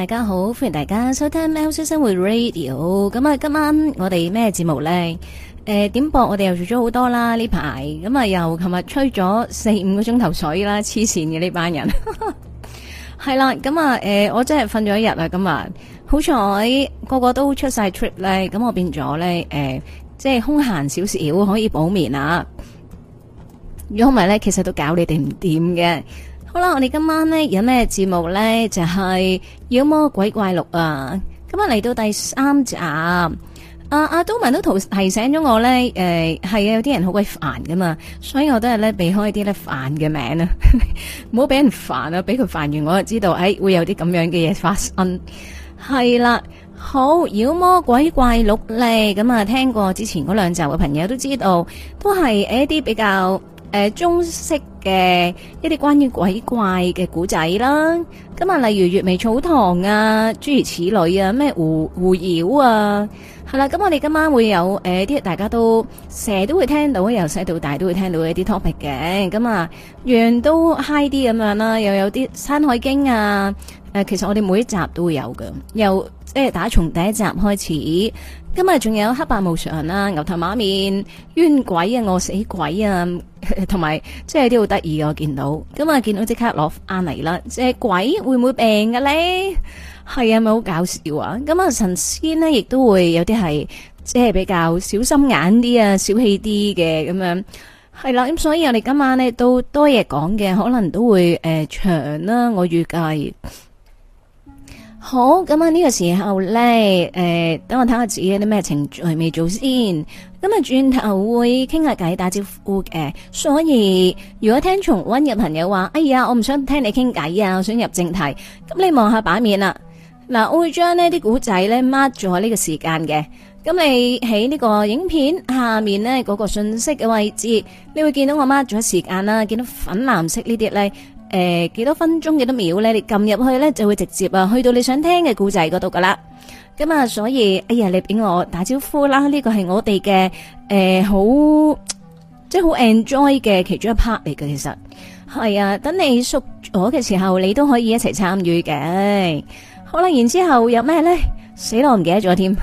大家好，歡迎大家收聽喵式生活 Radio。咁啊，今晚我哋咩節目呢？誒、欸，點播我哋又做咗好多啦呢排。咁啊，那又琴日吹咗四五個鐘頭水啦，黐線嘅呢班人。係 啦，咁啊，誒，我真係瞓咗一日啦，今日好彩個個都出晒 trip 咧。咁我變咗咧，誒、嗯，即、就、係、是、空閒少少，可以補眠啊。如果唔係咧，其實都搞你哋唔掂嘅。好啦，我哋今晚咧有咩節目咧？就係、是《妖魔鬼怪錄》啊！今日嚟到第三集。阿、啊、阿、啊、都文都提提醒咗我咧，誒係啊，有啲人好鬼煩噶嘛，所以我都係咧避開啲咧煩嘅名啊，唔好俾人煩啊，俾佢煩完，我就知道喺、哎、會有啲咁樣嘅嘢發生。係啦，好《妖魔鬼怪錄》咧、嗯，咁啊聽過之前嗰兩集嘅朋友都知道，都係誒一啲比較。誒，中式嘅一啲關於鬼怪嘅古仔啦，咁啊，例如《閱微草堂》啊，諸如此類啊，咩狐狐妖啊，係啦，咁我哋今晚會有誒，啲、呃、大家都成日都會聽到，由細到大都會聽到一啲 topic 嘅，咁、嗯、啊，樣都 high 啲咁樣啦，又有啲《山海經》啊，誒、呃，其實我哋每一集都會有嘅，又，即係打從第一集開始。今日仲有黑白無常啦、啊，牛頭馬面、冤鬼啊、餓死鬼啊，同埋即係有啲好得意啊！我見到，咁啊見到即刻攞眼嚟啦！即係鬼會唔會病嘅、啊、咧？係啊，咪好搞笑啊！咁啊，神仙呢，亦都會有啲係即係比較小心眼啲啊，小氣啲嘅咁樣係啦。咁所以我哋今晚呢，都多嘢講嘅，可能都會誒、呃、長啦、啊。我預計。好，咁啊呢個時候咧，誒、欸，等我睇下自己有啲咩程序未做先，咁啊轉頭會傾下偈打招呼嘅，所以如果聽重溫嘅朋友話，哎呀，我唔想聽你傾偈啊，我想入正題，咁你望下版面啦，嗱、啊，我會將呢啲古仔咧 mark 咗喺呢個時間嘅，咁你喺呢個影片下面咧嗰、那個信息嘅位置，你會見到我 mark 咗時間啦，見到粉藍色呢啲咧。誒，幾、呃、多分鐘幾多秒咧？你撳入去咧，就會直接啊，去到你想聽嘅故仔嗰度噶啦。咁、嗯、啊，所以哎呀，你俾我打招呼啦！呢個係我哋嘅誒，好、呃、即係好 enjoy 嘅其中一 part 嚟嘅。其實係啊，等你熟我嘅時候，你都可以一齊參與嘅。好啦，然之後有咩咧？死，我唔記得咗添。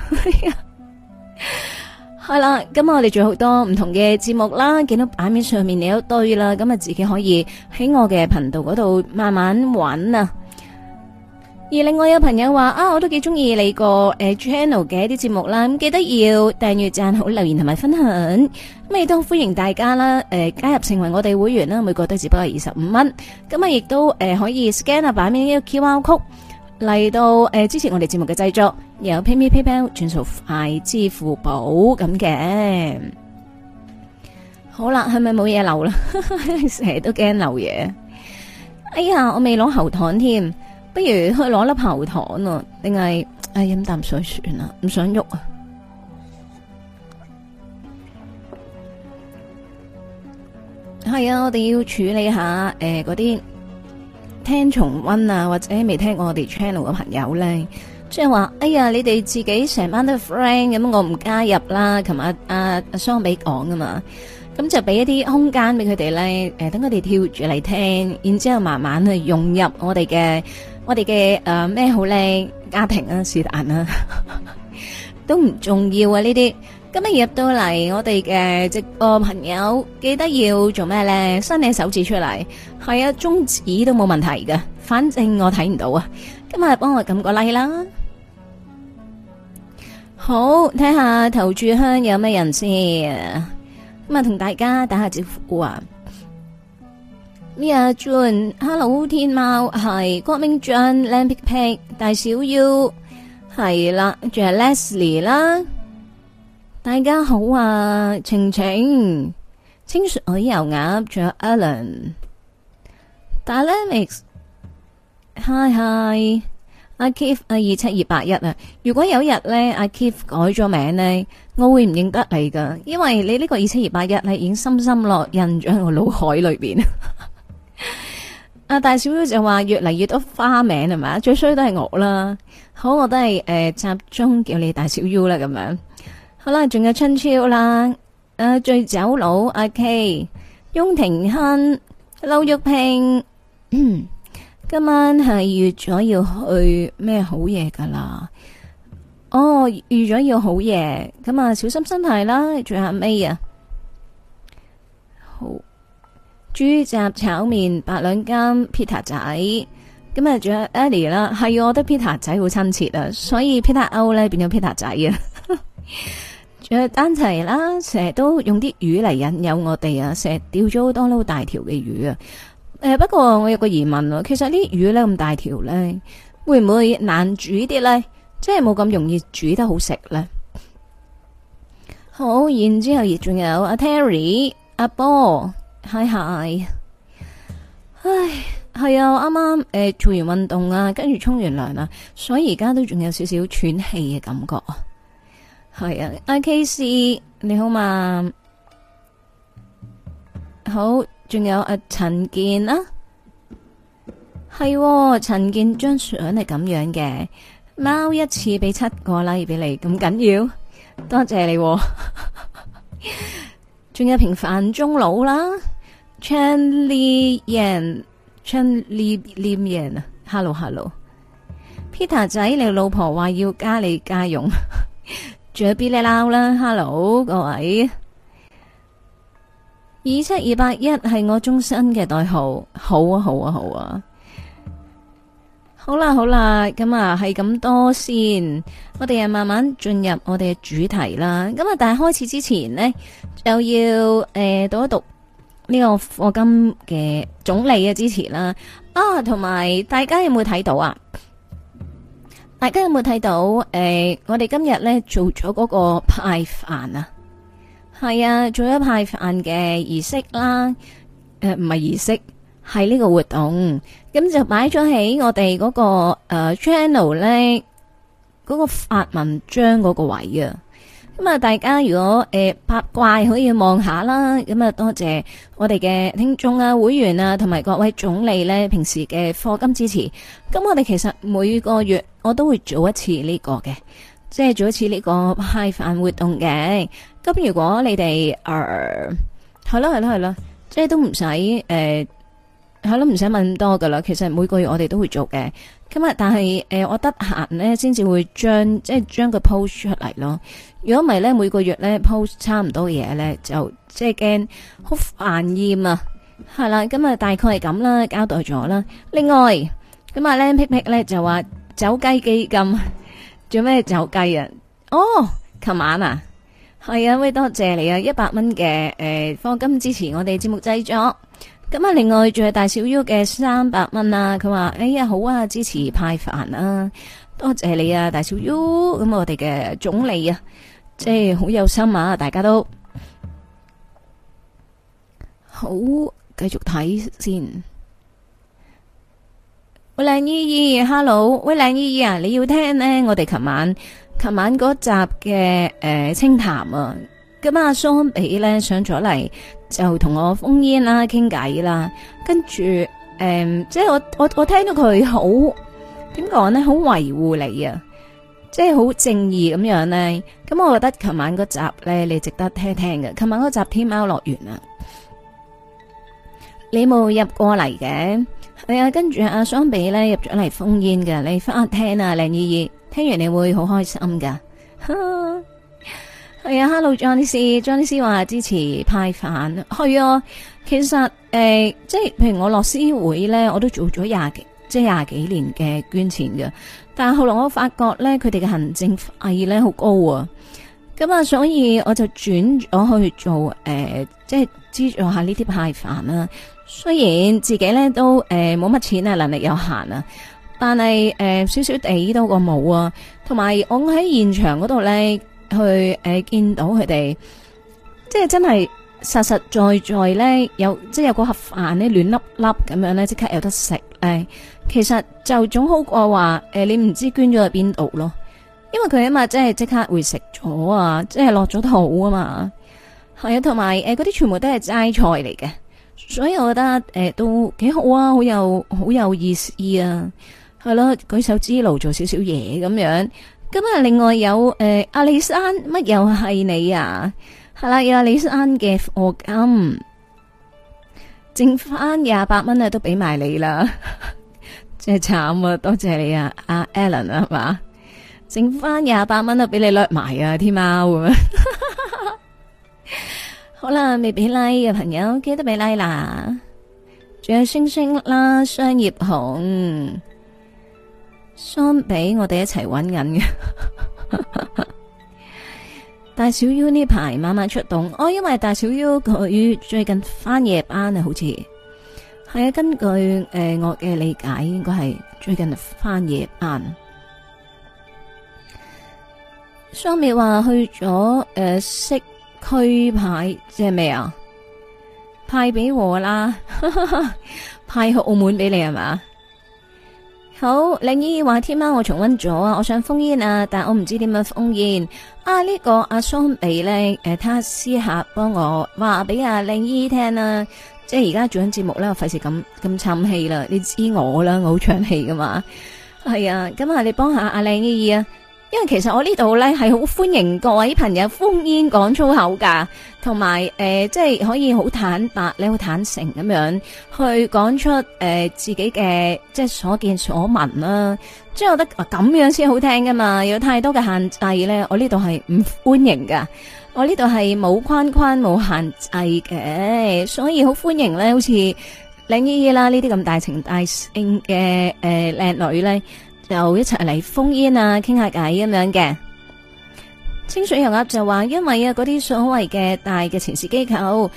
係啦，咁我哋仲有好多唔同嘅節目啦，見到版面上面有一堆啦，咁啊自己可以喺我嘅頻道嗰度慢慢搵啊。而另外有朋友話啊，我都幾中意你個誒 channel 嘅一啲節目啦，咁記得要訂閱、讚好、留言同埋分享。咁亦都歡迎大家啦，誒、呃、加入成為我哋會員啦，每個都只不過二十五蚊。咁啊，亦都誒可以 scan 啊版面呢個 QR Code 嚟到誒、呃、支持我哋節目嘅製作。有 pay me paypal 轉數快支付寶咁嘅，好啦，係咪冇嘢漏啦？成日都驚漏嘢。哎呀，我未攞喉糖添，不如去攞粒喉糖啊？定係哎，飲啖水算啦，唔想喐啊。係 啊，我哋要處理下誒嗰啲聽重溫啊，或者未聽過我哋 channel 嘅朋友咧。即係話，哎呀，你哋自己成班都 friend 咁，我唔加入啦。琴日阿阿桑比講㗎嘛，咁就俾一啲空間俾佢哋咧。誒，等佢哋跳住嚟聽，然之後慢慢去融入我哋嘅我哋嘅誒咩好靚家庭啊，是但啊，呵呵都唔重要啊呢啲。今日入到嚟，我哋嘅直播朋友記得要做咩咧？伸你手指出嚟，係啊，中指都冇問題噶，反正我睇唔到啊。今日幫我撳個 like 啦。好，睇下頭柱香有咩人先，咁啊同大家打下招呼啊！咩啊 John，Hello 天貓係郭明 John，Lampick，大小 U 係啦，仲有 Leslie 啦，大家好啊，晴晴，清雪我油鴨，仲有 Alan，Dynamics，嗨嗨。阿 Keith 阿二七二八一啊！如果有一日咧，阿 Keith 改咗名咧，我會唔認得你噶，因為你呢個二七二八一係已經深深落印咗喺我腦海裏邊。阿 大小 U 就話越嚟越多花名係咪？最衰都係我啦，好，我都係誒集中叫你大小 U 啦咁樣。好啦，仲有春超啦，誒、呃、醉酒佬阿 K，翁庭亨，劉玉平。 今晚係預咗要去咩好嘢噶啦？哦，預咗要好嘢，咁啊小心身體啦！仲有阿 May 啊，好豬雜炒麵八兩間，Peter 仔，咁啊，仲有 Ellie 啦，係我覺得 Peter 仔好親切啊，所以 Peter 歐咧變咗 Peter 仔啊，仲 有丹齊啦，成日都用啲魚嚟引誘我哋啊，成日釣咗好多撈大條嘅魚啊！誒、呃，不過我有個疑問咯，其實啲魚呢咁大條呢，會唔會難煮啲呢？即係冇咁容易煮得好食呢？好，然之後亦仲有阿、啊、Terry、啊、阿波，嗨嗨，唉，係啊，啱啱誒做完運動啊，跟住沖完涼啊，所以而家都仲有少少喘氣嘅感覺啊。係啊，阿 KC 你好嘛？好。仲有阿陳健啊，係陳、啊、健張相係咁樣嘅，貓一次俾七個啦，而俾你咁緊要，多謝你、啊。仲 有平凡中老啦、啊、，Chen Li Yan，Chen Li Li Yan Hello Hello，Peter 仔你老婆話要加你家用，仲 有 B B 貓啦，Hello 各位。二七二八一係我終身嘅代號，好啊好啊好啊，好啦、啊、好啦、啊，咁啊係咁、啊、多先，我哋啊慢慢進入我哋嘅主題啦。咁啊，但係開始之前呢，就要誒、呃、讀一讀呢個課金嘅總理嘅支持啦。啊，同埋大家有冇睇到啊？大家有冇睇到？誒、呃，我哋今日呢，做咗嗰個派飯啊！係啊，做咗派飯嘅儀式啦，誒唔係儀式，係呢個活動，咁就擺咗喺我哋嗰個誒 channel 咧，嗰個發文章嗰個位啊。咁啊，大家如果誒八卦可以望下啦，咁啊多謝我哋嘅聽眾啊、會員啊同埋各位總理咧平時嘅課金支持。咁我哋其實每個月我都會做一次呢個嘅，即係做一次呢個派飯活動嘅。咁如果你哋誒係啦係啦係啦，即係都唔使誒，係啦，唔使問咁多噶啦。其實每個月我哋都會做嘅。咁啊，但係誒，我得閒咧，先至會將即係將佢 post 出嚟咯。如果唔係咧，每個月咧 post 差唔多嘢咧，就即係驚好煩厭啊。係啦，咁啊，大概係咁啦，交代咗啦。另外，咁啊，靚 picpic 咧就話走雞基金，做咩走雞啊？哦，琴晚啊。係啊，喂，多謝你啊！一百蚊嘅，誒、課、呃、金支持我哋節目製作。咁啊，另外仲有大小 U 嘅三百蚊啊，佢話哎呀好啊，支持派飯啊！多謝你啊，大小、y、U，咁我哋嘅總理啊，即係好有心啊，大家都好繼續睇，先依依、Hello。喂，靚姨姨，hello，喂，靚姨姨啊，你要聽呢？我哋琴晚。琴晚嗰集嘅誒、呃、清談啊，咁、啊、阿桑比咧上咗嚟就同我封煙啦傾偈啦，跟住誒、嗯、即係我我我聽到佢好點講咧好維護你啊，即係好正義咁樣咧、啊，咁、嗯、我覺得琴晚嗰集咧你值得聽聽嘅，琴晚嗰集天貓樂園啊，你冇、嗯啊、入過嚟嘅係啊，跟住阿桑比咧入咗嚟封煙嘅，你翻聽啊靚姨姨。聽完你會好開心噶係 啊，Hello，Johnny Sir，Johnny Sir 話支持派飯，係啊，其實誒、呃，即係譬如我樂施會咧，我都做咗廿幾即係廿幾年嘅捐錢噶但係後來我發覺咧，佢哋嘅行政費咧好高啊，咁、嗯、啊，所以我就轉咗去做誒、呃，即係資助下呢啲派飯啦。雖然自己咧都誒冇乜錢啊，能力有限啊。但係誒、呃，少少地多過冇啊，同埋我喺現場嗰度咧，去誒、呃、見到佢哋，即係真係實實在在咧，有即係有個盒飯咧，暖粒粒咁樣咧，即刻有得食誒、呃。其實就總好過話誒、呃，你唔知捐咗去邊度咯，因為佢起碼即係即刻會食咗啊，即係落咗肚啊嘛。係啊，同埋誒，嗰啲全部都係齋菜嚟嘅，所以我覺得誒、呃、都幾好啊，好有好有意思啊。係咯，舉手之勞做少少嘢咁樣。咁啊，另外有誒阿里山乜又係你啊？係、呃、啦，阿里山嘅課、啊、金，剩翻廿八蚊啊，都俾埋你啦。真係慘啊！多謝你啊，阿 Alan 啊，係嘛？剩翻廿八蚊都俾你掠埋啊，天喵咁。好啦，未俾 like 嘅朋友記得俾拉、like、啦。仲有星星啦，商業紅。相比我哋一齊揾緊嘅大小 U 呢排，慢慢出動。哦，因為大小 U 佢最近翻夜班啊，好似係啊，根據誒、呃、我嘅理解，應該係最近翻夜班。相比話去咗誒、呃、識區牌，即係咩啊？派俾我啦， 派去澳門俾你係咪？好，靚姨姨話天喵我重溫咗啊，我想封煙啊，但我唔知點樣封煙啊。呢、這個阿桑比咧，誒、呃，他私下幫我話俾阿靚姨聽啦、啊，即係而家做緊節目我費事咁咁沉氣啦。你知我啦，我好長氣噶嘛，係啊，咁啊你幫下阿、啊、靚姨啊。因為其實我呢度咧係好歡迎各位朋友烽煙講粗口噶，同埋誒即係可以好坦白，你好坦誠咁樣去講出誒，呃、自己嘅即係所見所聞啦，啊。即係我覺得咁樣先好聽噶嘛，有太多嘅限制咧，我呢度係唔歡迎噶。我呢度係冇框框，冇限制嘅，所以好歡迎咧，好似靚姨姨啦呢啲咁大情大性嘅誒靚女咧，就一齊嚟，封煙啊，傾下偈咁樣嘅。清水油鴨就話，因為啊嗰啲所謂嘅大嘅慈善機構，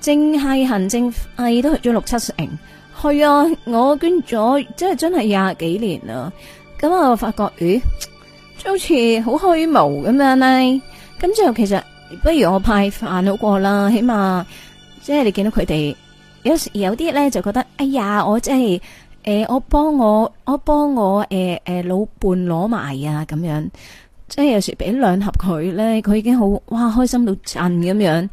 淨係行政費都去咗六七成。係啊，我捐咗，即係真係廿幾年啦。咁啊發覺，咦，即好似好虛無咁樣呢。咁之後其實，不如我派飯好過啦，起碼即係你見到佢哋有時有啲咧就覺得，哎呀，我真係。誒、呃、我幫我我幫我誒、呃呃、老伴攞埋啊咁樣，即係有時俾兩盒佢呢，佢已經好哇開心到震咁樣。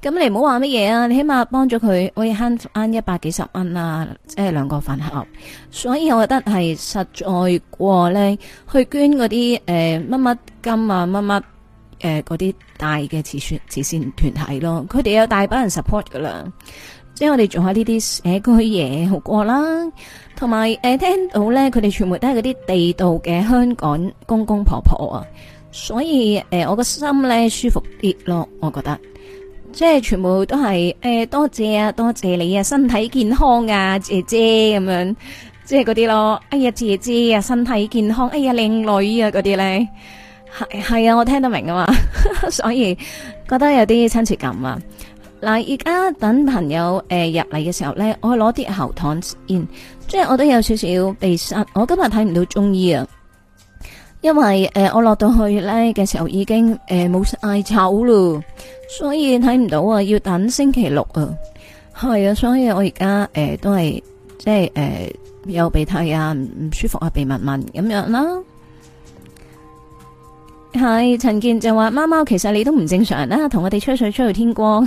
咁你唔好話乜嘢啊，你起碼幫咗佢可以慳慳一百幾十蚊啊，即係兩個飯盒。所以我覺得係實在過呢，去捐嗰啲誒乜乜金啊乜乜誒嗰啲大嘅慈善慈善團體咯，佢哋有大把人 support 噶啦。即係我哋做下呢啲社區嘢好過啦，同埋誒聽到咧，佢哋全部都係嗰啲地道嘅香港公公婆婆啊，所以誒、呃、我個心咧舒服啲咯，我覺得即係全部都係誒、欸、多謝啊，多謝你啊，身體健康啊，姐姐咁樣，即係嗰啲咯，哎呀姐姐啊，身體健康，哎呀靚女啊嗰啲咧，係係啊，我聽得明啊嘛， 所以覺得有啲親切感啊。嗱，而家等朋友誒入嚟嘅時候咧，我攞啲喉糖先，即係我都有少少鼻塞。我今日睇唔到中醫啊，因為誒我落到去咧嘅時候已經誒冇嗌醜咯，所以睇唔到啊。要等星期六啊，係啊，所以我而家誒都係即係誒、呃、有鼻涕啊，唔舒服啊，鼻密密咁樣啦。係陳建就話：貓貓，其實你都唔正常啦，同我哋吹水吹到天光。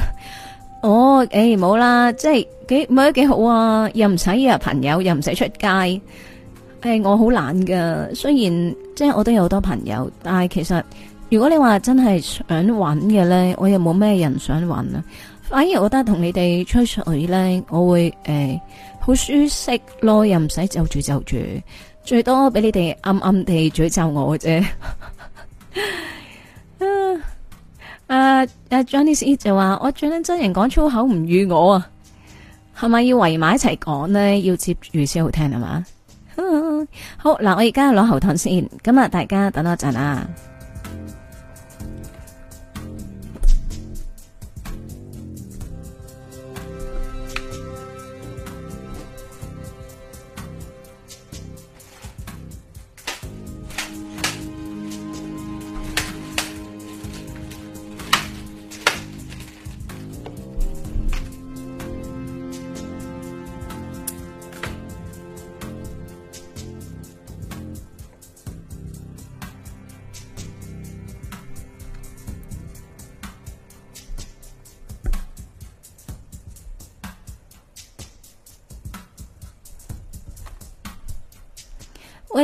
哦，誒、欸，冇啦，即係幾咪都幾好啊，又唔使約朋友，又唔使出街。誒、欸，我好懶噶，雖然即係我都有好多朋友，但係其實如果你話真係想搵嘅咧，我又冇咩人想搵啊。反而我覺得同你哋吹水咧，我會誒好、欸、舒適咯，又唔使就住就住，最多俾你哋暗暗地詛咒我啫。啊！誒 Johnny E 就話：我最憎真人講粗口唔預我啊，係咪要圍埋一齊講呢？要接住先好聽係嘛？是 好，嗱，我而家攞喉糖先，咁啊，大家等多一陣啊。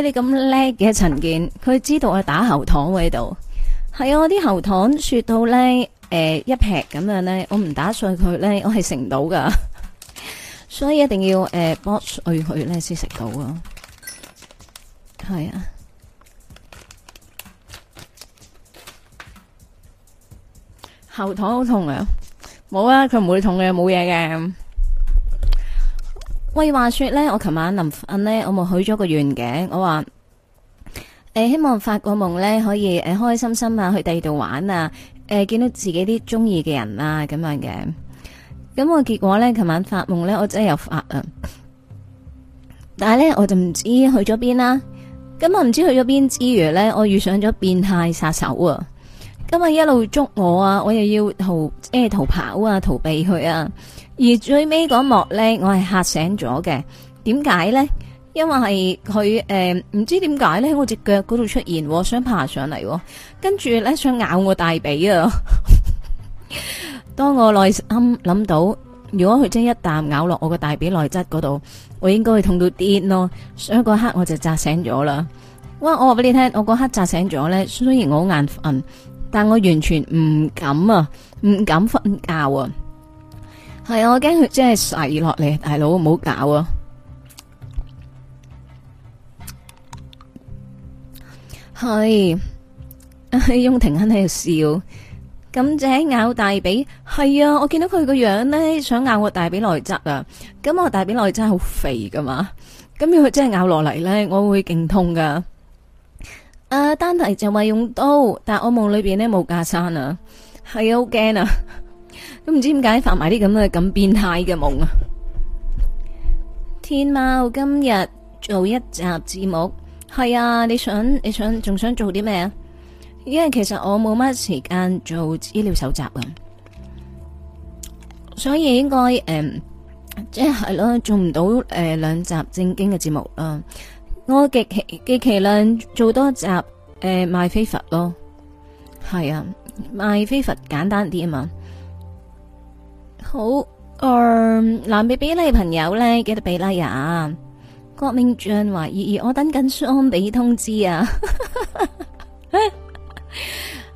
你咁叻嘅，陳健，佢知道我打喉糖喎喺度。係啊，我啲喉糖雪到咧，誒一劈咁樣咧，我唔打碎佢咧，我係食唔到噶。所以一定要誒剝碎佢咧先食到啊。係啊，喉糖好痛啊！冇啊，佢唔會痛嘅，冇嘢嘅。喂，話說呢，我琴晚臨瞓呢，我咪許咗個願景，我話誒、欸，希望發個夢呢，可以誒，開開心心啊，去第二度玩啊，誒，見到自己啲中意嘅人啊，咁樣嘅。咁我結果呢，琴晚發夢呢，我真係又發啊！但係呢，我就唔知去咗邊啦。咁我唔知去咗邊之餘呢，我遇上咗變態殺手啊！咁我一路捉我啊，我又要逃，即、欸、係逃跑啊，逃避佢啊！而最尾嗰幕呢，我係嚇醒咗嘅。點解呢？因為係佢誒，唔、呃、知點解呢，我隻腳嗰度出現，想爬上嚟，跟住呢，想咬我大髀啊！ 當我內心諗到，如果佢真係一啖咬落我個大髀內側嗰度，我應該會痛到癲咯。所以嗰刻我就扎醒咗啦。哇！我話俾你聽，我嗰刻扎醒咗呢，雖然我好眼瞓，但我完全唔敢啊，唔敢瞓覺啊！係啊，我驚佢真係晒落嚟，大佬唔好搞啊！係啊，雍庭喺度笑，咁就喺咬大髀。係啊，我見到佢個樣呢，想咬大髀內側啊！咁我大髀內側好肥噶嘛，咁如佢真係咬落嚟呢，我會勁痛噶。啊、呃，丹提就話用刀，但我夢裏邊呢，冇架山啊，係好驚啊！都唔知點解發埋啲咁嘅咁變態嘅夢啊！天喵今日做一集節目係啊，你想你想仲想做啲咩啊？因為其實我冇乜時間做資料搜集啊，所以應該誒即係咯，做唔到誒兩、嗯、集正經嘅節目啦。我極其極其量做多一集誒賣飛佛咯，係啊，賣飛佛簡單啲啊嘛。好，誒，難俾俾你朋友咧，記得俾啦呀。郭明俊話，咦我等緊雙俾通知啊。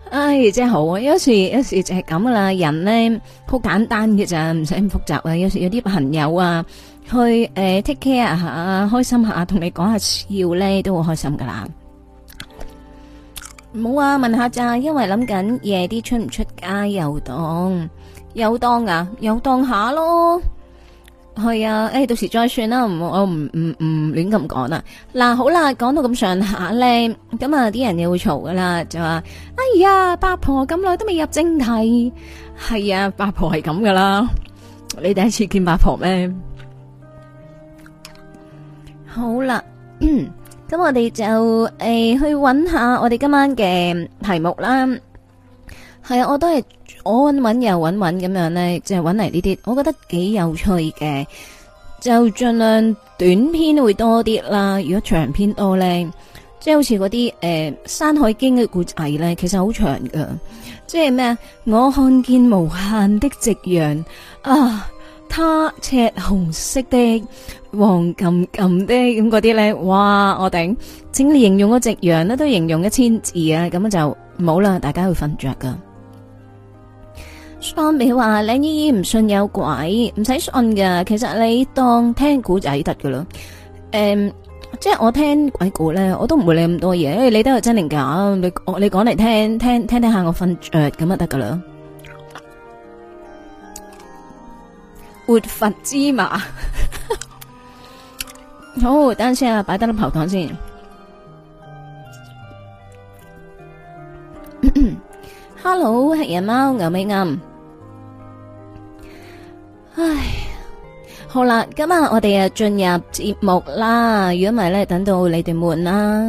哎，真係好啊！有時有時就係咁噶啦，人咧好簡單嘅咋，唔使咁複雜啊。有時有啲朋友啊，去誒 take care 下，開心下，同你講下笑咧，都好開心噶啦。冇啊，問下咋？因為諗緊夜啲出唔出街遊蕩？有當噶、啊，有當下咯，係啊，誒、欸，到時再算啦，唔，我唔唔唔亂咁講啦。嗱、啊，好啦，講到咁上下咧，咁啊啲人又會嘈噶啦，就話，哎呀，八婆咁耐都未入正題，係啊，八婆係咁噶啦。你第一次見八婆咩？好啦，咁、嗯、我哋就誒、欸、去揾下我哋今晚嘅題目啦。係啊，我都係我搵搵又搵搵咁樣咧，就係搵嚟呢啲，我覺得幾有趣嘅。就盡量短篇會多啲啦。如果長篇多咧，即係好似嗰啲誒《山海經》嘅故仔咧，其實好長噶。即係咩啊？我看見無限的夕陽啊，他赤紅色的，黃金金的咁嗰啲咧，哇！我頂，請你形容個夕陽咧都形容一千字啊，咁就冇啦。大家會瞓着噶。相比話靚姨姨唔信有鬼，唔使信噶。其實你當聽古仔得噶啦。誒，即係我聽鬼故咧，我都唔會理咁多嘢，因為你都係真定假。你我你講嚟聽聽聽聽下，我瞓着咁就得噶啦。活佛芝麻，好，等陣先擺低粒喉糖先。Hello，黑人貓牛尾啱。唉，好啦，今日我哋啊進入節目啦。如果唔係咧，等到你哋悶啦。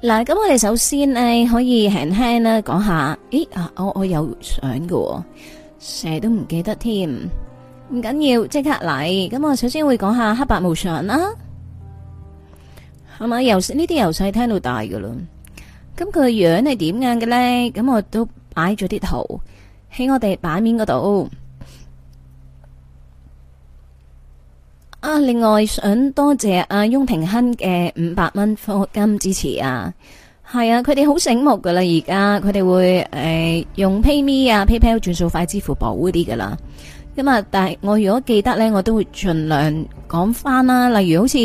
嗱，咁我哋首先咧可以輕輕啦講下。咦啊，我我有相嘅，成日都唔記得添，唔緊要，即刻嚟。咁我，首先會講下黑白無常啦，係咪由呢啲由細聽到大噶啦？咁佢樣係點樣嘅咧？咁我都擺咗啲圖喺我哋版面嗰度。啊！另外，想多謝阿翁庭亨嘅五百蚊課金支持啊！係啊，佢哋好醒目噶啦，而家佢哋會誒、呃、用 PayMe 啊、PayPal 轉數快、支付寶嗰啲噶啦。咁啊，但係我如果記得咧，我都會盡量講翻啦。例如好似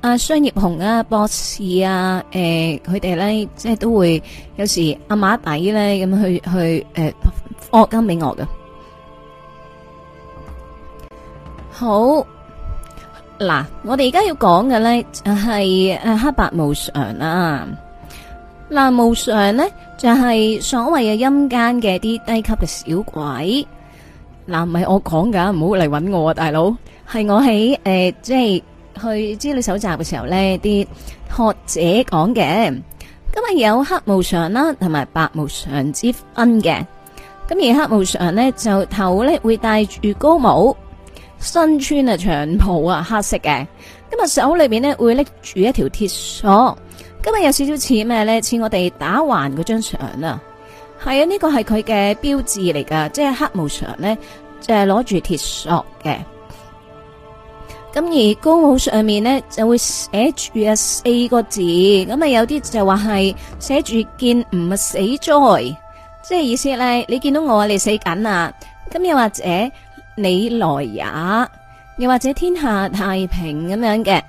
阿、啊、商業紅啊、博士啊，誒、呃，佢哋咧即係都會有時阿馬底咧咁去去誒，課、呃、金俾我噶。好。嗱，我哋而家要講嘅咧就係誒黑白無常啦。嗱，無常咧就係所謂嘅陰間嘅啲低級嘅小鬼。嗱，唔係我講噶，唔好嚟搵我啊，大佬。係我喺誒即係去資料搜集嘅時候咧，啲學者講嘅。咁係有黑無常啦，同埋白無常之分嘅。咁而黑無常咧就頭咧會戴住高帽。身穿啊長袍啊黑色嘅，今日手裏邊咧會拎住一條鐵索。今日有少少似咩咧？似我哋打橫嗰張牆啊，係啊，呢個係佢嘅標誌嚟噶，即係黑無常咧，就係攞住鐵索嘅。咁而高帽上面呢，就，是，就會寫住啊四個字，咁啊有啲就話係寫住見唔死哉，即係意思咧，你見到我你在死緊啦，咁又或者。你來也，又或者天下太平咁樣嘅，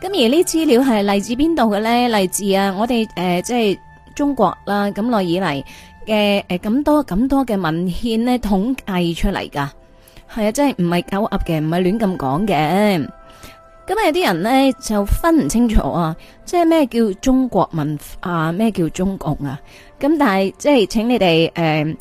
咁而呢資料係嚟自邊度嘅咧？嚟自啊，我哋誒即係中國啦，咁耐以嚟嘅誒咁多咁多嘅文獻咧，統計出嚟噶，係啊，即係唔係狗噏嘅，唔係亂咁講嘅。咁啊有啲人咧就分唔清楚啊，即係咩叫中國文化，咩叫中共啊？咁但係即係請你哋誒。呃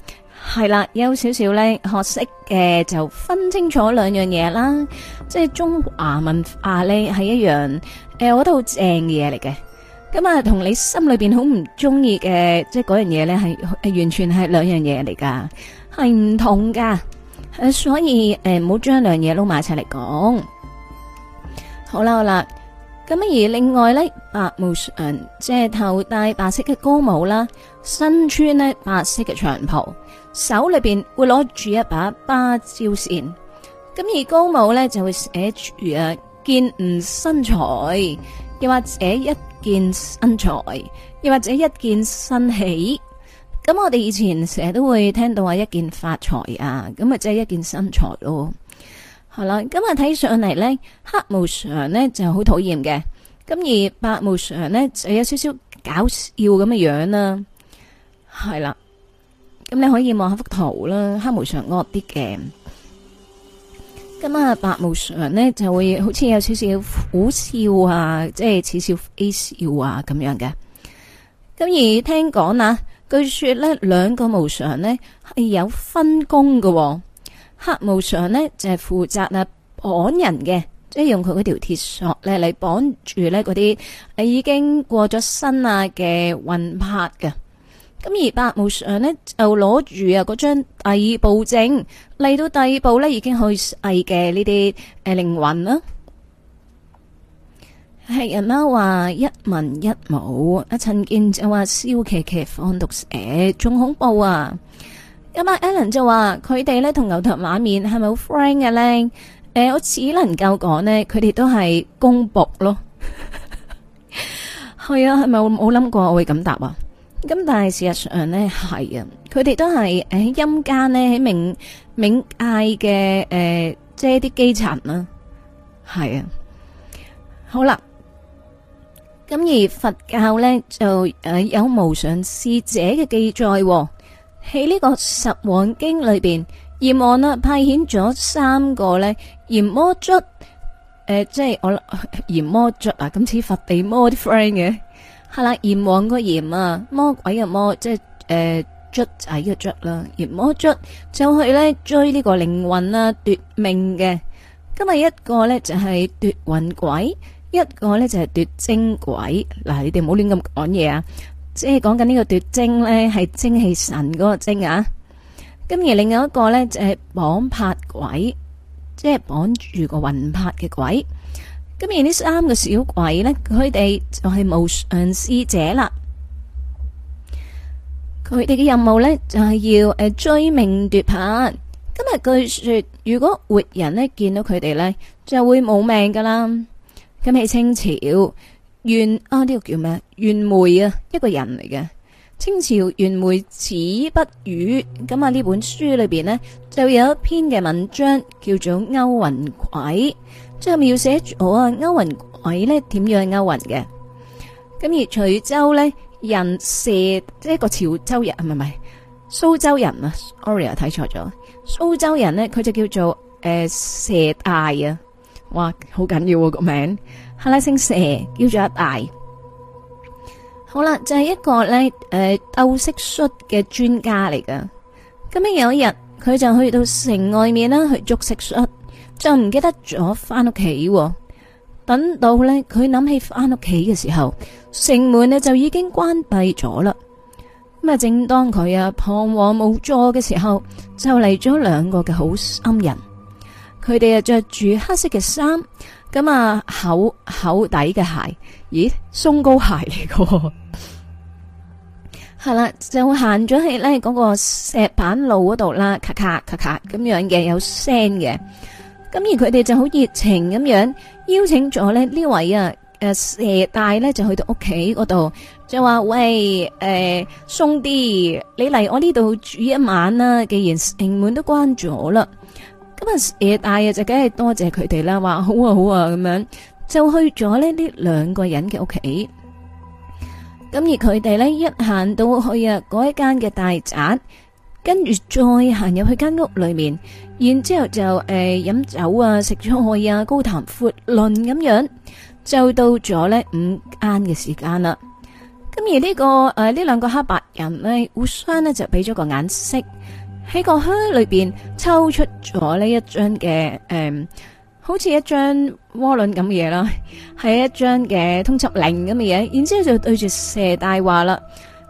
係啦，有少少咧學識嘅就分清楚兩樣嘢啦，即係中華文化咧係一樣誒，我覺得好正嘅嘢嚟嘅，咁啊同你心裏邊好唔中意嘅即係嗰樣嘢咧係完全係兩樣嘢嚟噶，係唔同噶，誒所以誒唔好將兩樣嘢撈埋一齊嚟講。好啦好啦，咁而另外咧白無常即係頭戴白色嘅高帽啦，身穿呢白色嘅長袍。手裏邊會攞住一把芭蕉扇，咁而高帽呢就會寫住一見唔生財」，又或者一見生財」，又或者一見生喜。咁我哋以前成日都會聽到話一見發財啊，咁咪即係一見生財」咯。好啦，咁啊睇上嚟呢，黑無常呢就好討厭嘅，咁而白無常呢就有少少搞笑咁嘅樣啦，係啦。咁你可以望下幅圖啦，黑無常惡啲嘅，咁啊白無常呢就會好似有少少苦笑啊，即係似笑非笑啊咁樣嘅。咁而聽講啊，據說呢兩個無常呢係有分工喎。黑無常呢就係負責啊綁人嘅，即係用佢嗰條鐵索咧嚟綁住呢嗰啲已經過咗身啊嘅魂魄嘅。咁黑白無常呢，就攞住啊嗰張第二部證嚟到第二部呢，已經去世嘅呢啲誒靈魂啦。係人貓話一文一武，阿陳建就話燒琪琪放毒蛇，仲恐怖啊！咁、啊、阿 Alan 就話佢哋呢同牛頭馬面係咪好 friend 嘅、啊、呢？誒、啊，我只能夠講呢，佢哋都係公僕咯。係 啊，係咪我冇諗過我會咁答啊？咁但係事實上咧係啊，佢哋都係喺陰間咧，喺冥冥界嘅誒，即係啲基層啦，係啊。好啦，咁而佛教咧就誒有無上師者嘅記載喺呢個十王經裏邊，閻王啊派遣咗三個咧閻魔卒，誒即係我閻魔卒啊，今次佛地魔啲 friend 嘅。係啦，閻王個閻啊，魔鬼嘅魔，即係誒捉鬼嘅捉卒仔嘅卒啦，而、呃、魔卒就去咧追呢個靈魂啊奪命嘅。今日一個咧就係奪魂鬼，一個咧就係奪精鬼。嗱，你哋唔好亂咁講嘢啊！即係講緊呢個奪精咧，係精氣神嗰個精啊。咁而另外一個咧就係綁魄鬼，即係綁住個魂魄嘅鬼。咁而呢三個小鬼呢，佢哋就係無常使者啦。佢哋嘅任務呢，就係、是、要誒追命奪魄。今日據說，如果活人呢見到佢哋呢，就會冇命噶啦。咁喺清朝袁啊呢、呢個叫咩？袁枚啊一個人嚟嘅。清朝袁枚子不語。咁啊呢本書裏邊呢，就有一篇嘅文章叫做《勾魂鬼》。即係描寫好啊，勾魂鬼咧點樣勾魂嘅？咁而徐州咧人蛇即係一個潮州人，唔係唔係蘇州人啊？sorry 啊，睇錯咗蘇州人咧，佢就叫做誒蛇大啊！哇，好緊要個名，希臘姓蛇，叫做大。好啦，就係一個咧誒鬥蟋蟀嘅專家嚟噶。咁咧有一日，佢就去到城外面啦，去捉蟋蟀。就唔記得咗翻屋企，等到呢，佢諗起翻屋企嘅時候，城門呢就已經關閉咗啦。咁啊，正當佢啊彷徨無助嘅時候，就嚟咗兩個嘅好心人。佢哋啊着住黑色嘅衫，咁啊厚厚底嘅鞋，咦，鬆糕鞋嚟喎。係啦，就行咗喺呢嗰個石板路嗰度啦，咔咔咔咔咁樣嘅有聲嘅。咁而佢哋就好熱情咁樣邀請咗咧呢位啊誒蛇大咧就去到屋企嗰度就話，喂誒宋啲你嚟我呢度住一晚啦，既然城門都關咗啦，咁啊蛇大啊就梗係多謝佢哋啦，話好啊好啊，咁樣就去咗呢啲兩個人嘅屋企，咁而佢哋咧一行到去啊嗰一間嘅大宅。跟住再行入去間屋裏面，然之後就誒、呃、飲酒啊，食咗菜啊，高談闊論咁樣，就到咗呢午間嘅時間啦。咁而呢、這個誒呢、呃、兩個黑白人呢，互相呢就俾咗個眼色，喺個靴裏邊抽出咗呢一張嘅誒、呃，好似一張窩輪咁嘅嘢啦，係一張嘅通緝令咁嘅嘢。然之後就對住蛇大話啦。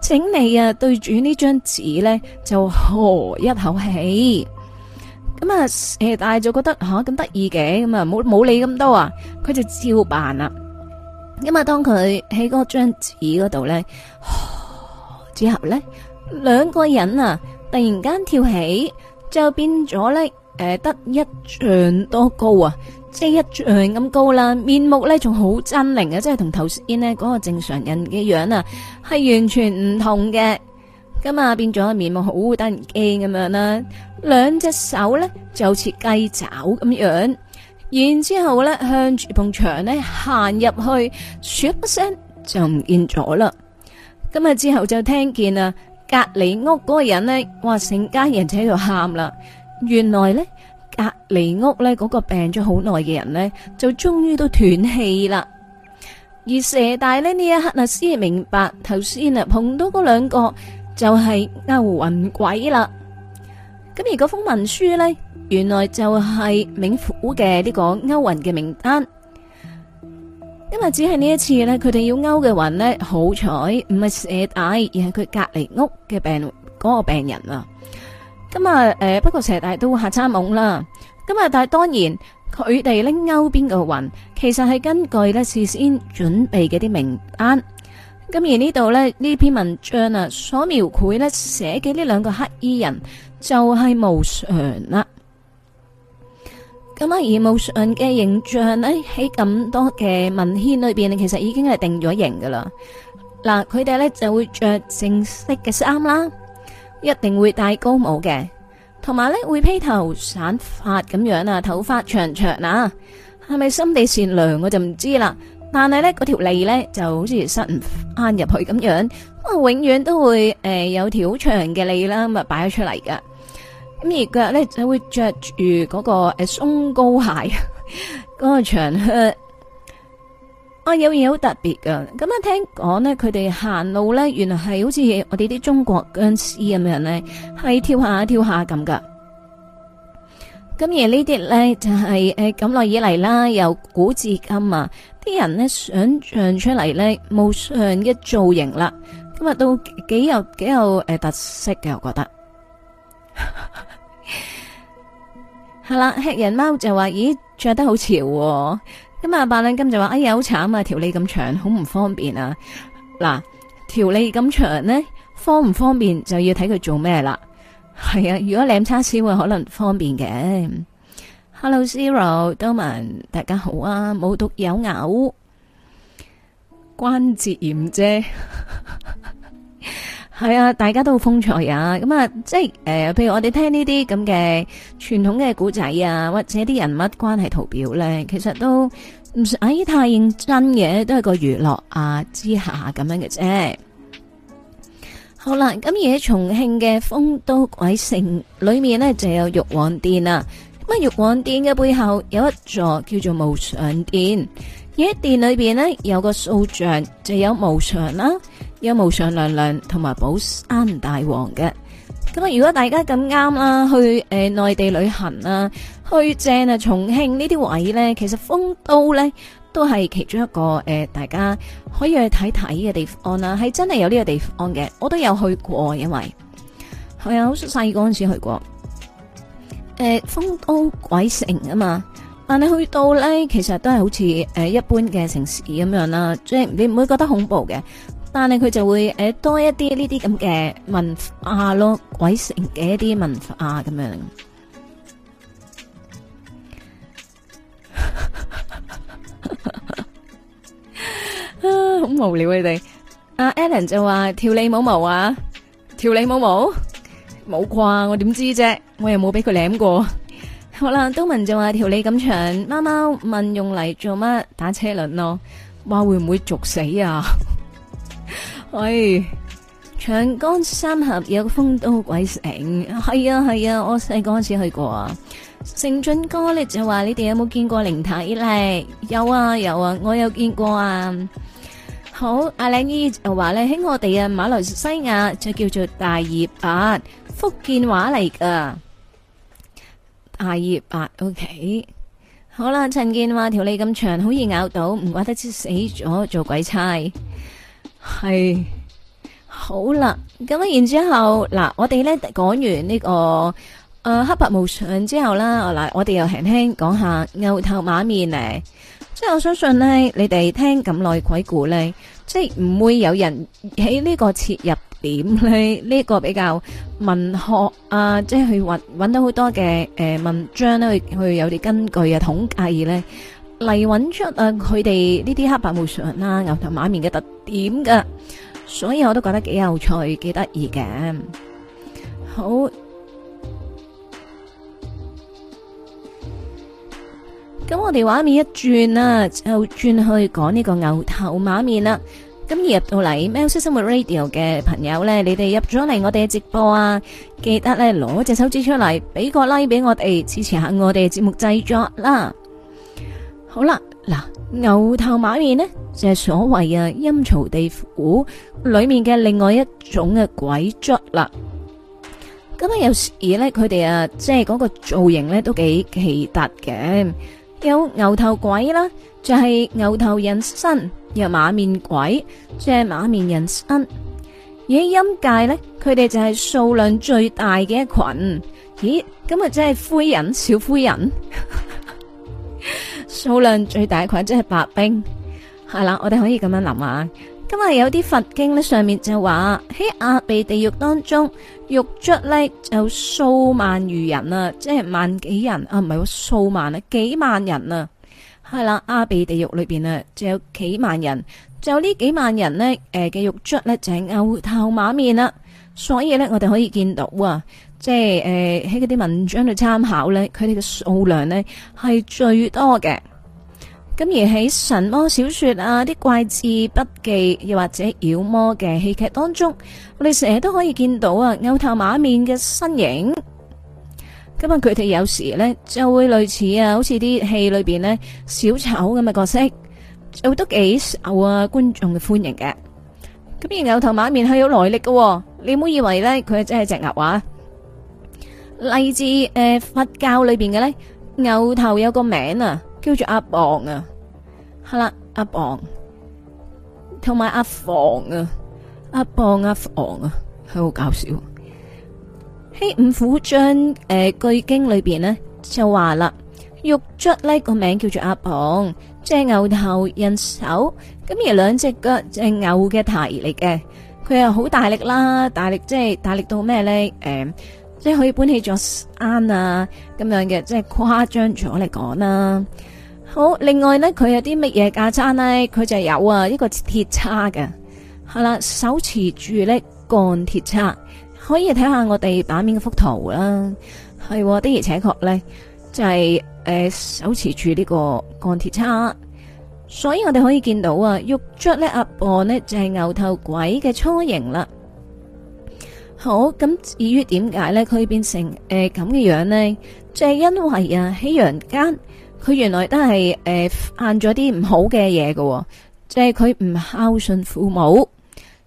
請你啊對住呢張紙咧就呵一口氣，咁啊誒，但就覺得吓咁得意嘅，咁啊冇冇、嗯、理咁多啊，佢就照辦啦。咁、嗯、啊，當佢喺嗰張紙嗰度咧，之後咧兩個人啊突然間跳起，就變咗咧誒，得一丈多高啊！即係一丈咁高啦，面目咧仲好猙獰嘅，即係同頭先咧嗰個正常人嘅樣啊，係完全唔同嘅。咁啊，變咗個面目好得人驚咁樣啦，兩隻手咧就好似雞爪咁樣，然之後咧向住埲牆咧行入去，咻一聲就唔見咗啦。咁啊之後就聽見啊，隔籬屋嗰個人咧，哇，成家人就喺度喊啦，原來咧。隔籬屋咧，嗰個病咗好耐嘅人咧，就終於都斷氣啦。而蛇大咧呢一刻，啊，先至明白頭先啊，碰到嗰兩個就係勾魂鬼啦。咁而嗰封文書咧，原來就係冥府嘅呢個勾魂嘅名單。因為只係呢一次咧，佢哋要勾嘅魂咧，好彩唔係蛇大，而係佢隔籬屋嘅病嗰個病人啊。咁啊，誒、嗯呃，不過成日都客餐懵啦。咁、嗯、啊，但係當然佢哋拎勾邊個云，其實係根據咧事先準備嘅啲名單。咁、嗯、而這呢度咧呢篇文章啊，所描繪咧寫嘅呢兩個黑衣人就係無常啦。咁、嗯、啊，而無常嘅形象咧喺咁多嘅文獻裏邊，其實已經係定咗型噶啦。嗱，佢哋呢就會着正式嘅衫啦。一定會戴高帽嘅，同埋咧會披頭散髮咁樣啊，頭髮長長啊，係咪心地善良我就唔知啦。但係咧條脷咧就好似塞唔返入去咁樣，咁啊永遠都會誒、呃、有條好長嘅脷啦，咁啊擺咗出嚟噶。咁而腳咧就會着住嗰個誒鬆糕鞋，嗰 個長靴。我、啊、有嘢好特別噶，咁啊聽講呢佢哋行路呢，原來係好似我哋啲中國僵屍咁樣呢係跳下跳下咁噶。咁而呢啲呢，就係誒咁耐以嚟啦，由古至今啊，啲人呢想象出嚟呢，無常嘅造型啦，今日都幾有幾有誒、呃、特色嘅，我覺得。係 啦，吃人貓就話咦着得好潮，喔。今日白兩金就話：哎呀，好慘啊！條脷咁長，好唔方便啊！嗱，條脷咁長呢，方唔方便就要睇佢做咩啦。係啊，如果舐叉燒可能方便嘅。Hello Zero，都文大家好啊！冇毒有咬，關節炎啫。 係啊，大家都好風趣啊！咁啊，即係誒、呃，譬如我哋聽呢啲咁嘅傳統嘅古仔啊，或者啲人物關係圖表咧，其實都唔係太認真嘅，都係個娛樂啊之下咁樣嘅啫。好啦，咁而喺重慶嘅酆都鬼城裏面咧，就有玉皇殿啦、啊。咁啊，玉皇殿嘅背後有一座叫做無常殿，而喺殿裏邊咧有個塑像，就有無常啦、啊。有無上娘娘同埋寶山大王嘅，咁啊！如果大家咁啱啦，去誒內地旅行啊，去正啊重慶呢啲位咧，其實酆都咧都係其中一個誒、呃、大家可以去睇睇嘅地方啦，係真係有呢個地方嘅，我都有去過，因為係啊，好細個嗰陣時去過，誒、呃、酆都鬼城啊嘛，但係去到咧，其實都係好似誒、呃、一般嘅城市咁樣啦，即係你唔會覺得恐怖嘅。但係佢就會誒多一啲呢啲咁嘅文化咯，鬼城嘅一啲文化咁樣。啊，好無聊你哋！阿 Allen 就話：條脷冇毛啊，條脷冇毛，冇啩我點知啫？我又冇俾佢舐過。好啦，都文就話：條脷咁長，貓貓問用嚟做乜？打車輪咯，話會唔會逐死啊？喂、哎，長江三峽有個酆都鬼城，係啊係啊，我細個嗰時去過啊。成俊哥咧就話：你哋有冇見過靈體咧？有啊有啊，我有見過啊。好，阿靚姨就話咧：，喺我哋嘅馬來西亞就叫做大葉白，福建話嚟噶。大葉白，OK，好啦。陳建話條脷咁長，好易咬到，唔怪得之死咗做鬼差。係好啦，咁然之後嗱，我哋呢講完呢、這個誒、呃、黑白無常之後啦，嗱，我哋又輕輕講下牛頭馬面呢，即係我相信呢，你哋聽咁耐鬼故呢，即係唔會有人喺呢個切入點呢，呢、這個比較文學啊，即係去搵到好多嘅誒、呃、文章呢，去去有啲根據啊，統計呢嚟揾出啊！佢哋呢啲黑白無常啦、牛頭馬面嘅特點噶，所以我都覺得幾有趣、幾得意嘅。好，咁我哋畫面一轉啊，就轉去講呢個牛頭馬面啦。咁而入到嚟 《喵式生活 Radio》嘅朋友呢，你哋入咗嚟我哋嘅直播啊，記得呢攞隻手指出嚟，俾個 like 俾我哋，支持下我哋嘅節目製作啦。好啦，嗱，牛頭馬面呢，就係所謂啊陰曹地府裏面嘅另外一種嘅鬼卒啦。咁啊有時呢，佢哋啊即係嗰個造型呢，都幾奇特嘅，有牛頭鬼啦，就係牛頭人身；有馬面鬼，即係馬面人身。而喺陰界呢，佢哋就係數量最大嘅一群。咦，咁啊即係灰人，小灰人。 數量最大群，即係白冰。係啦，我哋可以咁樣諗下。今日有啲佛經咧，上面就話喺阿鼻地獄當中，獄卒咧有數萬餘人啊，即係萬幾人啊，唔係，數萬啊，幾萬人啊，係啦，阿鼻地獄裏邊啊，就有幾萬人，就呢幾萬人呢，誒嘅獄卒咧就係牛頭馬面啦，啊，所以咧我哋可以見到啊。即係誒，喺嗰啲文章度參考咧，佢哋嘅數量咧係最多嘅。咁而喺神魔小說啊，啲怪志筆記又或者妖魔嘅戲劇當中，我哋成日都可以見到啊，牛頭馬面嘅身影。咁啊，佢哋有時咧就會類似啊，好似啲戲裡邊咧小丑咁嘅角色，就都幾受啊觀眾嘅歡迎嘅。咁而牛頭馬面係有來歷嘅，你唔好以為咧佢真係隻牛啊？嚟自誒，佛教裏邊嘅咧，牛頭有個名啊，叫做阿傍啊，係啦，阿傍同埋阿房啊，阿傍阿房啊，係好搞笑。喺《五苦章誒，句經》裏邊咧就話啦，獄卒呢個名叫做阿傍，即係牛頭人手，咁而兩隻腳即係牛嘅蹄嚟嘅，佢又好大力啦，大力即係大力到咩咧？誒。即係可以搬起座山啊，咁樣嘅，即係誇張咗嚟講啦。好，另外咧，佢有啲乜嘢架撐咧？佢就有啊，呢、這個鐵叉嘅，係啦，手持住咧鋼鐵叉，可以睇下我哋版面嘅幅圖啦。係的而且確咧，就係、是、誒、呃、手持住呢個鋼鐵叉，所以我哋可以見到啊，獄卒咧阿婆咧就係、是、牛頭鬼嘅初形啦。好，咁至於點解咧，佢變成誒咁嘅樣，樣呢？就係、是、因為啊喺陽間，佢原來都係誒犯咗啲唔好嘅嘢嘅，即係佢唔孝順父母，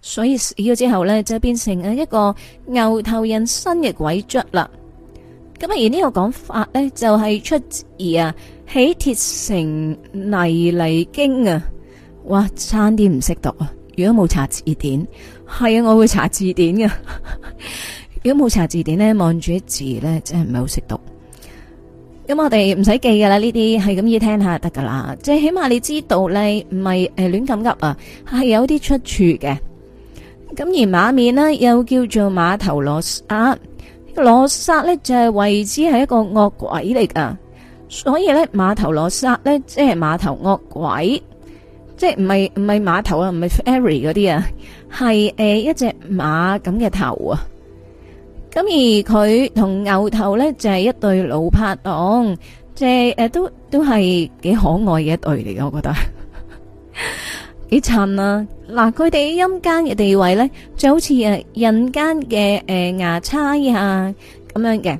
所以死咗之後呢，就變成啊一個牛頭人身嘅鬼卒啦。咁而呢個講法呢，就係、是、出自啊《起鐵城泥犁經》啊，哇，差啲唔識讀啊，如果冇查字典。係啊，我會查字典噶。 如果冇查字典咧，望住啲字咧，真係唔係好識讀。咁我哋唔使記噶啦，呢啲係咁易聽下得噶啦。即係起碼你知道咧，唔係誒亂咁噏啊，係有啲出處嘅。咁而馬面呢，又叫做馬頭羅剎，羅剎咧就係為之係一個惡鬼嚟噶。所以咧，馬頭羅剎咧，即係馬頭惡鬼，即係唔係唔係碼頭啊，唔係 ferry 嗰啲啊。係誒、呃，一隻馬咁嘅頭啊，咁而佢同牛頭咧就係、是、一對老拍檔，即係誒，都都係幾可愛嘅一對嚟，我覺得幾襯啊。嗱，佢哋陰間嘅地位咧，就好似誒人間嘅誒牙差啊咁樣嘅。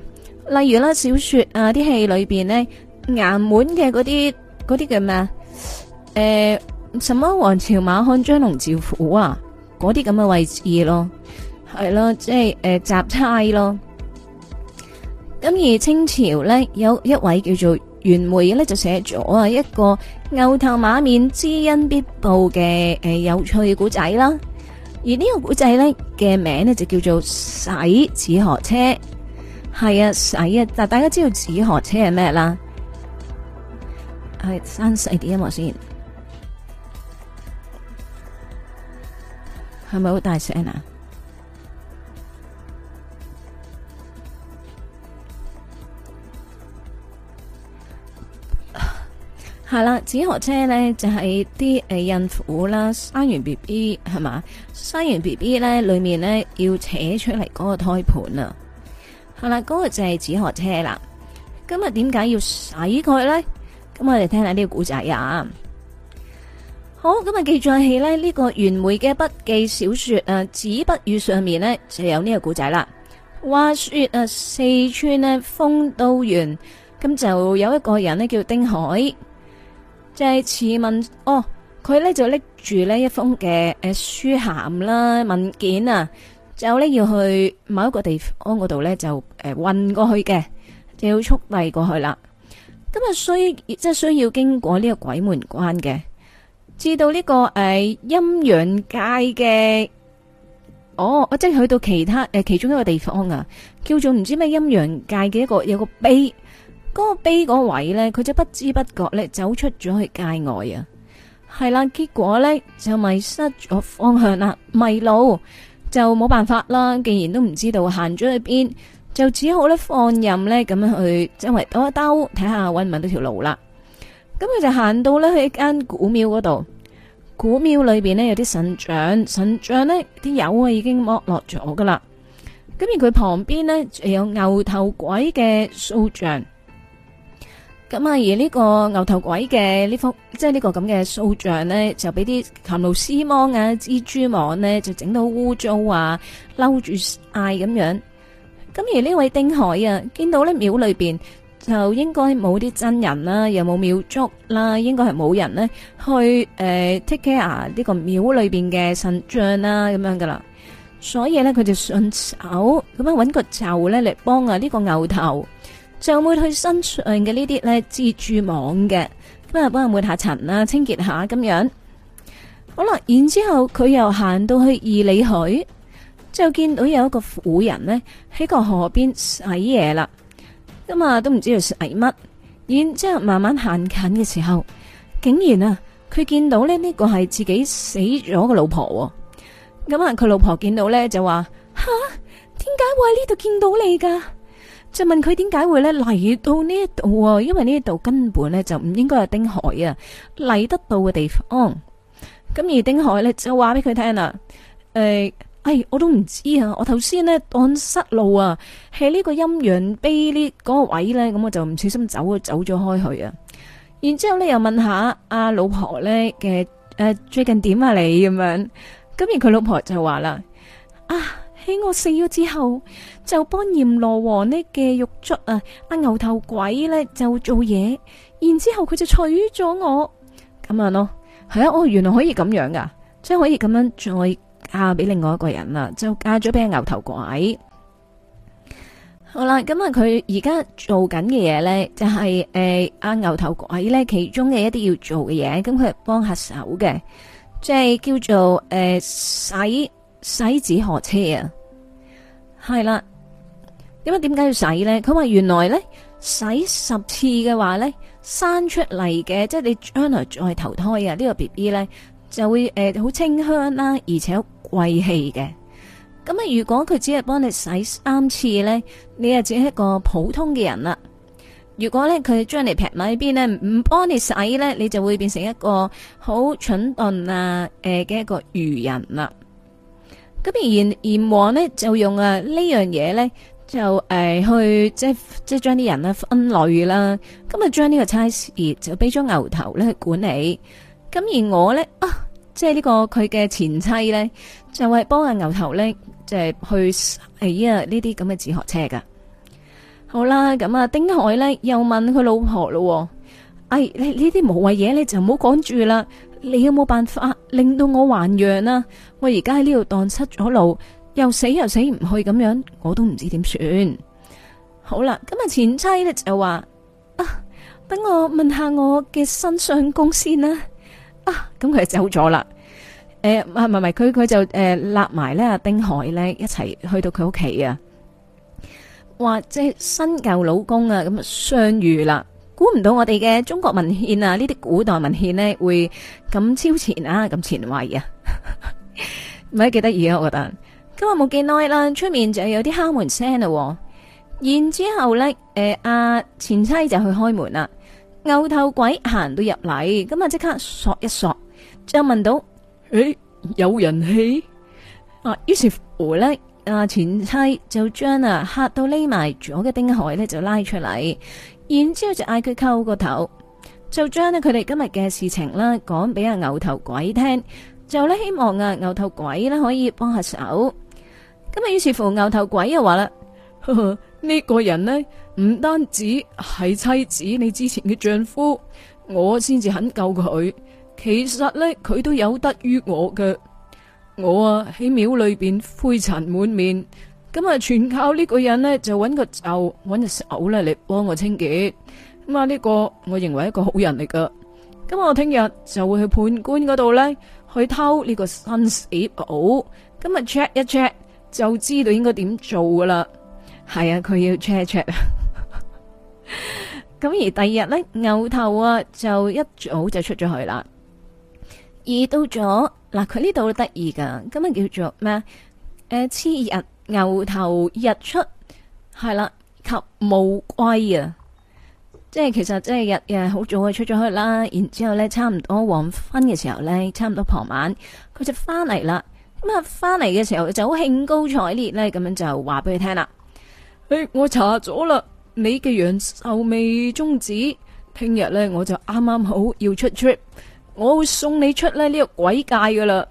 例如啦，小說啊，啲戲裏邊呢衙門，嘅嗰啲嗰啲叫咩啊，誒、呃，什麼王朝、馬漢、張龍、趙虎啊。嗰啲咁嘅位置咯，係咯，即係誒、呃、雜差咯。咁而清朝咧有一位叫做袁枚咧，就寫咗啊一個牛頭馬面知恩必報嘅誒、呃、有趣古仔啦。而這個呢個古仔咧嘅名咧就叫做《洗紫河車》。係啊，洗啊，但大家知道紫河車係咩啦？係刪細啲音樂先。係咪好大聲啊？係啦，紫河車呢就係啲誒孕婦啦，生完 B B 係嘛，生完 B B 呢裏面呢要扯出嚟嗰個胎盤、那個、啊。係啦，嗰個就係紫河車啦。今日點解要洗佢呢？咁我哋聽下呢個古仔啊。好，咁咪記載起咧呢、呢個袁枚嘅筆記小說《啊子不語上面呢，就有呢個故仔啦。話說啊，四川呢豐都縣，咁就有一個人呢，叫丁海，就係似問哦，佢呢就拎住呢一封嘅誒、呃、書函啦文件啊，就呢要去某一個地方嗰度呢，就誒運、呃、過去嘅，就要速遞過去啦。咁咪需即係需要經過呢個鬼門關嘅。至到呢個誒陰陽界嘅，哦，我即係去到其他誒其中一個地方啊，叫做唔知咩陰陽界嘅一個有個碑，嗰、嗰個碑嗰位咧，佢就不知不覺咧走出咗去界外啊，係啦，結果咧就迷失咗方向啦，迷路就冇辦法啦，既然都唔知道行咗去邊，就只好咧放任咧咁樣去周圍兜一兜，因為兜一兜睇下搵唔搵到條路啦。咁佢就行到咧去一間古廟嗰度，古廟裏邊呢，有啲神像，神像呢啲油啊已經剝落咗噶啦。咁而佢旁邊呢就有牛頭鬼嘅塑像，咁啊而呢個牛頭鬼嘅呢幅即係呢個咁嘅塑像呢，就俾啲蠄蟧絲網啊、蜘蛛網呢，就整到污糟啊，嬲住嗌咁樣。咁而呢位丁海啊，見到呢廟裏邊。就應該冇啲真人啦，又冇廟祝啦，應該係冇人呢去誒、呃、take care 呢個廟裏邊嘅神像啦咁樣噶啦，所以呢，佢就順手咁樣揾個袖呢嚟幫啊呢個牛頭就抹去身上嘅呢啲呢蜘蛛網嘅咁啊幫佢抹下塵啦，清潔下咁樣，好啦，然之後佢又行到去二里海，就見到有一個婦人呢喺個河邊洗嘢啦。咁啊，都唔知佢係乜，然之後慢慢行近嘅時候，竟然，啊，佢見到咧呢，這個係自己死咗嘅老婆。咁啊，佢老婆見到咧就話：吓，點解會喺呢度見到你噶？就問佢點解會咧嚟到呢度啊？因為呢度根本咧就唔應該係丁海啊嚟得到嘅地方。咁，嗯、而丁海咧就話俾佢聽啦：誒、呃！哎、我都唔知啊！我頭先咧蕩失路啊，喺呢個陰陽碑呢嗰個位咧，咁我就唔小心走啊走咗開去啊！然之後咧又問下阿、啊、老婆咧嘅誒，最近點啊你咁樣？咁而佢老婆就話啦：啊，喺我死咗之後，就幫閻羅王呢嘅獄卒啊，阿牛頭鬼咧就做嘢。然之後佢就娶咗我咁樣咯。係啊，我、哦、原來可以咁樣噶，即係可以咁樣再。嫁俾、啊、另外一個人啦，就嫁咗俾牛頭鬼。好啦，咁啊，佢而家做緊嘅嘢呢，就係、是、誒，阿、呃、牛頭鬼呢其中嘅一啲要做嘅嘢，咁佢係幫下手嘅，即係叫做誒、呃、洗洗紫河車啊，係啦。因佢點解要洗呢？佢話原來呢，洗十次嘅話呢，生出嚟嘅，即係你將來再投胎啊，呢、這個 B B 呢，就會誒好、呃、清香啦、啊，而且。胃氣嘅，咁啊，如果佢只係幫你洗三次呢，你啊只係一個普通嘅人啦。如果呢，佢將你劈埋一邊呢，唔幫你洗呢，你就會變成一個好蠢鈍啊誒嘅一個愚人啦。咁而閻王呢，就用啊呢樣嘢呢，就誒、呃、去即即將啲人咧分類啦。咁啊將呢個差事就俾咗牛頭咧去管理。咁而我呢。啊。即係呢、這個佢嘅前妻呢，就係幫阿牛頭呢，即、就、係、是、去起啊！呢啲咁嘅自學車噶，好啦，咁啊，丁海呢又問佢老婆咯，哎，唉，呢啲無謂嘢你就唔好講住啦，你有冇辦法令到我還陽啊？我而家喺呢度蕩失咗路，又死又死唔去咁樣，我都唔知點算。好啦，咁啊，前妻呢就話啊，等我問下我嘅新相公先啦。咁佢、啊啊、就走咗啦，誒、啊，咪係係，佢佢就誒，立埋咧阿丁海咧一齊去到佢屋企啊，或者新舊老公啊，咁啊相遇啦，估唔到我哋嘅中國文獻啊，呢啲古代文獻呢、啊，會咁超前啊，咁前衛啊，唔係幾得意啊，我覺得。今日冇幾耐啦，出面就有啲敲門聲喎、啊。然之後咧，誒、啊，阿前妻就去開門啦。牛頭鬼行到入嚟，咁啊即刻索一索，就問到誒、欸、有人氣、啊，啊於是乎咧，啊前妻就將啊嚇到匿埋咗嘅丁海咧就拉出嚟，然之後就嗌佢叩個頭，就將咧佢哋今日嘅事情啦講俾阿牛頭鬼聽，就咧希望阿、啊、牛頭鬼咧可以幫下手，咁啊於是乎牛頭鬼又話啦。呵呵 呢個人呢唔單止係妻子，你之前嘅丈夫，我先至肯救佢。其實呢，佢都有得於我嘅。我啊喺廟裏邊灰塵滿面，咁啊全靠呢個人呢就揾個袖揾隻手咧嚟幫我清潔。咁啊呢個我認為一個好人嚟噶。咁我聽日就會去判官嗰度呢去偷呢個生死簿。今日 check 一 check 就知道應該點做噶啦。係啊，佢要 check check 啊。咁而第二日呢，牛頭啊就一早就出咗去啦。而到咗嗱，佢呢度得意噶，咁啊叫做咩啊？誒，次日牛頭日出係啦、啊，及冇歸啊，即係其實即係日日好早就出咗去啦。然之後呢，差唔多黃昏嘅時候呢，差唔多傍晚，佢就翻嚟。啦。咁啊，翻嚟嘅時候就好興高采烈呢，咁樣就話俾佢聽啦。誒、哎，我查咗啦，你嘅陽壽未終止，聽日呢，我就啱啱好要出 trip，我會送你出呢個鬼界噶啦。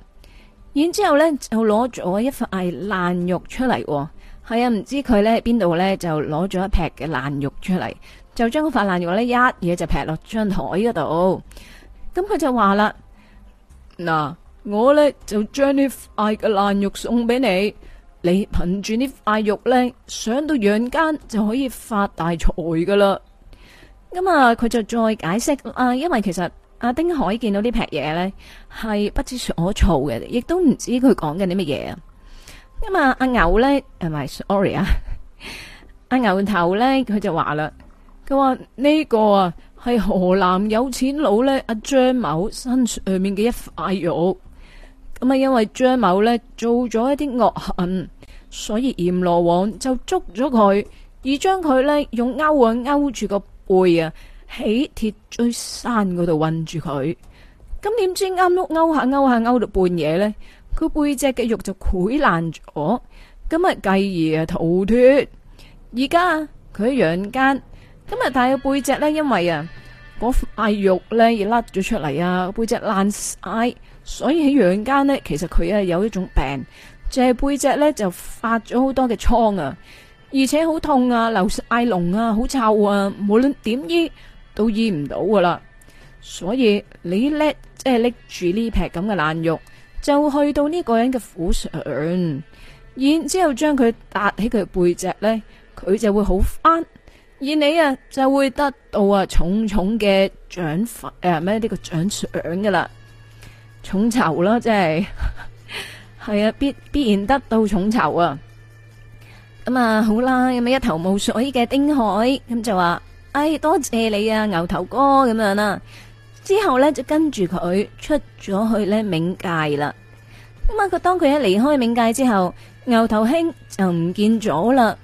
然之後呢就攞咗一塊爛肉出嚟、哦，係啊，唔知佢呢邊度呢？就攞咗一劈嘅爛肉出嚟，就將塊爛肉呢一嘢就劈落張台嗰度。咁佢就話啦，嗱，我呢，就將呢塊嘅爛肉送俾你。你憑住呢塊肉咧，上到陽間就可以發大財噶啦。咁、嗯、啊，佢就再解釋啊，因為其實阿丁海見到呢劈嘢咧，係不知所措嘅，亦都唔知佢講緊啲乜嘢啊。咁啊，阿牛咧，係咪？Sorry 啊，阿、啊、牛頭咧，佢就話啦，佢話呢個啊係河南有錢佬咧，阿、啊、張某身上面嘅一塊肉。咁啊，因為張某咧做咗一啲惡行，所以閻羅王就捉咗佢，而將佢咧用勾腕勾，勾住個背啊，喺鐵錐山嗰度困住佢。咁點知啱啱勾下勾下勾，勾，勾到半夜咧，佢背脊嘅肉就潰爛咗。咁啊，繼而啊逃脫。而家佢喺陽間，今日但係背脊咧，因為啊，嗰塊肉咧而甩咗出嚟啊，背脊爛晒。所以喺陽間呢，其實佢啊有一種病，就係、是、背脊咧就發咗好多嘅瘡啊，而且好痛啊，流晒膿啊，好臭啊，無論點醫都醫唔到噶啦。所以你叻，即係拎住呢劈咁嘅爛肉，就去到呢個人嘅府上，然之後將佢搭喺佢背脊咧，佢就會好返，而你啊就會得到啊重重嘅獎誒咩呢個獎賞噶啦。重酬囉，即係係啊，必必然得到重酬啊。咁、嗯、啊，好啦，咁啊，一頭霧水嘅丁海咁、嗯、就話：，哎，多謝你啊，牛頭哥咁樣啦、啊。之後呢，就跟住佢出咗去咧冥界啦。咁、嗯、啊，佢當佢一離開冥界之後，牛頭兄就唔見咗啦。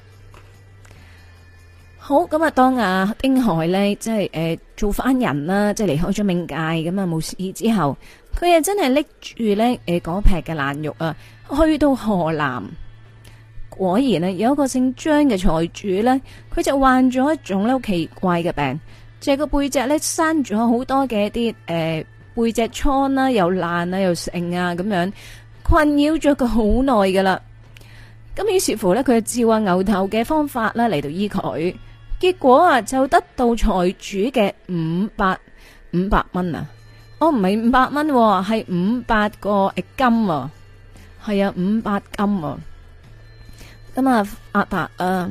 好咁啊、嗯，當啊丁海呢，即係誒、呃、做翻人啦，即係離開咗冥界咁啊，冇事之後。佢啊，他又真係拎住呢誒，嗰塊嘅爛肉啊，去到河南，果然呢，有一個姓張嘅財主呢，佢就患咗一種咧好奇怪嘅病，就係個背脊呢，生咗好多嘅一啲誒背脊瘡啦，又爛啊，又剩啊，咁樣困擾咗佢好耐噶啦。咁於是乎呢，佢就照阿牛頭嘅方法啦嚟到醫佢，結果啊就得到財主嘅五百五百蚊啊！哦，唔係五百蚊，係五百個誒、哎、金、哦、是啊，係、哦、啊，五百金啊。咁啊，阿達啊，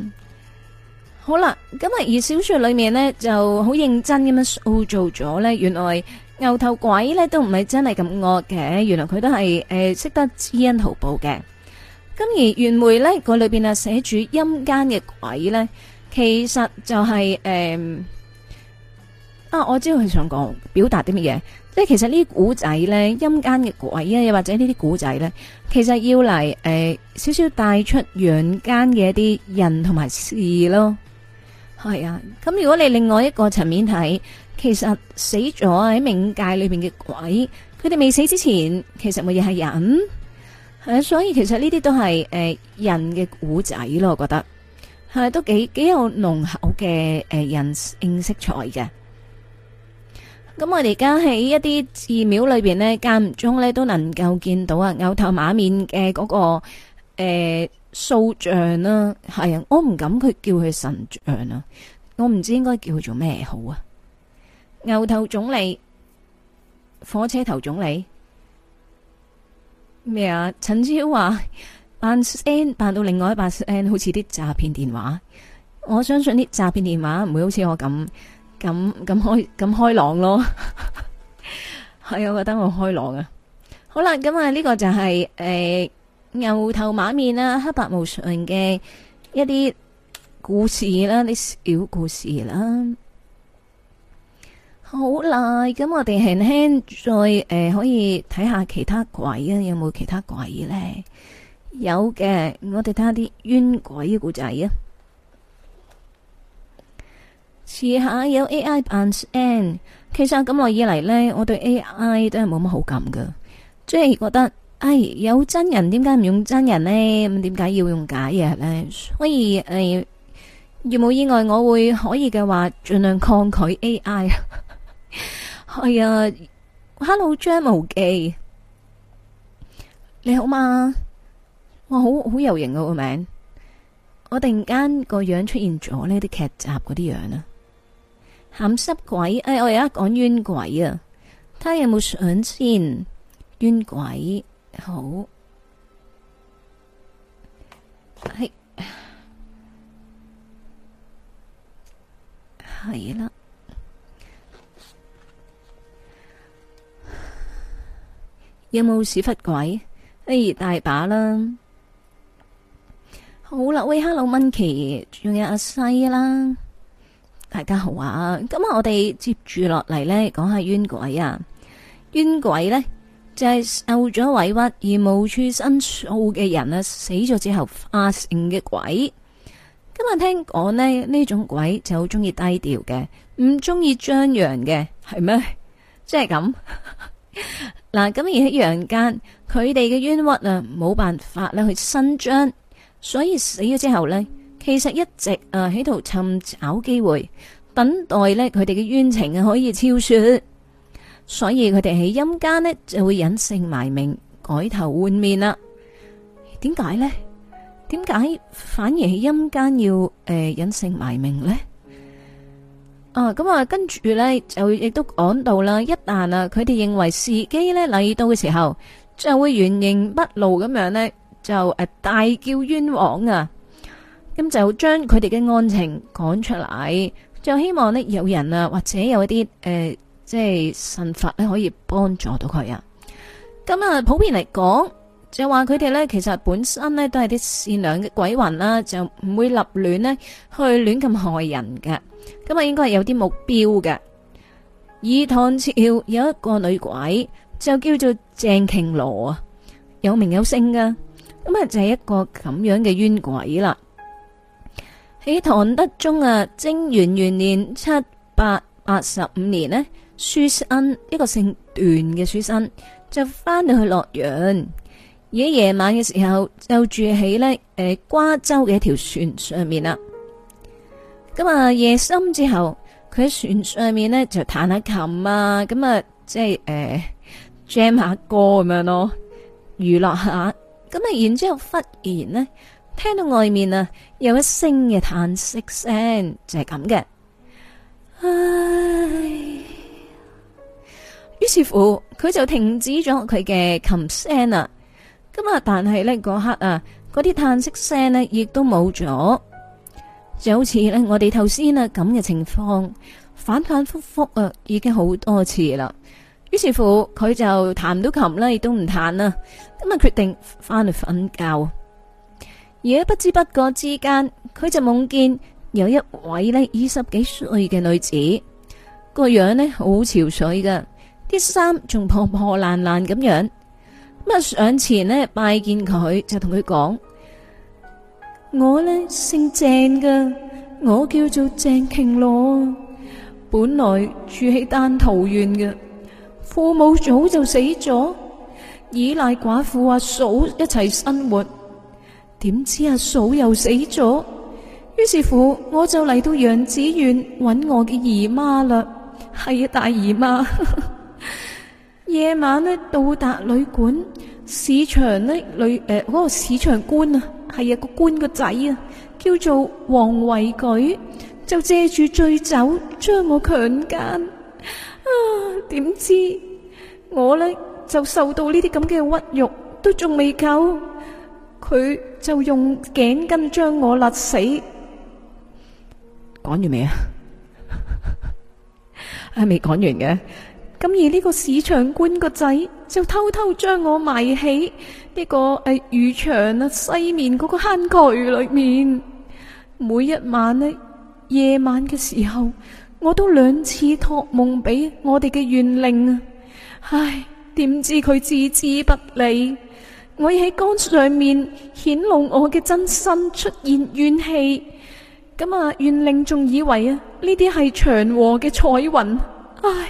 好啦，咁啊，而小說裏面呢，就好認真咁樣塑造咗呢。原來牛頭鬼呢都唔係真係咁惡嘅，原來佢都係誒識得知恩圖報嘅。咁而袁枚呢，佢裏邊啊寫住陰間嘅鬼呢，其實就係、是、誒、呃、啊，我知道佢想講表達啲乜嘢。即係其實呢啲古仔咧，陰間嘅鬼啊，又或者呢啲古仔咧，其實要嚟誒、呃、少少帶出陽間嘅一啲人同埋事咯。係啊，咁如果你另外一個層面睇，其實死咗喺冥界裏邊嘅鬼，佢哋未死之前，其實咪嘢係人。係啊，所以其實呢啲都係誒、呃、人嘅古仔咯，我覺得係、啊、都幾幾有濃厚嘅誒人人色彩嘅。咁我哋而家喺一啲寺廟裏邊呢間唔中呢，都能夠見到啊，牛頭馬面嘅嗰個誒塑像啦，係啊，我唔敢佢叫佢神像啊，我唔知應該叫佢做咩好啊，牛頭總理，火車頭總理，咩啊？陳超話扮 N 扮到另外一把 N，好似啲詐騙電話，我相信啲詐騙電話唔會好似我咁。咁咁開咁開朗咯，係啊，我覺得好開朗啊！好啦，咁啊呢個就係誒牛頭馬面啦，黑白無常嘅一啲故事啦，啲小故事啦。好啦，咁我哋輕輕再誒可以睇下其他鬼啊，有冇其他鬼呢？有嘅，我哋睇下啲冤鬼嘅故仔啊！試下有 A I 扮 N，其實咁耐以嚟呢，我對 A I 都係冇乜好感噶，即係覺得，哎，有真人，點解唔用真人呢？咁點解要用假嘢呢所以誒，冇意外，我會可以嘅話，盡量抗拒 A I。係 啊，Hello j a m e 你好嘛？我好好有型啊個名，我突然間個樣出現咗呢啲劇集嗰啲樣啊！鹹濕鬼，哎，我而家講冤鬼啊，睇下有冇相先，冤鬼好，係係啦，有冇屎忽鬼？哎，大把啦，好啦，喂，Hello，Monkey，仲有阿西啦。大家好啊！咁啊，我哋接住落嚟呢，講下冤鬼啊。冤鬼呢，就係受咗委屈而無處申訴嘅人啊，死咗之後化成嘅鬼。今日聽講呢，呢種鬼就好中意低調嘅，唔中意張揚嘅，係咩？即係咁嗱。咁而喺陽間，佢哋嘅冤屈啊，冇辦法咧去伸張，所以死咗之後呢。其實一直誒喺度尋找機會，等待咧佢哋嘅冤情，啊可以昭雪，所以佢哋喺陰間咧就會隱姓埋名，改頭換面啦。點解咧？點解反而喺陰間要誒隱姓埋名咧？啊，咁啊，跟住咧就亦都講到啦。一旦啊，佢哋認為時機咧嚟到嘅時候，就會原形畢露咁樣咧，就誒大叫冤枉啊！咁就將佢哋嘅案情講出嚟，就希望呢有人啊，或者有一啲誒、呃，即係神佛咧，可以幫助到佢啊。咁啊，普遍嚟講就話佢哋呢，其實本身呢，都係啲善良嘅鬼魂啦，就唔會立亂呢去亂咁害人嘅。咁啊，應該係有啲目標嘅。以唐朝有一個女鬼就叫做鄭瓊羅啊，有名有姓噶。咁啊，就係一個咁樣嘅冤鬼啦。喺唐德宗啊貞元元年七百八十五年呢，書生一個姓段嘅書生就翻到去洛陽，而喺夜晚嘅時候就住喺呢誒瓜州嘅一條船上面啦。咁啊，夜深之後，佢喺船上面呢，就彈下琴啊，咁啊即係誒、呃、jam 下歌咁樣咯，娛樂下。咁啊然之後忽然呢。聽到外面啊有一聲嘅嘆息聲，就係咁嘅，唉，於是乎佢就停止咗佢嘅琴聲啦。咁啊，但係呢嗰刻啊，嗰啲嘆息聲呢亦都冇咗，就好似呢我哋頭先啊咁嘅情況反反复复啊，已經好多次啦。於是乎佢就彈到琴啦亦都唔彈啦，咁啊決定翻去瞓覺。也不知不覺之間，佢就夢見有一位呢二十幾歲嘅女子，個樣呢好憔悴噶，啲衫仲破破爛爛咁樣。咁啊上前呢拜見佢，就同佢講：我呢姓鄭噶，我叫做鄭瓊羅，本來住喺丹桃園嘅，父母早就死咗，依賴寡婦阿嫂一齊生活。點知阿嫂又死咗。於是乎我就嚟到楊子院揾我嘅姨媽啦。係啊，大姨媽。夜 晚呢，到達旅館，市場呢，旅誒嗰個市場官啊，係啊個官個仔啊，叫做黃維舉，就借住醉酒將我強姦。啊，點知我呢，就受到呢啲咁嘅屈辱，都仲未夠。佢就用頸巾將我勒死，講 完未啊？係未講完嘅。咁而呢個市場官個仔就偷偷將我埋喺呢個誒魚、呃、場啊西面嗰個坑渠裏面。每一晚呢，夜晚嘅時候，我都兩次托夢俾我哋嘅怨靈啊。唉，點知佢置之不理。我喺江上面顯露我嘅真身出現怨氣，咁啊，怨靈仲以為啊呢啲係祥和嘅彩雲，唉，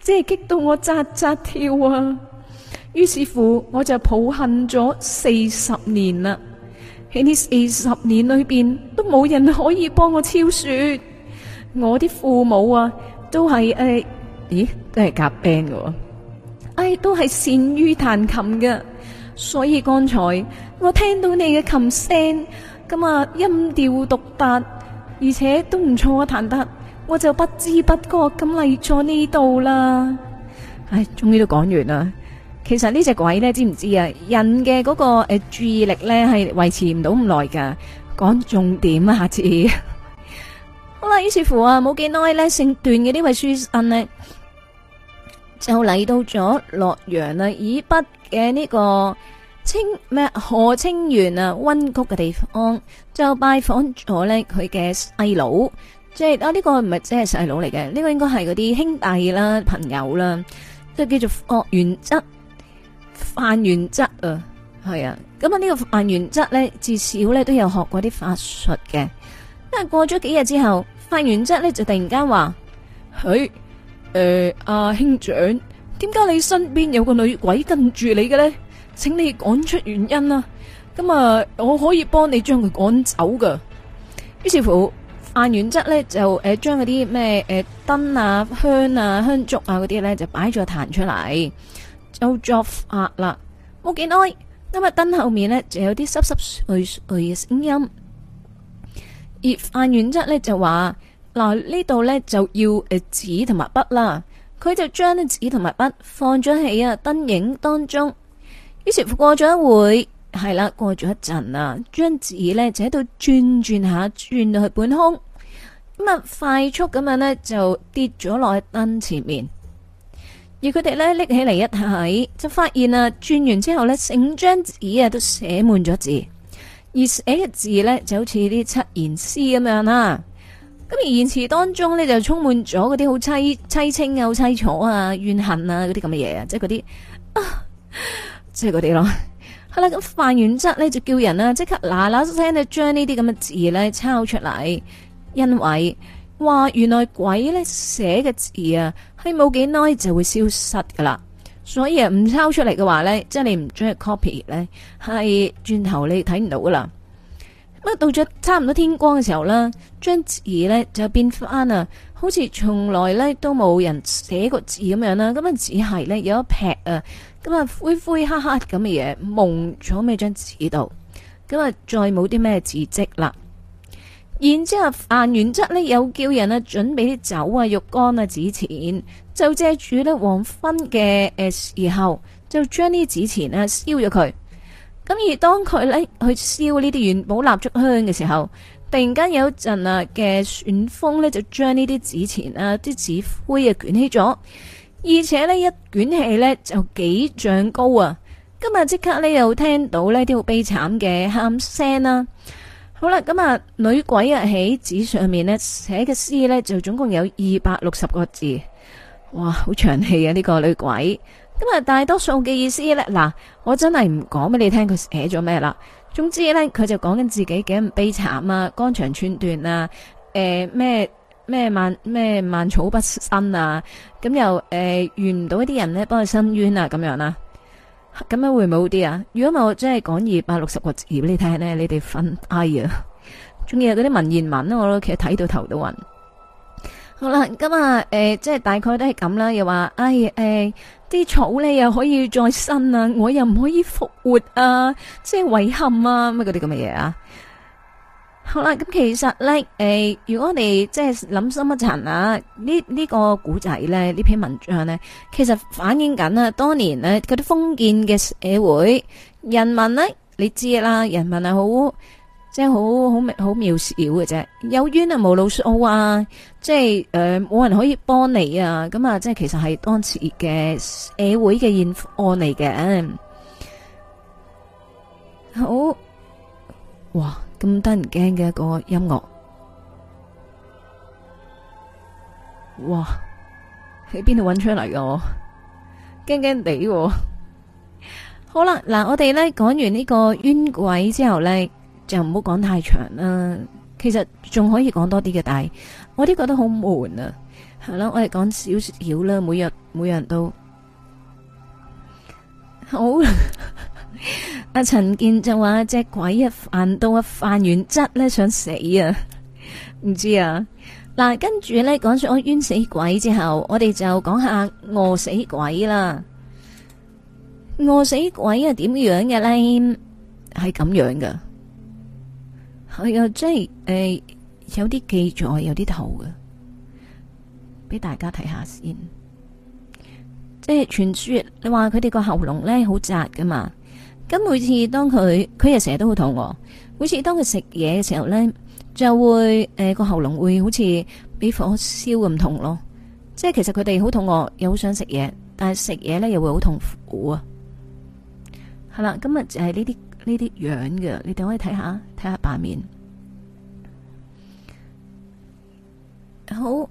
真係激到我扎扎跳啊！於是乎，我就抱恨咗四十年啦。喺呢四十年裏邊，都冇人可以幫我超雪。我啲父母啊，都係誒，欸、咦，都係夾 band 喎。唉、哎，都係善於彈琴嘅。所以剛才我聽到你嘅琴聲，咁啊音調獨特，而且都唔錯啊彈得，我就不知不覺咁嚟咗呢度啦。唉、哎，終於都講完啦。其實呢隻鬼咧，知唔知啊？人嘅嗰、那個誒、呃、注意力咧係維持唔到咁耐噶講重點啊，下次。 好啦，於是乎啊，冇幾耐咧，姓段嘅呢位書生呢，就嚟到咗洛陽啦，以北嘅呢、這個。清咩何清源啊，溫谷嘅地方就拜訪咗咧佢嘅細佬，即係啊呢個唔係即係細佬嚟嘅，呢個應該係嗰啲兄弟啦、朋友啦，即係叫做惡原則、范原則啊，係啊，咁啊呢個范原則咧至少咧都有學過啲法術嘅，但係過咗幾日之後，范原則咧就突然間話，佢誒阿兄長，點解你身邊有個女鬼跟住你嘅咧？請你講出原因啦，咁啊，我可以幫你將佢趕走噶。於是乎，晏遠則呢就誒將嗰啲咩誒燈啊、香啊、香燭啊嗰啲咧就擺咗壇出嚟，就作法啦。冇幾耐，咁啊燈後面呢就有啲濕濕碎碎嘅聲音。而晏遠則呢就話，嗱、呃、呢度呢就要誒紙同埋筆啦，佢就將啲紙同埋筆放咗喺啊燈影當中。於是過咗一會，係啦，過咗一陣啊，張紙呢，就喺度轉轉下，轉到去半空咁啊，快速咁樣呢，就跌咗落去燈前面。而佢哋呢，拎起嚟一睇，就發現啦，轉完之後整張紙呢，成張紙啊都寫滿咗字，而寫嘅字呢，就好似啲七言詩咁樣啦。咁而言辭當中呢，就充滿咗嗰啲好凄凄清啊、好凄楚啊、怨恨啊嗰啲咁嘅嘢啊，即係嗰啲啊。即係嗰啲咯，係啦，咁犯原則咧就叫人啦，即刻嗱嗱聲就將呢啲咁嘅字咧抄出嚟。因為哇，原來鬼咧寫嘅字啊係冇幾耐就會消失噶啦，所以啊唔抄出嚟嘅話咧，即係你唔中意 copy 咧，係轉頭你睇唔到噶啦。咁啊到咗差唔多天光嘅時候啦，張字咧就變翻啊，好似從來咧都冇人寫過字咁樣啦，咁啊只係咧有一撇啊。咁啊灰灰黑黑咁嘅嘢，蒙咗咩張紙度，咁啊再冇啲咩字跡啦。然之後晏元則呢又叫人啊準備啲酒啊、肉乾啊、紙錢，就借住呢黃昏嘅時候，就將啲紙錢啊燒咗佢。咁而當佢呢去燒呢啲元寶蠟燭香嘅時候，突然間有一陣啊嘅旋風呢就將呢啲紙錢啊啲紙灰啊捲起咗。而且呢，一捲起呢，就幾丈高啊！今日即刻呢，又聽到呢啲好悲慘嘅喊聲啦。好啦、啊，咁啊女鬼啊，喺紙上面呢，寫嘅詩呢，就總共有二百六十個字。哇，好長氣啊！呢、這個女鬼，咁啊大多數嘅意思呢，嗱，我真係唔講俾你聽佢寫咗咩啦。總之呢，佢就講緊自己幾咁悲慘啊，肝腸寸斷啊，誒、呃、咩？咩萬咩萬草不生啊！咁又誒，遇、呃、唔到一啲人咧，幫佢伸冤啊！咁樣啦、啊，咁樣會唔會好啲啊？如果我真係講二百六十個字俾你聽呢，你哋分哎啊！仲有啊！嗰啲文言文，我都其實睇到頭都暈。好啦，咁啊，誒、呃，即係大概都係咁啦。又話，哎誒，啲草咧又可以再生啊，我又唔可以復活啊，即係遺憾啊，乜嗰啲咁嘅嘢啊！好啦，咁其實咧，誒、呃，如果我哋即係諗深一層啊，這個、呢呢個古仔咧，呢篇文章咧，其實反映緊啊，當年呢嗰啲封建嘅社會，人民呢，你知啦，人民係好即係好好好渺小嘅啫，有冤啊冇路數啊，即係誒冇人可以幫你啊，咁啊，即係其實係當時嘅社會嘅現象嚟嘅。好，哇！咁得人驚嘅一個音樂，哇！喺邊度搵出嚟噶？驚驚地，好啦，嗱，我哋咧講完呢個冤鬼之後咧，就唔好講太長啦。其實仲可以講多啲嘅，但係我都覺得好悶啊。係啦，我哋講少少啦，每日每人都好。 阿陳健就話：隻鬼啊，犯到啊犯完則咧，想死啊！唔知啊。嗱，跟住呢講咗冤死鬼之後，我哋就講下餓死鬼啦。餓死鬼係，點樣嘅呢？係咁樣噶。係啊，即係誒，有啲記載，有啲圖噶，俾大家睇下先。即係傳說，你話佢哋個喉嚨呢，好窄噶嘛？咁每次當佢佢又成日都好肚餓，每次當佢食嘢嘅時候呢，就會誒個喉嚨會好似俾火燒咁痛咯，即係其實佢哋好肚餓，又好想食嘢，但係食嘢呢又會好痛苦啊，係啦，今日就係呢啲呢啲樣嘅，你哋可以睇下睇下版面，好。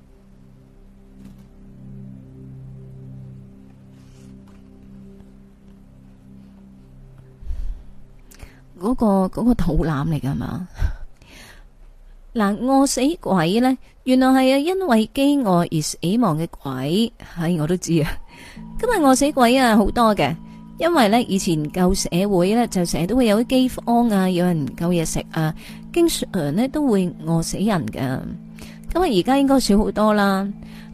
嗰、那個、那個肚腩嚟噶嘛？嗱，餓、呃、死鬼呢，原來係啊、哎，因為飢餓而死亡嘅鬼，係我都知啊。今日餓死鬼啊，好多嘅。因為呢，以前舊社會呢，就成日都會有啲飢荒啊，有人夠嘢食啊，經常呢都會餓死人噶。咁啊，而家應該少好多啦。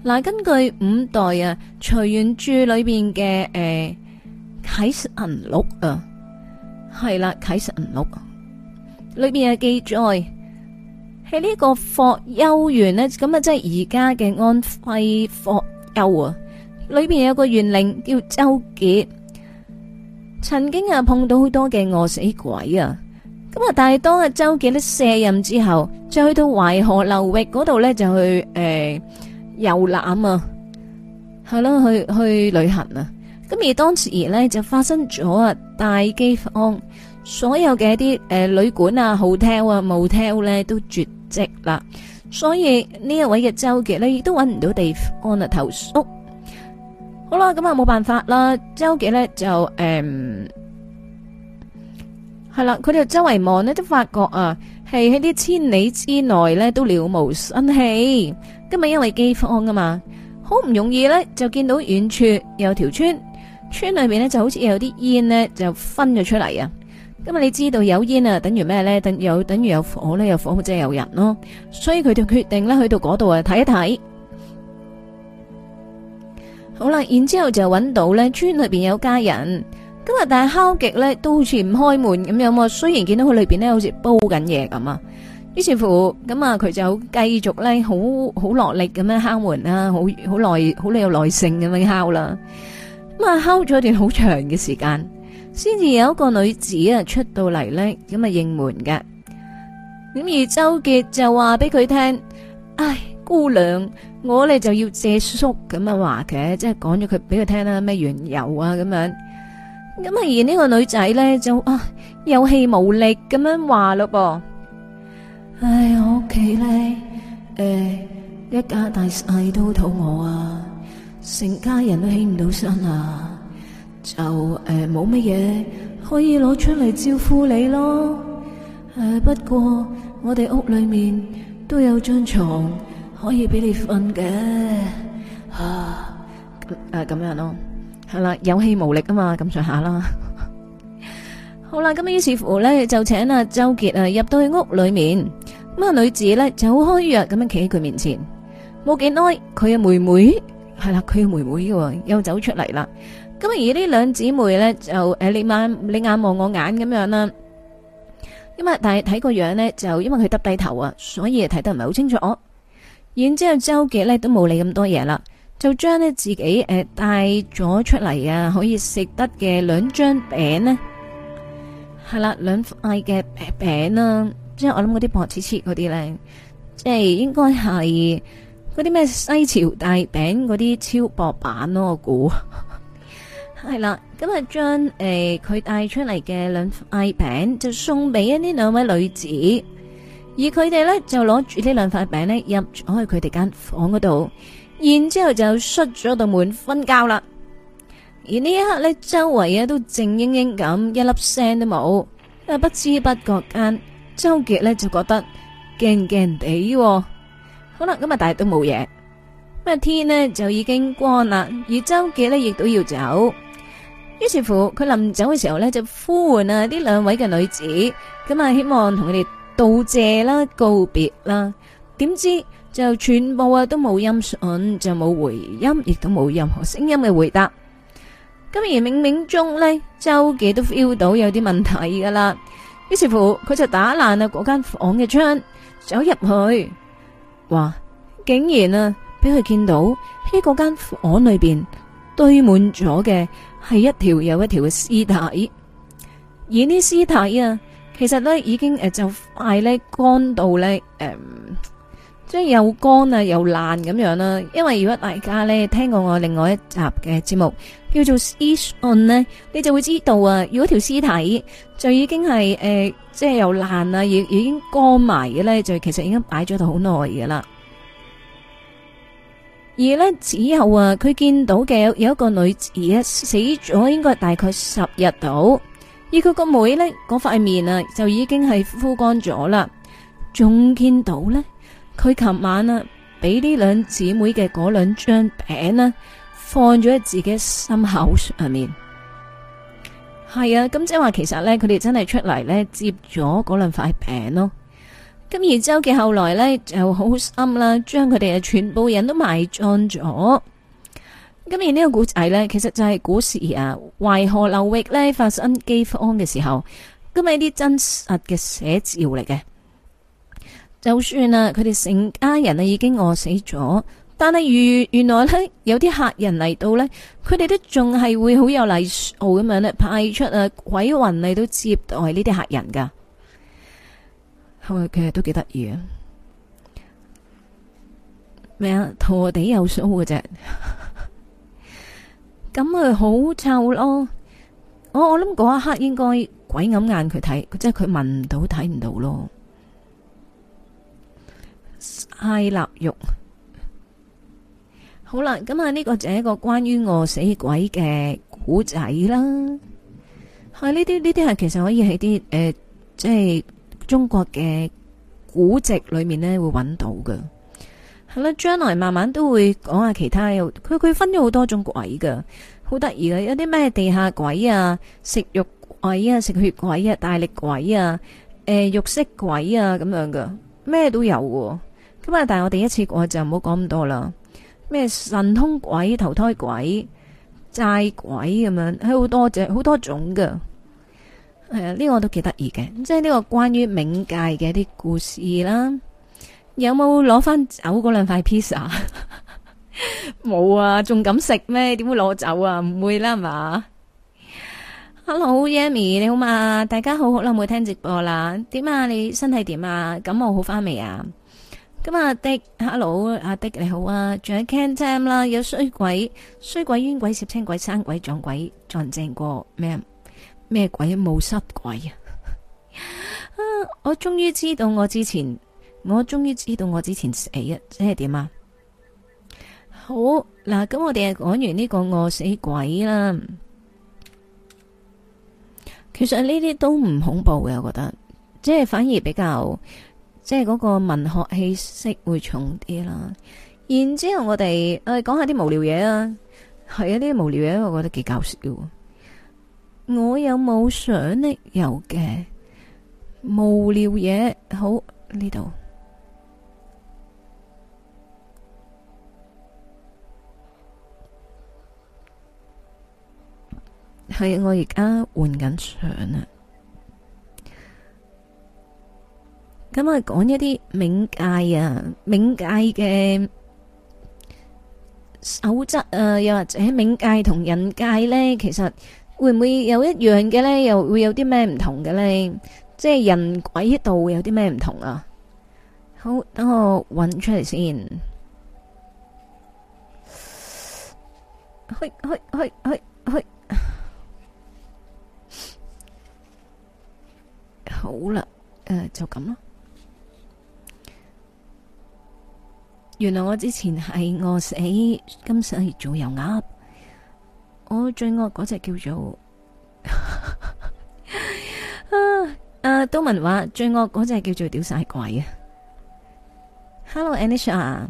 嗱，根據五代啊《徐元注》裏邊嘅誒《啟神錄》啊。係啦，啟實五錄裏邊有記載，喺呢個霍丘縣咧，咁啊，即係而家嘅安徽霍丘啊，裏邊有個縣令叫周杰，曾經啊碰到好多嘅餓死鬼啊，咁啊，但係當阿周杰咧卸任之後，就去到淮河流域嗰度咧就去誒遊覽啊，係咯，去去旅行啊。咁而當時而咧就發生咗啊大飢荒，所有嘅一啲誒、呃、旅館啊、hotel 啊、motel 咧都絕迹啦，所以呢一位嘅周杰呢，亦都揾唔到地方啊投宿，哦。好啦，咁啊冇辦法啦，周杰呢，就誒、係、嗯、啦，佢哋周圍望呢，都發覺啊，係喺啲千里之內呢，都了無生氣。今日因為飢荒啊嘛，好唔容易呢，就見到遠處有條村。村裏邊咧就好似有啲煙咧，就分咗出嚟啊！咁啊，你知道有煙啊，等於咩咧？等有等於有火咧，有火即係有人咯。所以佢就決定咧去到嗰度啊睇一睇。好啦，然之後就揾到咧村裏邊有家人，咁啊，但係敲極咧都好似唔開門咁樣啊。雖然見到佢裏邊咧好似煲緊嘢咁啊，於是乎咁啊，佢就繼續咧好好落力咁樣敲門啦，好好耐，好有耐，耐性咁樣敲啦。咁啊，敲咗一段好長嘅時間，先至有一個女子啊出到嚟咧，咁啊應門嘅。咁而周杰就話俾佢聽，唉、哎，姑娘，我哋就要借宿咁啊話嘅，即係講咗佢俾佢聽啦，咩緣由啊咁樣。咁啊而呢個女仔咧就啊有氣無力咁樣話咯噃，唉、哎，我屋企咧誒一家大細都肚餓啊。成家人都起唔到身啊，就誒冇乜嘢可以攞出嚟招呼你咯。誒，不過我哋屋裏面都有張床可以俾你瞓嘅啊。誒，咁樣咯，係啦，有氣無力啊嘛，咁上下啦。好啦，咁啊，於是乎咧，就請阿周杰啊入到去屋裏面。咁啊，女子咧就好虛弱咁樣企喺佢面前。冇幾耐，佢嘅妹妹。係啦，佢妹妹嘅又走出嚟啦。咁而呢兩姊妹咧就誒，你眼你眼望我眼咁樣啦。咁啊，但係睇個樣咧，就因為佢耷低頭啊，所以睇得唔係好清楚。然之後周杰咧都冇理咁多嘢啦，就將呢自己誒帶咗出嚟啊，可以食得嘅兩張餅呢。係啦，兩塊嘅餅啊，即係我諗嗰啲薄切切嗰啲咧，即係應該係。嗰啲咩西樵大餅嗰啲超薄版咯，我估係啦。今日將誒佢帶出嚟嘅兩塊餅就送俾呢兩位女子，而佢哋呢就攞住呢兩塊餅呢入咗去佢哋間房嗰度，然之後就閂咗道門瞓覺啦。而呢一刻呢，周圍啊都靜英英咁，一粒聲都冇。啊，不知不覺間，周杰呢就覺得驚驚地。好啦，今日大係都冇嘢。咁啊，天呢，就已經光啦，而周杰呢，亦都要走。於是乎，佢臨走嘅時候呢，就呼喚啊，呢兩位嘅女子咁啊，希望同佢哋道謝啦、告別啦。點知就全部啊都冇音訊，就冇回音，亦都冇任何聲音嘅回答。咁而冥冥中呢，周杰都 feel 到有啲問題噶啦。於是乎，佢就打爛啊嗰間房嘅窗，走入去。嘩，竟然啊，俾佢見到喺嗰間房裏邊堆滿咗嘅係一條又一條嘅屍體，而啲屍體啊，其實咧已經誒就快咧乾到咧誒、嗯，即係又乾啊又爛咁樣啦。因為如果大家咧聽過我另外一集嘅節目，叫做屍訊呢，你就會知道啊！如果條屍體就已經係誒、呃，即係又爛啦，已已經乾埋嘅咧，就其實已經擺咗到好耐嘅啦。而呢之後啊，佢見到嘅有，有一個女子而死咗，應該大概十日到。而佢個妹、妹呢，嗰塊面啊就已經係枯乾咗啦。仲見到呢，佢琴晚啊俾呢兩姊妹嘅嗰兩張餅咧。放咗喺自己心口上面，係啊，咁即係話其實呢，佢哋真係出嚟咧接咗嗰兩塊餅咯。咁而之後嘅後來呢，就好心啦，將佢哋嘅全部人都埋葬咗。咁而呢個古仔呢，其實就係古時啊淮河流域咧發生饑荒嘅時候，咁係啲真實嘅寫照嚟嘅。就算啊，佢哋成家人啊已經餓死咗。但係原原來呢，有啲客人嚟到呢，佢哋都仲係會好有禮貌咁樣呢，派出啊鬼魂嚟到接待呢啲客人噶，係咪其實都幾得意啊？咩啊，陀地有數嘅啫，咁佢好臭咯！我我諗嗰一刻應該鬼揞眼佢睇，即係佢聞唔到睇唔到咯，曬臘肉。好啦，咁啊，呢個就係一個關於餓死鬼嘅古仔啦。係呢啲呢啲係其實可以喺啲誒，即、呃、係、就是、中國嘅古籍裏面呢會搵到嘅。係啦，將來慢慢都會講下其他。佢佢分咗好多種鬼噶，好得意嘅，有啲咩地下鬼啊、食肉鬼啊、食血鬼啊、大力鬼啊、誒、呃、肉色鬼啊，咁樣噶，咩都有咁啊。但係我哋一次過就唔好講咁多啦。咩神通鬼、投胎鬼、債鬼咁樣，係好多隻，好多種噶。係啊，呢個都幾得意嘅，即係呢個關於冥界嘅一啲故事啦。有冇攞翻走嗰兩塊 pizza？冇啊，仲、 啊、敢食咩？點會攞走啊？唔會啦，係嘛。Hello，Yami，你好嘛？大家好，好耐冇聽直播啦。點啊？你身體點啊？感冒好翻未啊？咁阿、啊、迪，hello，阿、啊、迪你好啊，仲有 can t a m 啦，有衰鬼、衰鬼、冤鬼、攝青鬼、生鬼，撞鬼、撞鬼撞正過咩咩鬼，鬼啊，冒失鬼啊！我終於知道我之前，我終於知道我之前死啊，即係點啊？好嗱，咁、啊、我哋講完呢個餓死鬼啦，其實呢啲都唔恐怖嘅，我覺得，即係反而比較。即係嗰個文學氣息會重啲啦，然之後我哋誒講下啲無聊嘢啊，係啊，呢啲無聊嘢，我覺得幾搞笑。我有冇相呢？有嘅，無聊嘢好呢度。係我而家換緊相啊！咁我哋，講一啲冥界啊，冥界嘅守則啊，又或者冥界同人界呢，其實會唔會有一樣嘅呢？又會有啲咩唔同嘅呢？即係人鬼呢度會有啲咩唔同啊？好，等我搵出嚟先。去去去去去，好啦，誒，就咁囉。原來我之前係餓死，今世做油鴨。我最惡嗰隻叫做， 啊，東文話最惡嗰隻叫做屌晒鬼啊！Hello，Anisha，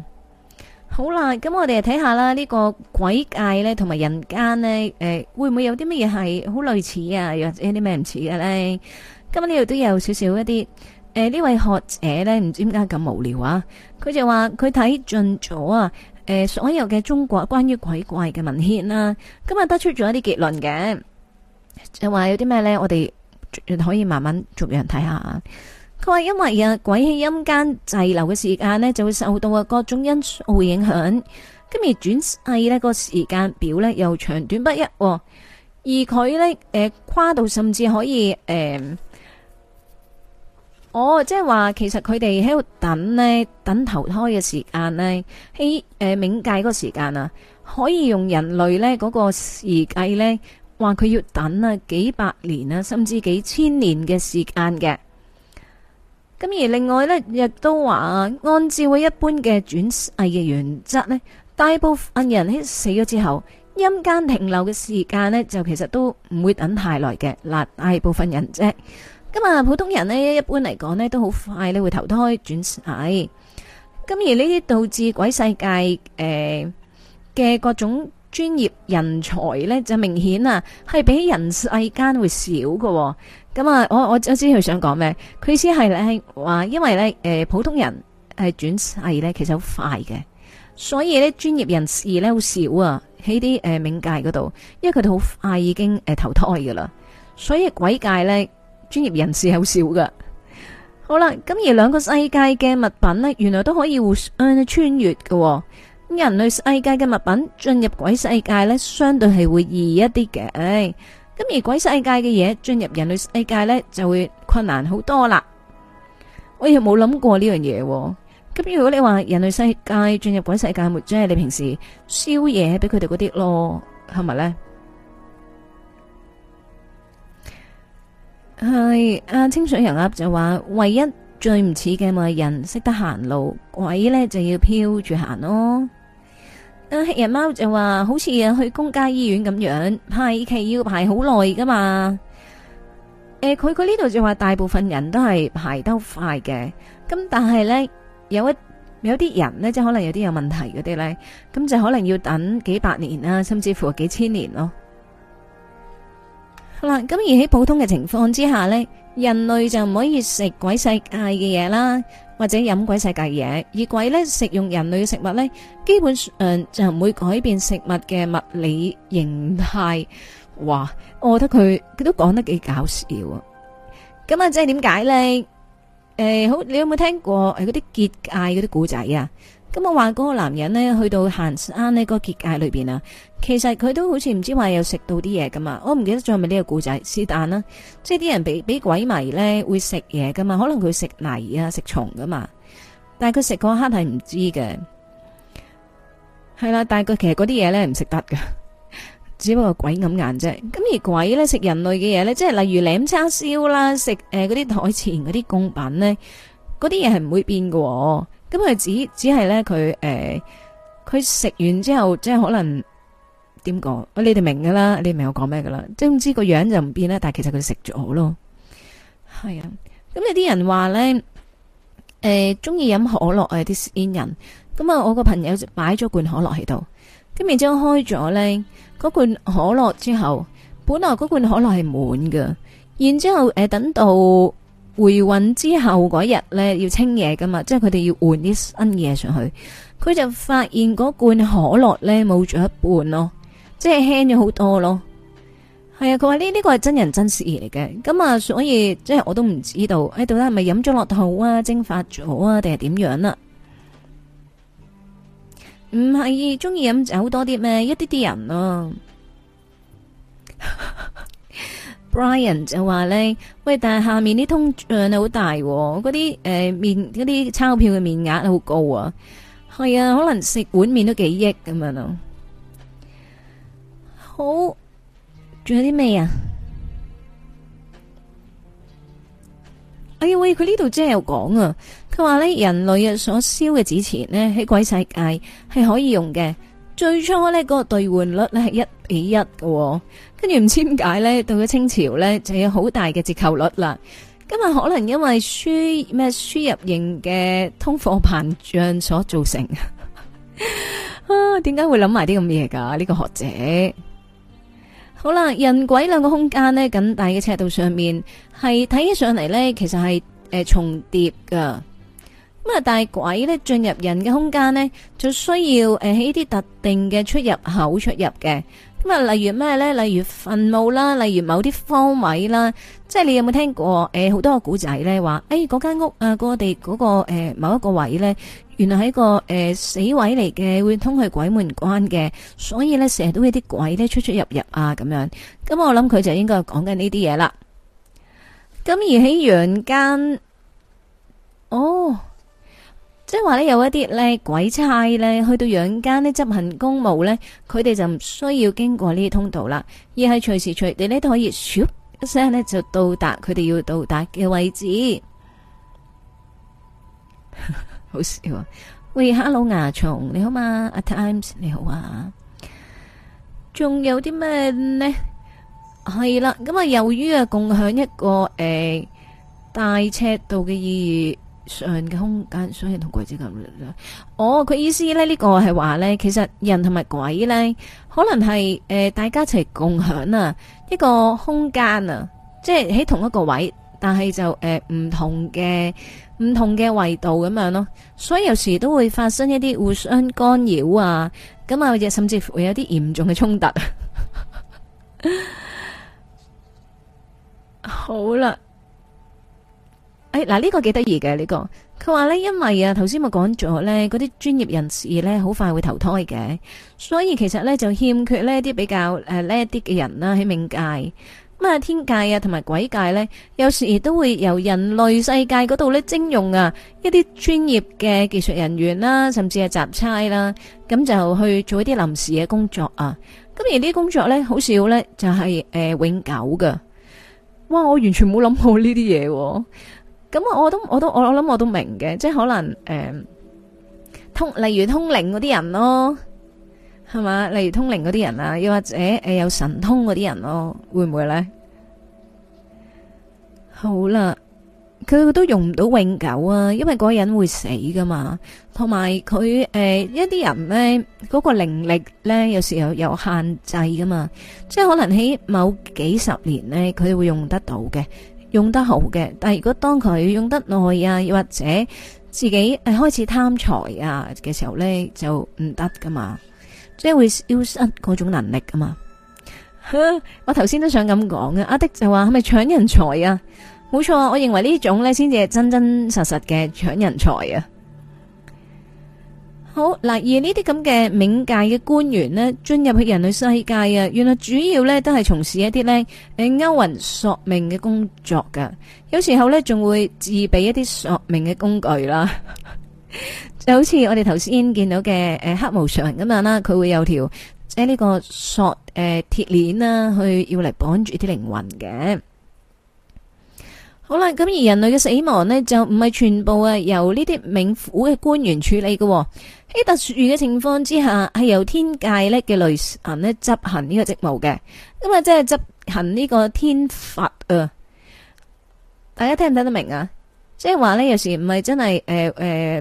好啦，咁我哋睇下啦，呢、這個鬼界呢，同埋人間呢，誒、呃，會唔會有啲乜嘢係好類似啊？又或者啲咩唔似嘅呢，今日呢度都有少少一啲。誒，呢、呃、位學者呢，唔知點解咁無聊啊？佢就話佢睇盡咗啊，誒、呃，所有嘅中國關於鬼怪嘅文獻啦，今日得出咗一啲結論嘅，就話有啲咩呢？我哋可以慢慢逐樣睇下。佢話因為啊，鬼喺陰間滯留嘅時間呢，就會受到啊各種因素影響，咁而轉世呢個時間表呢，又長短不一喎、哦，而佢呢，誒、呃，跨度甚至可以，誒、呃。哦，即係話其實佢哋喺度等呢，等投胎嘅時間呢，喺誒、呃、冥界嗰個時間啊，可以用人類呢嗰個時計呢，話佢要等啊幾百年啊，甚至幾千年嘅時間嘅。咁而另外呢，亦都話，按照我一般嘅轉世嘅原則呢，大部分人喺死咗之後，陰間停留嘅時間呢，就其實都唔會等太耐嘅，嗱，大部分人啫。咁啊，普通人咧，一般嚟講咧，都好快咧會投胎轉世。咁而呢啲導致鬼世界誒嘅、呃、各種專業人才咧，就明顯啊係比人世間會少嘅、哦。咁、嗯、啊，我我我知佢想講咩？佢意思係咧話，因為咧誒普通人係轉世咧，其實好快嘅，所以咧專業人士咧好少啊喺啲誒冥界嗰度，因為佢哋好快已經誒投胎噶啦，所以鬼界咧。專業人士好少噶，好啦，咁而兩個世界嘅物品呢，原來都可以互相穿越嘅。咁人類世界嘅物品進入鬼世界呢，相對係會易一啲嘅。唉，咁而鬼世界嘅嘢進入人類世界呢，就會困難好多啦。我亦冇諗過呢樣嘢。咁如果你話人類世界進入鬼世界，咪即係你平時燒嘢俾佢哋嗰啲咯，係咪呢？係阿、啊、清水油鴨就話，唯一最唔似嘅咪人識得行路，鬼呢，就要飄住行咯。阿、啊、黑人貓就話，好似啊去公家醫院咁樣，排期要排好耐噶嘛。誒、啊，佢佢呢度就話，大部分人都係排得好快嘅，咁但係呢，有一有啲人呢，即係可能有啲有問題嗰啲呢，咁就可能要等幾百年啦、啊，甚至乎係幾千年咯。好啦，咁而喺普通嘅情況之下呢，人類就唔可以食鬼世界嘅嘢啦，或者飲鬼世界嘅嘢。而鬼呢，食用人類嘅食物呢，基本上就唔會改變食物嘅物理形態。哇，我覺得佢佢都講得幾搞笑啊！咁啊，即係點解呢？誒，好，你有冇聽過誒嗰啲結界嗰啲古仔啊？咁我話嗰個男人呢，去到行山呢個結界裏邊啊，其實佢都好似唔知話有食到啲嘢噶嘛，我唔記得仲係咪呢個故仔，是但啦。即係啲人俾俾鬼迷呢會食嘢噶嘛，可能佢食泥啊食蟲噶嘛，但係佢食嗰刻係唔知嘅，係啦，但係佢其實嗰啲嘢呢，唔食得噶，只不過鬼咁硬啫。咁而鬼呢，食人類嘅嘢呢，即係例如舐叉燒啦，食誒嗰啲台前嗰啲供品呢，嗰啲嘢係唔會變喎。咁佢只只係咧佢誒，佢、呃、食完之後即係可能點講？你哋明噶啦，你明我講咩噶啦？即係唔知個樣就唔變啦，但係其實佢食咗好咯。係啊，咁有啲人話咧，誒、呃，中意飲可樂誒啲先人。咁啊，我個朋友就擺咗罐可樂喺度，跟住將開咗咧嗰罐可樂之後，本來嗰罐可樂係滿㗎，然之後誒、呃、等到。回運之後嗰日呢，要清嘢噶嘛，即係佢哋要換啲新嘢上去。佢就發現嗰罐可樂呢冇咗一半咯，即係輕咗好多咯。係啊，佢話呢呢個係真人真事嚟嘅。咁啊，所以即係我都唔知道喺度咧係咪飲咗落肚啊，蒸發咗啊，定係點樣啊？唔係中意飲酒多啲咩？一啲啲人囉。 Brian 就話呢，喂，但係下面啲通脹好大，啊，嗰啲誒面嗰啲鈔票嘅面額好高啊，係啊，可能食碗麵都幾億咁樣咯。好，仲有啲咩啊？哎呀喂，佢呢度真係有講啊，佢話呢，人類啊所燒嘅紙錢呢，喺鬼世界係可以用嘅。最初咧，呢個兌換率咧係一比一嘅，哦，跟住唔知點解咧到咗清朝咧就有好大嘅折扣率啦。今日可能因為輸咩輸入型嘅通貨膨脹所造成 啊？點解會諗埋啲咁嘢噶？呢，呢個學者好啦，人鬼兩個空間咧咁大嘅尺度上面係睇起上嚟咧，其實係誒，呃，重疊㗎。咁啊！大鬼咧進入人嘅空間呢，就需要誒喺啲特定嘅出入口出入嘅。咁啊，例如咩呢？例如墳墓啦，例如某啲方位啦，即係你有冇聽過誒？好、呃、多個古仔呢話誒嗰間屋啊，嗰、呃、地嗰、嗰個誒、呃、某一個位呢，原來係一個誒、呃、死位嚟嘅，會通去鬼門關嘅。所以呢，成日都有啲鬼呢出出入入啊，咁樣。咁我諗佢就應該係講緊呢啲嘢啦。咁而喺陽間，哦。即係話呢，有一啲咧，鬼差咧，去到陽間咧執行公務呢，佢哋就唔需要經過呢啲通道啦，而係隨時隨地呢都可以咻一聲呢就到達佢哋要到達嘅位置。 好笑，啊，喂，Hello 牙蟲，你好嘛？At times 你好啊？仲有啲咩呢？係啦，咁啊，由於啊共享一個誒、呃、大尺度嘅意義。上嘅空間，所以同鬼子咁啦。哦，佢意思呢、呢、呢個係話呢，其實人同埋鬼呢，可能係誒、呃、大家一齊共享啊一個空間啊，即係喺同一個位，但係就誒唔、呃、同嘅唔同嘅維度咁樣咯。所以有時都會發生一啲互相干擾啊，咁啊，或者甚至乎會有啲嚴重嘅衝突。 好啦。嗱，呢個幾得意嘅呢個佢話呢，因為啊，頭先咪講咗呢嗰啲專業人士呢，好快會投胎嘅，所以其實呢，就欠缺呢啲比較誒叻啲嘅人啦喺冥界咁啊、嗯、天界啊，同埋鬼界呢，有時亦都會由人類世界嗰度呢，徵用啊一啲專業嘅技術人員啦，甚至係雜差啦，咁就去做一啲臨時嘅工作啊。咁而啲工作呢，好少呢，就係、是、誒、呃、永久嘅。哇！我完全冇諗過呢啲嘢。咁我、嗯、我都我都我諗我都明嘅，即係可能誒、嗯、通例如通靈嗰啲人咯，係嘛？例如通靈嗰啲人啊，又或者誒有、呃、神通嗰啲人咯，會唔會呢？好啦，佢都用唔到永久啊，因為嗰個人會死噶嘛，同埋佢誒一啲人呢，嗰、個靈力呢，有時候有有限制噶嘛，即係可能喺某幾十年呢，佢會用得到嘅。用得好嘅，但係如果當佢用得耐啊，又或者自己誒開始貪財啊嘅時候呢，就唔得噶嘛，即係會消失嗰種能力噶嘛。呵，我頭先都想咁講嘅，阿迪就話係咪搶人才啊？冇錯，我認為呢種呢，先至係真真實實嘅搶人才啊。好嗱，而呢啲咁嘅冥界嘅官員呢，進入去人類世界啊，原來主要呢都係從事一啲呢誒勾魂索命嘅工作噶，有時候呢仲會自備一啲索命嘅工具啦， 就好似我哋頭先見到嘅誒黑無常咁樣啦，佢會有條即係呢個索誒鐵鏈啦，去要嚟綁住啲靈魂嘅。好啦，咁而人類嘅死亡呢，就唔係全部啊由呢啲冥府嘅官員處理嘅喎。哦，喺特殊嘅情況之下係由天界呢嘅雷神呢執行呢個職務嘅，咁、嗯、啊即係執行呢個天罰啊！大家聽唔聽得明啊？即係話呢，有時唔係真係誒誒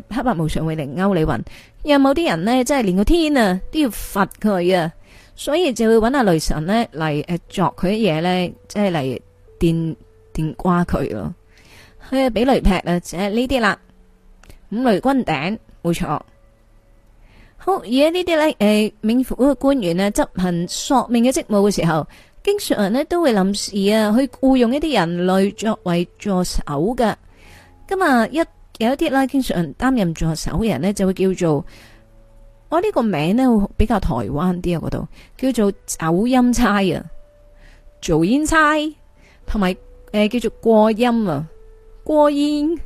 黑白無常會嚟勾你魂，有冇啲人呢？即係連個天啊都要罰佢啊，所以就會揾阿雷神呢嚟誒、啊、作佢啲嘢呢，即係嚟電。電瓜佢咯，佢啊俾雷劈啊，就係呢啲啦。五雷轟頂，冇錯。好，而家呢啲咧，誒、呃，冥府嘅官員咧執行索命嘅職務嘅時候，經常咧都會臨時啊去雇傭一啲人類作為助手嘅。咁日一有一啲咧，經常擔任助手嘅人呢，就會叫做我呢、哦這個名呢會比較台灣啲啊，嗰度叫做走陰差啊，做陰差同埋，還有誒、呃，叫做過音啊，過音。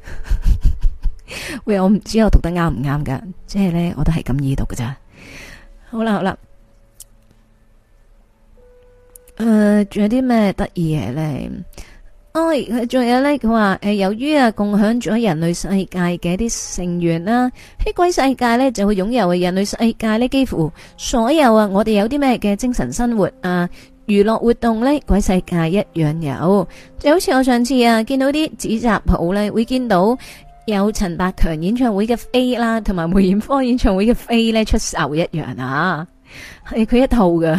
喂，我唔知我讀得啱唔啱噶，即係咧，我都係咁意讀噶咋。好啦，好啦。誒、呃，仲有啲咩得意嘢咧？哦，仲有咧，佢話誒，由於啊，共享咗人類世界嘅一啲成員啦、啊，喺鬼世界咧就會擁有人類世界咧幾乎所有啊，我哋有啲咩嘅精神生活啊。娛樂活動呢，鬼世界一樣有，就好似我上次啊見到啲紙紮鋪呢，會見到有陳百強演唱會嘅飛啦，同埋梅艷芳演唱會嘅飛呢出售一樣啊，係佢一套噶。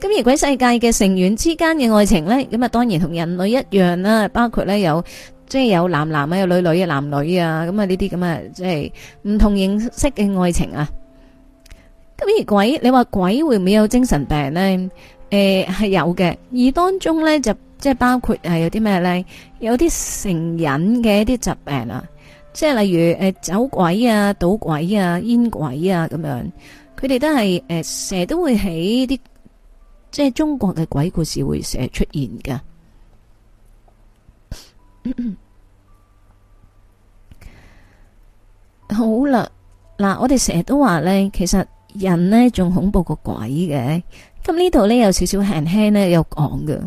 咁 而鬼世界嘅成員之間嘅愛情呢，咁啊當然同人類一樣啦、啊，包括呢有即係、就是、有男男啊，有女女啊，男女啊，咁啊呢啲咁啊即係唔同形式嘅愛情啊。咁而鬼，你話鬼會唔會有精神病呢？誒，係、呃、有嘅，而當中呢，就即係包括係有啲咩呢？有啲成癮嘅一啲疾病啊，即係例如誒、呃、酒鬼啊、賭鬼啊、煙鬼啊咁樣，佢哋都係誒成日都會喺啲即係中國嘅鬼故事會成日出現噶。 好啦，嗱，我哋成日都話呢，其實人呢仲恐怖過鬼嘅。咁呢度咧有少少輕輕咧有講㗎。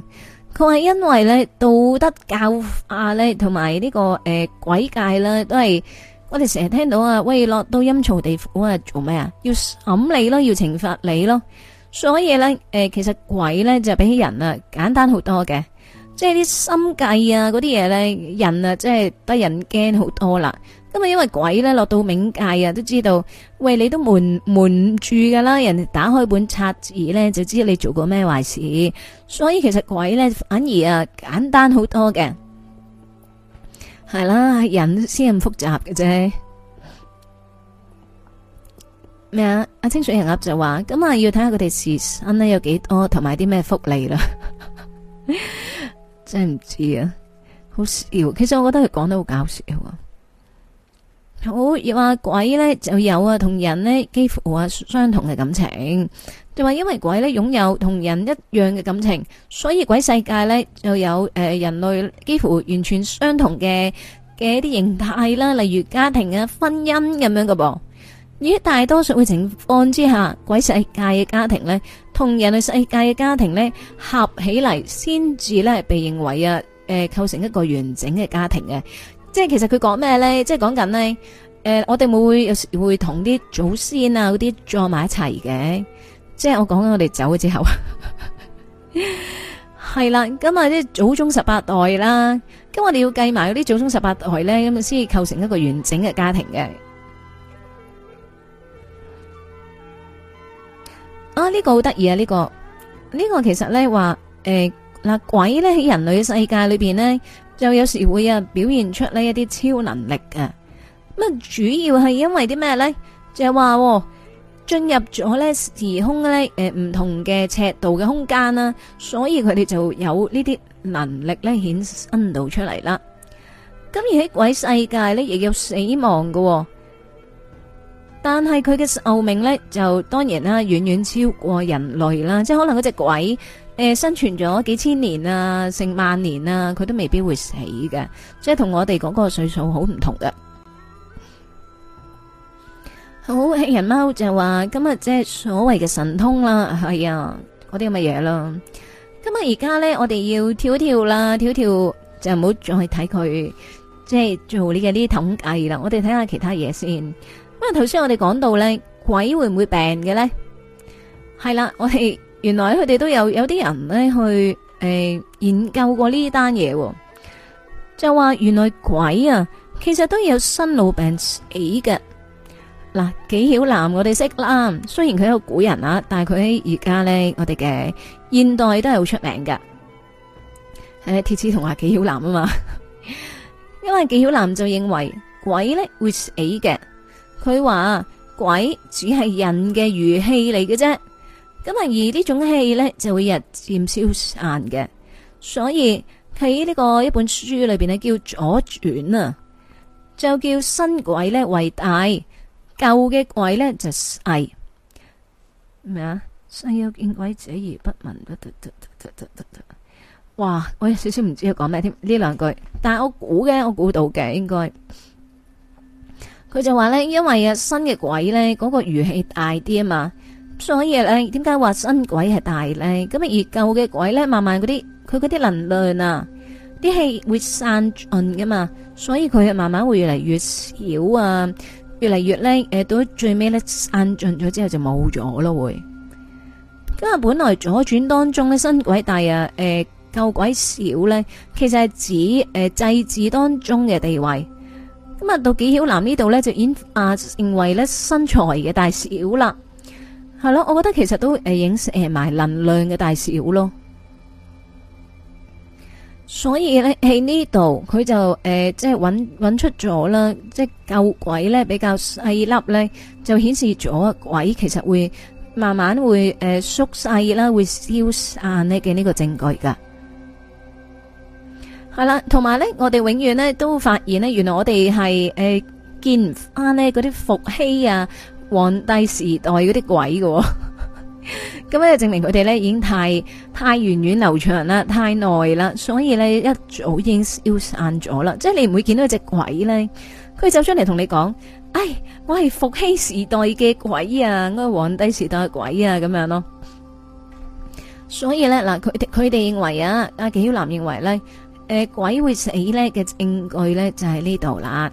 佢話因為咧道德教化咧同埋呢、這個誒、呃、鬼界呢，都係我哋成日聽到啊，喂，落到陰曹地府啊做咩啊？要審你咯，要懲罰你咯，所以咧誒、呃、其實鬼咧就比起人啊簡單好多嘅，即係啲心計啊嗰啲嘢咧人啊，即係得人驚好多啦。咁啊，因為鬼咧落到冥界啊，都知道喂，你都瞞瞞住噶啦，人哋打開本冊子咧就知你做過咩壞事，所以其實鬼咧反而啊簡單好多嘅，係啦，人先咁複雜嘅啫。咩啊？阿清水人鴨就話，咁啊，要睇下佢哋事生咧有幾多，同埋啲咩福利啦， 真係唔知啊，好笑。其實我覺得佢講得好搞笑啊。好，又話鬼呢就有啊，同人呢幾乎啊相同嘅感情。就話因為鬼呢擁有同人一樣嘅感情，所以鬼世界呢就有誒人類幾乎完全相同嘅嘅一啲形態啦，例如家庭啊、婚姻咁樣噶噃。而大多數嘅情況之下，鬼世界嘅家庭呢同人類世界嘅家庭呢合起嚟先至呢被認為啊誒構成一個完整嘅家庭嘅。即係其實佢講咩咧？即係講緊咧，誒、呃，我哋會有時會同啲祖先啊嗰啲坐埋一齊嘅。即係我講緊我哋走咗之後 是的，係啦。咁啊啲祖宗十八代啦，咁我哋要計埋嗰啲祖宗十八代咧，咁先至構成一個完整嘅家庭嘅。啊，呢、這個好得意啊！呢、這個呢、這個其實咧話，誒嗱、呃，鬼咧喺人類世界裏邊咧。就有時會啊表現出呢一啲超能力嘅，咁主要係因為啲咩呢？就係話進入咗咧時空咧，誒唔同嘅尺度嘅空間啦，所以佢哋就有呢啲能力咧顯身到出嚟啦。咁而喺鬼世界呢，亦有死亡㗎，但係佢嘅壽命呢，就當然啦遠遠超過人類啦，即係可能嗰隻鬼。誒、呃，生存咗幾千年啊，成萬年啊，佢都未必會死嘅，即係同我哋嗰個歲數好唔同嘅。好，人貓就話今日即係所謂嘅神通啦，係、哎、啊，嗰啲咁嘅嘢啦。今日而家咧，我哋要跳一跳啦，跳一跳就唔好再睇佢，即係做呢嘅呢啲統計啦。我哋睇下其他嘢先。咁啊，頭先我哋講到咧，鬼會唔會病嘅咧？係啦，我哋。原來佢哋都有有啲人咧去誒、呃、研究過呢單嘢，就話原來鬼啊，其實都有生老病死嘅。嗱，紀曉嵐我哋識啦，雖然佢係個古人啦，但係佢喺而家呢，我哋嘅現代都係好出名噶。誒，鐵齒銅牙紀曉嵐啊嘛，因為紀曉嵐就認為鬼咧會死嘅，佢話鬼只係人嘅餘氣嚟嘅啫。咁啊，而這種呢種氣咧就會日漸消散嘅，所以喺呢個一本書裏邊呢，叫左傳啊，就叫新鬼咧為大，舊嘅鬼咧就細。咩啊？雖有見鬼者而不聞。哇！我有少少唔知佢講咩添呢兩句，但係我估嘅，我估到嘅應該，佢就話咧，因為啊新嘅鬼咧嗰、那個語氣大啲啊嘛。所以咧，點解話新鬼係大咧？咁啊，而舊嘅鬼咧，慢慢嗰啲佢啲能量啊，啲氣會散盡噶嘛，所以佢啊，慢慢會越嚟越少啊，越嚟越咧，誒到最尾咧散盡咗之後就冇咗咯。會咁啊，本來左傳當中咧，新鬼大啊，誒、呃、舊鬼少咧，其實係指誒、呃、祭祀當中嘅地位。咁啊，到紀曉嵐呢度咧就演啊，認為咧身材嘅大小啦。係咯，我覺得其實都誒影響埋能量嘅大小咯。所以咧喺呢度，佢就誒即係揾揾出咗啦，即係舊鬼咧比較細粒咧，就顯示咗鬼其實會慢慢會誒縮細啦，會消散咧嘅呢個證據噶。係啦，同埋咧，我哋永遠咧都發現咧，原來我哋係誒見唔翻咧嗰啲伏羲啊。皇帝時代嗰啲鬼嘅，咁咧證明佢哋咧已經太太源遠流長啦，太耐啦，所以咧一早已經消散咗啦。即係你唔會見到隻鬼咧，佢走出嚟同你講：哎，我係伏羲時代嘅鬼啊，我係皇帝時代嘅鬼啊，咁樣咯。所以咧，嗱，佢佢哋認為啊，阿紀曉嵐認為咧，誒、呃，鬼會死咧嘅證據咧就喺呢度啦。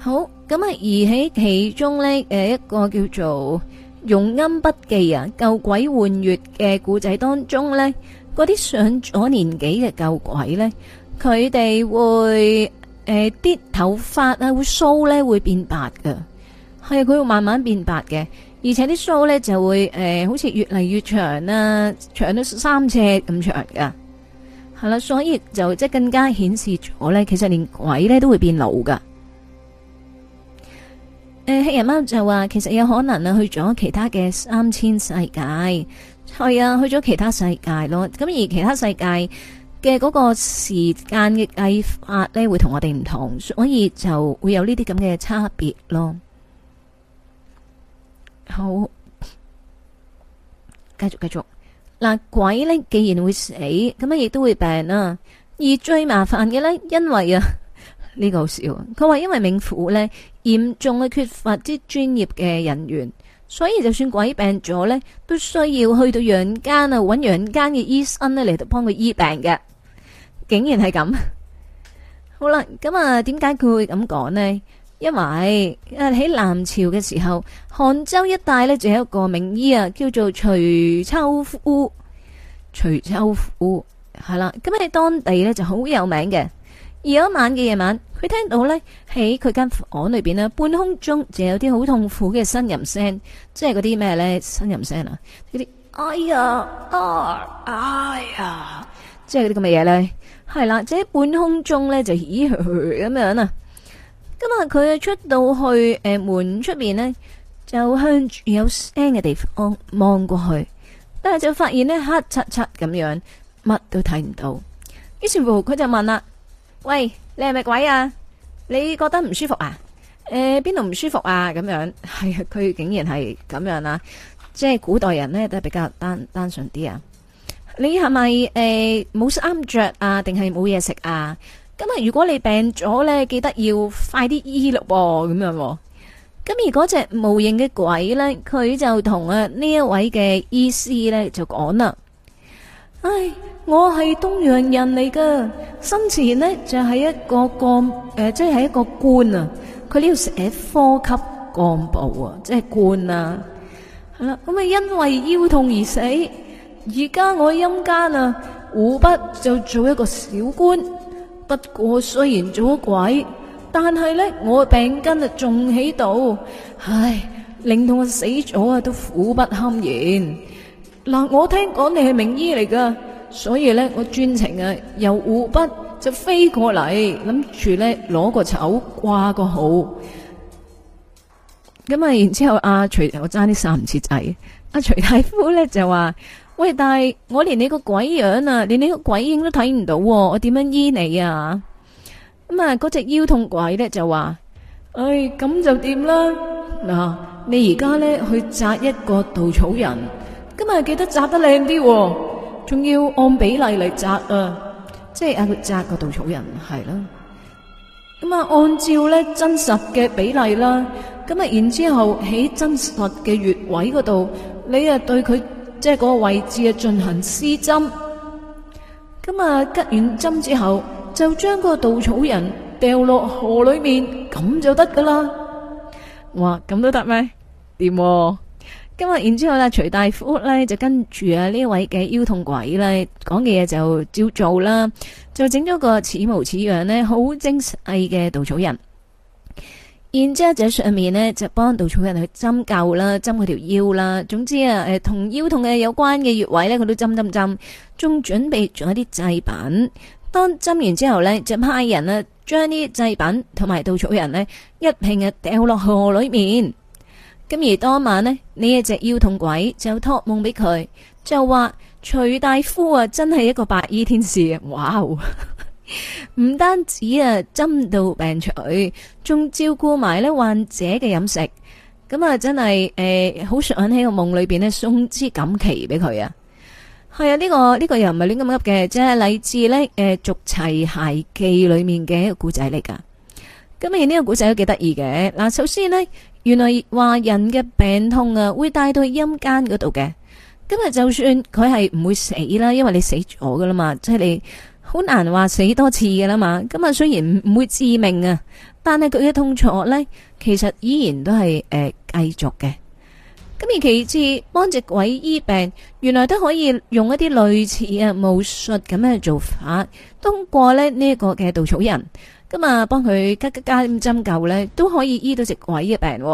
好咁啊！而喺其中呢，誒，一個叫做《閱微筆記》啊，《舊鬼換月》嘅故仔當中呢，嗰啲上咗年紀嘅舊鬼呢，佢哋會誒啲、呃、頭髮啊會鬚呢會變白噶，係啊，佢會慢慢變白嘅，而且啲鬚呢就會誒、呃、好似越嚟越長啦，長到三尺咁長噶，係啦，所以就即係更加顯示咗呢，其實連鬼呢都會變老噶。誒，黑、欸、人貓就話，其實有可能啊，去咗其他嘅三千世界，係啊，去咗其他世界咯。咁而其他世界嘅嗰個時間嘅計法呢，會同我哋唔同，所以就會有呢啲咁嘅差別咯。好，繼續繼續。嗱，鬼呢，既然會死，咁啊亦都會病啊。而最麻煩嘅呢，因為啊。呢個好笑，佢話因為冥府咧嚴重嘅缺乏啲專業嘅人員，所以就算鬼病咗咧，都需要去到陽間啊，揾陽間嘅醫生咧嚟到幫佢醫病嘅，竟然係咁。 好啦，咁啊點解佢會咁講呢？因為喺南朝嘅時候，漢州一帶呢，就有一個名醫啊，叫做徐秋夫。徐秋夫係啦，咁喺當地呢就好有名嘅。而有一晚嘅夜晚。佢聽到咧喺佢間房裏邊咧，半空中就有啲好痛苦嘅呻吟聲，即係嗰啲咩咧呻吟聲啊？嗰啲哎呀啊哎呀，即係嗰啲咁嘅嘢咧，係啦。即係半空中咧就咦咁樣啊。今日佢出到去誒、呃、門出邊咧，就向住有聲嘅地方望過去，但係就發現咧黑漆漆咁樣，乜都睇唔到。於是乎佢就問啦：喂！你係咪鬼啊？你覺得唔舒服啊？誒、呃，邊度唔舒服啊？咁樣，係、哎、啊，佢竟然係咁樣啊！即係古代人咧，都係比較單單純啲、呃、啊。你係咪誒冇啱着啊？定係冇嘢食啊？今日如果你病咗咧，記得要快啲醫咯噃，咁樣、啊。咁而嗰隻無形嘅鬼咧，佢就同啊呢一位嘅醫師咧就講啦。唉。我係東洋人嚟噶，生前咧就係一個幹誒，即係一個官啊。佢呢度寫科級幹部啊，即係官啊。係啦，咁啊，因為腰痛而死。而家我陰間啊，湖北就做一個小官。不過雖然做鬼，但係咧我嘅病根啊仲喺度，唉，令到我死咗啊都苦不堪言。嗱，我聽講你係名醫嚟噶。所以咧，我專程啊，由湖北就飛過嚟，諗住咧攞個籌掛個號。咁啊，然之後阿徐，我爭啲散唔切仔。阿、啊、徐大夫咧就話，喂，但係我連你個鬼樣啊，連你個鬼影都睇唔到，我點樣醫你啊？咁啊，嗰隻腰痛鬼咧就話，唉、哎，咁就掂啦。嗱，你而家咧去紮一個稻草人，今日記得紮得靚啲，哦。仲要按比例嚟紮啊，即係啊佢紮個稻草人係啦。咁啊，按照咧真實嘅比例啦，咁啊，然之後喺真實嘅穴位嗰度，你啊對佢即係個位置啊進行施針。咁啊，吉完針之後，就將個稻草人掉落河裏面，咁就得噶啦。哇咁都得咩？掂？今日然之後咧，徐大夫咧就跟住啊呢位嘅腰痛鬼呢講嘅嘢就照做啦，就整咗個似模似樣呢好精細嘅稻草人。然之後就喺上面呢，就幫稻草人去針灸啦，針佢條腰啦。總之啊，誒、呃、同腰痛嘅有關嘅穴位呢，佢都針針針。仲準備咗一啲祭品。當針完之後呢，就派人呢將啲祭品同埋稻草人呢一拼，啊掉落河裏面。咁而當晚呢，呢一隻腰痛鬼就託夢俾佢，就話徐大夫啊，真係一個白衣天使啊！哇，唔單止啊針到病除，仲照顧埋咧患者嘅飲食。咁啊，真係誒好想喺、哎這個夢裏邊呢送支錦旗俾佢啊！係啊，呢個呢個又唔係亂咁噏嘅，即係嚟自咧誒、呃、續齊諧記裏面嘅一個古仔嚟噶。咁而呢個古仔都幾得意嘅。嗱、呃，首先呢。原來話人嘅病痛啊，會帶到去陰間嗰度嘅。今日就算佢係唔會死啦，因為你死咗噶啦嘛，即係你好難話死多次噶啦嘛。今日雖然唔會致命啊，但係佢嘅痛楚呢，其實依然都係誒、呃、繼續嘅。咁而其次，幫隻鬼醫病，原來都可以用一啲類似啊巫術咁嘅做法，通過呢個嘅稻草人。咁啊，幫佢加加加針灸咧，都可以醫到隻鬼嘅病。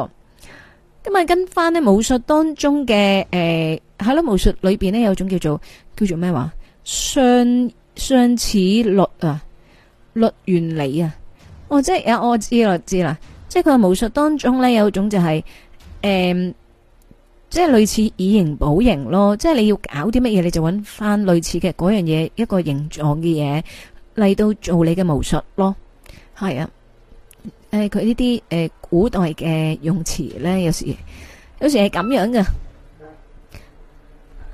咁啊，跟翻呢武術當中嘅誒，喺、呃、啲武術裏邊呢，有種叫做叫做咩話相相似律啊，律原理啊，哦，即係有、啊、我知我知啦，即係佢話武術當中咧有一種就係、是、誒、呃，即係類似以形補形咯，即係你要搞啲乜嘢，你就搵翻類似嘅嗰樣嘢一個形狀嘅嘢嚟到做你嘅武術咯。係啊，誒、呃，佢呢啲誒古代嘅用詞咧，有時有時係咁樣嘅，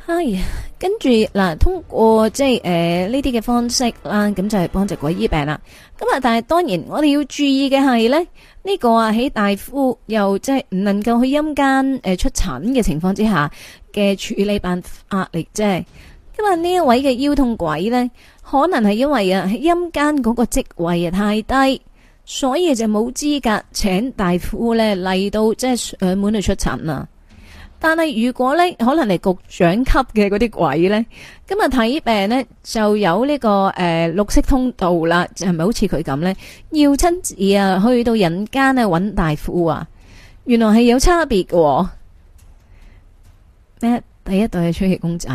係啊、嗯。跟住嗱、啊，通過即係誒呢啲嘅方式啦，咁、啊、就係幫隻鬼醫病啦。咁啊，但係當然我哋要注意嘅係咧，呢、這個啊喺大夫又即係唔能夠去陰間誒出診嘅情況之下嘅處理辦法壓力即係。因啊！呢一位嘅腰痛鬼呢，可能係因為啊，陰間嗰個職位啊太低，所以就冇資格請大夫呢嚟到即係上門去出診啊。但係如果呢，可能係局長級嘅嗰啲鬼呢，今日睇病呢，就有呢、這個誒、呃、綠色通道啦，係咪好似佢咁呢？要親自啊去到人間呢搵大夫啊，原來係有差別嘅、哦。咩第一對係吹氣公仔？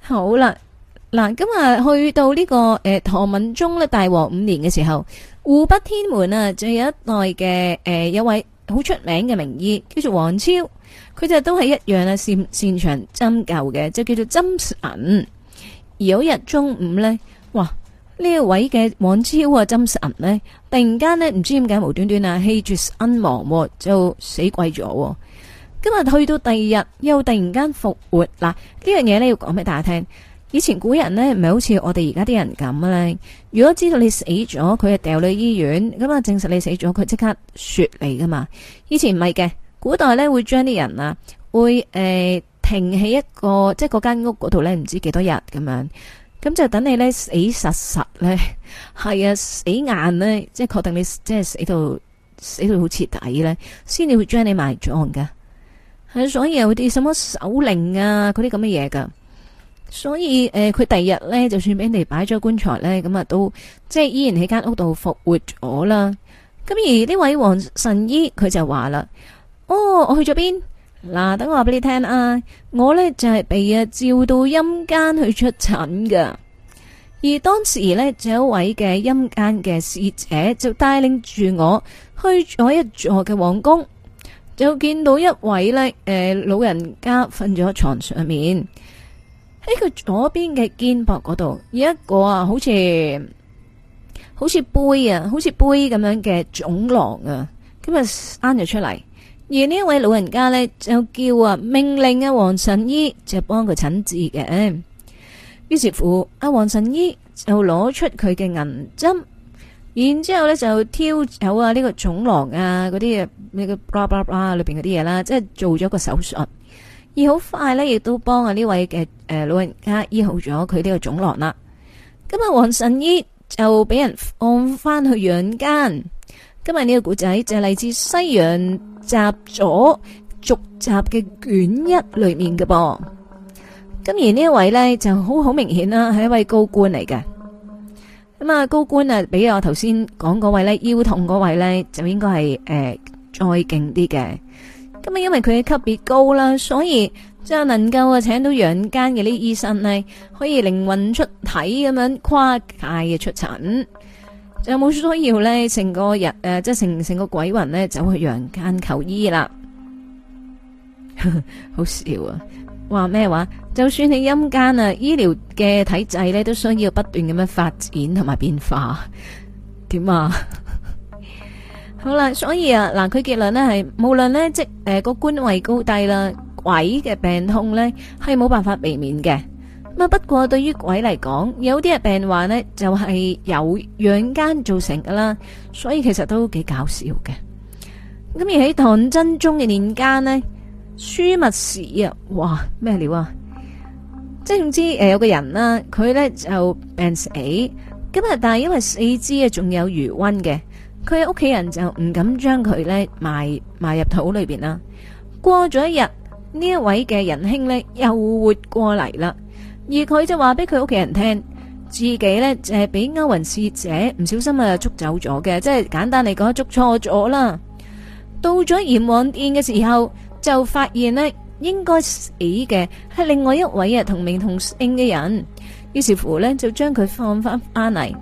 好啦，嗱，今日去到呢個誒，唐文宗咧，大和五年嘅時候，湖北天門啊，就有一代嘅誒，有位好出名嘅名醫，叫做王超，佢就都係一樣啊，擅擅長針灸嘅，就叫做針神。而有一日中午呢，哇，呢位嘅王超啊，針神呢，突然間呢，唔知點解無端端啊氣絕身亡，就死鬼咗。今日去到第二日，又突然間復活。嗱呢樣嘢咧，要講俾大家聽。以前古人咧，唔係好似我哋而家啲人咁咧。如果知道你死咗，佢就掉去醫院咁啊，證實你死咗，佢即刻說你噶嘛。以前唔係嘅，古代咧會將啲人啊會誒、呃、停喺一個即係嗰間屋嗰度咧，唔知幾多日咁樣，咁就等你咧死實實咧係啊死硬咧，即係確定你即係死到死到好徹底咧，先至會將你埋葬噶。係所以有啲什麼守靈啊，嗰啲咁嘅嘢噶。所以誒，佢第二日咧，就算俾人哋擺咗棺材咧，咁啊，都即係依然喺間屋度復活咗啦。咁而呢位黃神醫，佢就話啦，哦，我去咗邊？嗱，等我話俾你聽啊！我咧就係、是、被啊召到陰間去出診噶。而當時咧，就一位嘅陰間嘅使者就帶領住我去咗一座嘅皇宮。就見到一位咧，誒，老人家瞓咗喺床上面，喺佢左邊嘅肩膊嗰度有一個啊，好似好似杯啊，好似杯咁樣嘅腫囊啊，咁啊生咗出嚟。而呢位老人家呢，就叫啊，命令啊，黃神醫就幫佢診治嘅。於是乎，阿黃神醫就攞出佢嘅銀針。然之後咧就挑走啊呢、這個腫囊啊嗰啲嘢，呢、這個 bl、ah、blah blah 裏邊嗰啲嘢啦，即係做咗個手術，而好快咧亦都幫啊呢位嘅誒、呃、老人家醫好咗佢呢個腫囊啦。今日王神醫就俾人放翻去陽間。今日呢個古仔就嚟自《酉陽雜俎》續集嘅卷一裏面嘅噃。咁而呢一位咧就好好明顯啦、啊，係一位高官嚟嘅。咁啊，高官啊，比我頭先講嗰位咧，腰痛嗰位咧，就應該係誒、呃、再勁啲嘅。咁啊，因為佢嘅級別高啦，所以即係能夠啊請到陽間嘅啲醫生呢，可以靈魂出體咁樣跨界嘅出診，有冇需要咧？成個人誒，即係成成個鬼魂咧，走去陽間求醫啦， 好笑啊！話咩話？就算你陰間啊，醫療嘅體制咧都需要不斷咁樣發展同埋變化，點啊？ 好啦，所以啊，嗱，佢結論呢係，無論呢即誒個、呃、官位高低啦，鬼嘅病痛呢係冇辦法避免嘅。咁啊，不過對於鬼嚟講，有啲嘅病患呢就係由陽間造成噶啦，所以其實都幾搞笑嘅。咁而喺唐真宗嘅年間呢。書密史啊，哇咩料啊！即係總之誒，有個人啦，佢咧就病死，今日但係因為四肢啊仲有餘溫嘅，佢屋企人就唔敢將佢咧埋埋入土裏邊啦。過咗一日，呢一位嘅仁兄咧又活過嚟啦，而佢就話俾佢屋企人聽，自己咧就係俾勾魂使者唔小心啊捉走咗嘅，即係簡單嚟講捉錯咗啦。到咗閻王殿嘅時候。就發現咧，應該死嘅係另外一位啊，同名同姓嘅人。於是乎呢就將佢放翻翻嚟。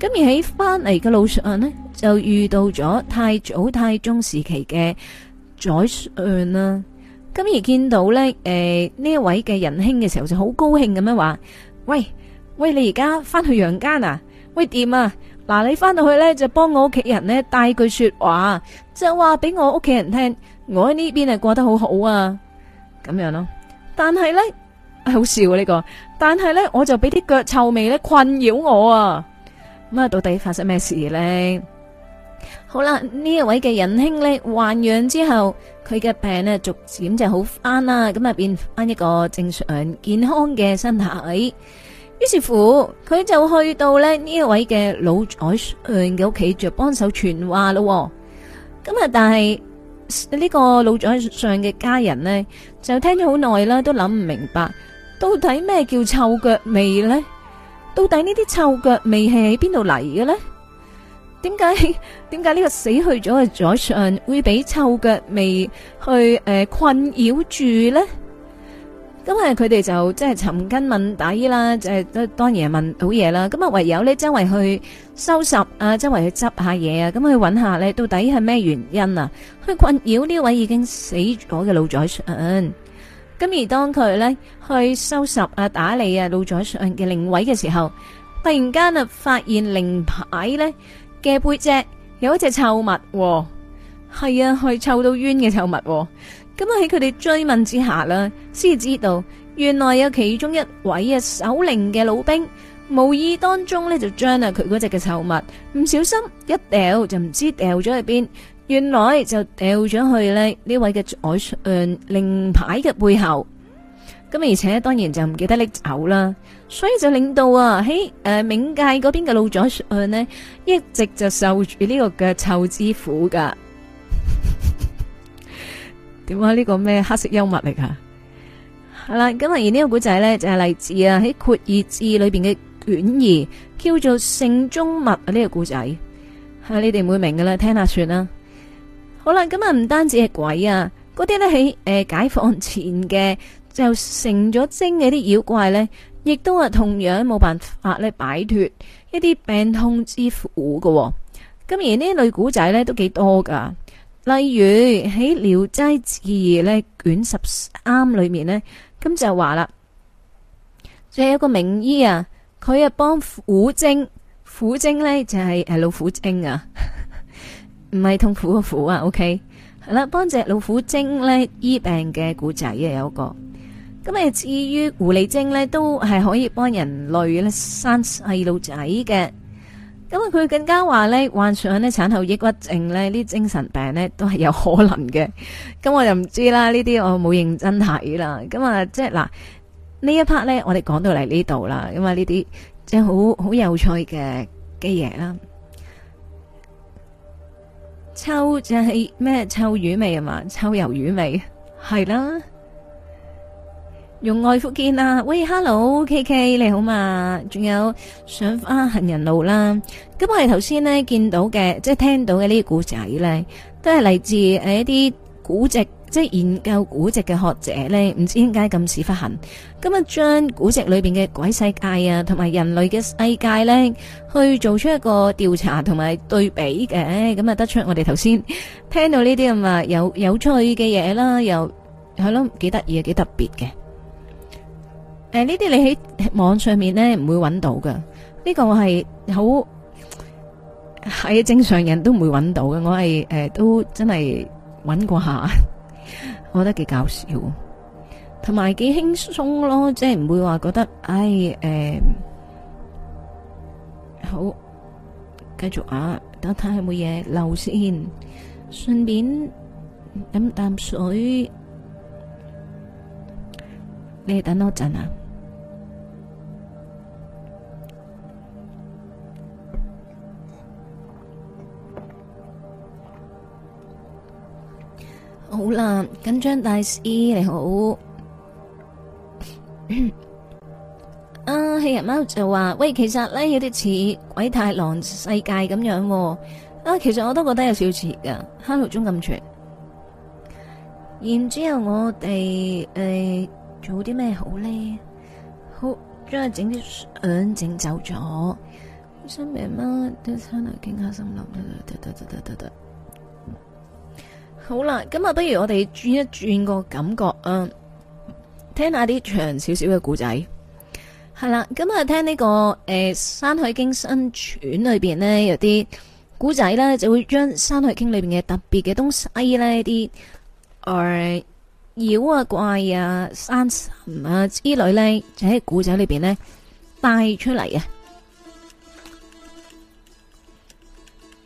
咁而喺翻嚟嘅路上呢，就遇到咗太祖太宗時期嘅宰相啦。咁而見到咧，誒、呃、呢一位嘅仁兄嘅時候，就好高興咁樣話：，喂喂，你而家翻去陽間啊？喂掂啊！嗱，你翻到去呢，就幫我屋企人呢帶句說話，即係話俾我屋企人聽，我喺呢邊係過得好好啊，咁樣咯。但係呢，好笑啊呢個，但係呢，我就俾啲腳臭味咧困擾我啊。咁啊，到底發生咩事呢？好啦，呢一位嘅仁兄呢，還陽之後，佢嘅病呢逐漸就好翻啦，咁啊變翻一個正常健康嘅身體。於是乎，佢就去到咧呢一位嘅老宰相嘅屋企，就幫手傳話咯。咁啊，但係呢個老宰相嘅家人呢，就聽咗好耐啦，都諗唔明白到底咩叫臭腳味呢？到底呢啲臭腳味係喺邊度嚟嘅呢？點解點解呢個死去咗嘅宰相會俾臭腳味去誒、呃、困擾住呢？咁啊，佢哋就即係尋根問底啦，即係都當然問好嘢啦。咁啊，唯有呢周圍去收拾啊，周圍去執下嘢啊，咁去揾下呢到底係咩原因啊？去困擾呢位已經死咗嘅老宰相。咁而當佢呢去收拾啊打理啊老宰相嘅靈位嘅時候，突然間啊發現靈牌呢嘅背脊有一隻臭物，係啊，去臭到冤嘅臭物。咁啊喺佢哋追問之下啦，先知道原來有其中一位啊守靈嘅老兵無意當中呢就將啊佢嗰隻嘅臭物唔小心一掉就唔知掉咗去邊，原來就掉咗去呢位嘅左相令牌嘅背後。咁而且當然就唔記得拎走啦，所以就令到啊喺誒冥界嗰邊嘅老左相呢，一直就受住呢個腳臭之苦噶。點解呢個咩黑色幽默嚟噶？係啦、嗯，咁而個呢個古仔咧就係、是、嚟自，啊喺《括意志》裏邊嘅卷二，叫做《性中物》啊、這個！呢個古仔，吓你哋唔會明噶啦，聽下算啦。好啦，咁啊唔單止係鬼啊，嗰啲咧喺誒解放前嘅就成咗精嘅啲妖怪咧，亦都係同樣冇辦法咧擺脫一啲病痛之苦喎、哦。咁、嗯、而類呢類古仔咧都幾多噶。例如喺《聊齋志異》咧卷十啱裏面呢，咁就話啦，仲有一個名醫啊，佢啊幫虎精，虎精咧就係誒老虎精啊，唔 係痛苦嘅苦啊，OK，係啦，幫隻老虎精咧醫病嘅古仔啊，有一個，咁啊至於狐狸精咧，都係可以幫人類咧生細路仔嘅。咁啊，佢更加話咧患上啲產後抑鬱症咧，呢精神病咧都係有可能嘅。咁 我又唔知就啦，呢啲我冇認真睇啦。咁啊，即係嗱呢一 part 咧，我哋講到嚟呢度啦。咁啊呢啲即係好好有趣嘅嘅嘢啦。臭即係咩？臭魚味啊嘛？臭魷魚味係啦。用愛福建啊！喂，哈嘍，K K，你好嘛？仲有上返行人路啦。咁我哋頭先呢見到嘅，即係聽到嘅呢啲古仔呢，都係嚟自誒一啲古籍，即係研究古籍嘅學者呢，唔知點解咁屎發行咁啊，將古籍裏邊嘅鬼世界啊，同埋人類嘅世界呢，去做出一個調查同埋對比嘅。咁啊，就得出我哋頭先聽到呢啲咁啊有有趣嘅嘢啦，又係咯，幾得意啊，幾特別嘅。誒，呢啲你喺網上面咧唔會揾到噶，呢個我係好係正常人都唔會揾到嘅。我係誒都真係揾過下，我覺得幾搞笑，同埋幾輕鬆咯，即係唔會話覺得，唉，誒，好，繼續啊，等睇下有冇嘢漏先，順便飲啖水。你等多陣啊、好啦，緊張大師你好。 啊，戲人貓就話：喂，其實咧有啲似《鬼太郎世界》咁樣啊。啊，其實我都覺得有少似噶。Hello 中咁 o 然之後我哋誒。呃做啲咩好呢？好將佢整啲嗯整走咗，好新名啊，啲差女驚下心諗，得得得得得得得，好啦，咁啊，不如我哋轉一轉個感覺啊、呃，聽一下啲長少少嘅古仔。係啦，咁啊、這個，聽呢個誒《山海經新傳》裏邊呢，有啲古仔呢，就會將《山海經》裏邊嘅特別嘅東西呢，啲，呃妖啊、怪啊、山神啊之類咧，就喺古仔裏邊咧帶出嚟啊！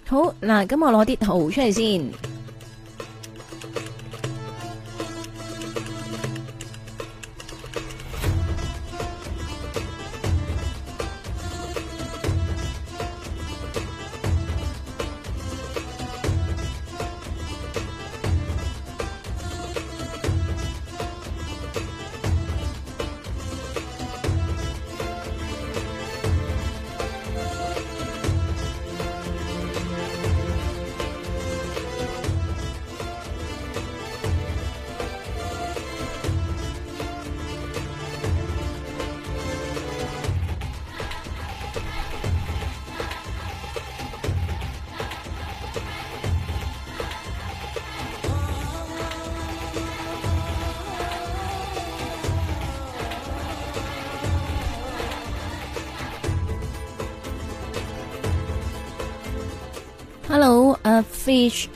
好，嗱，咁我攞啲圖出嚟先。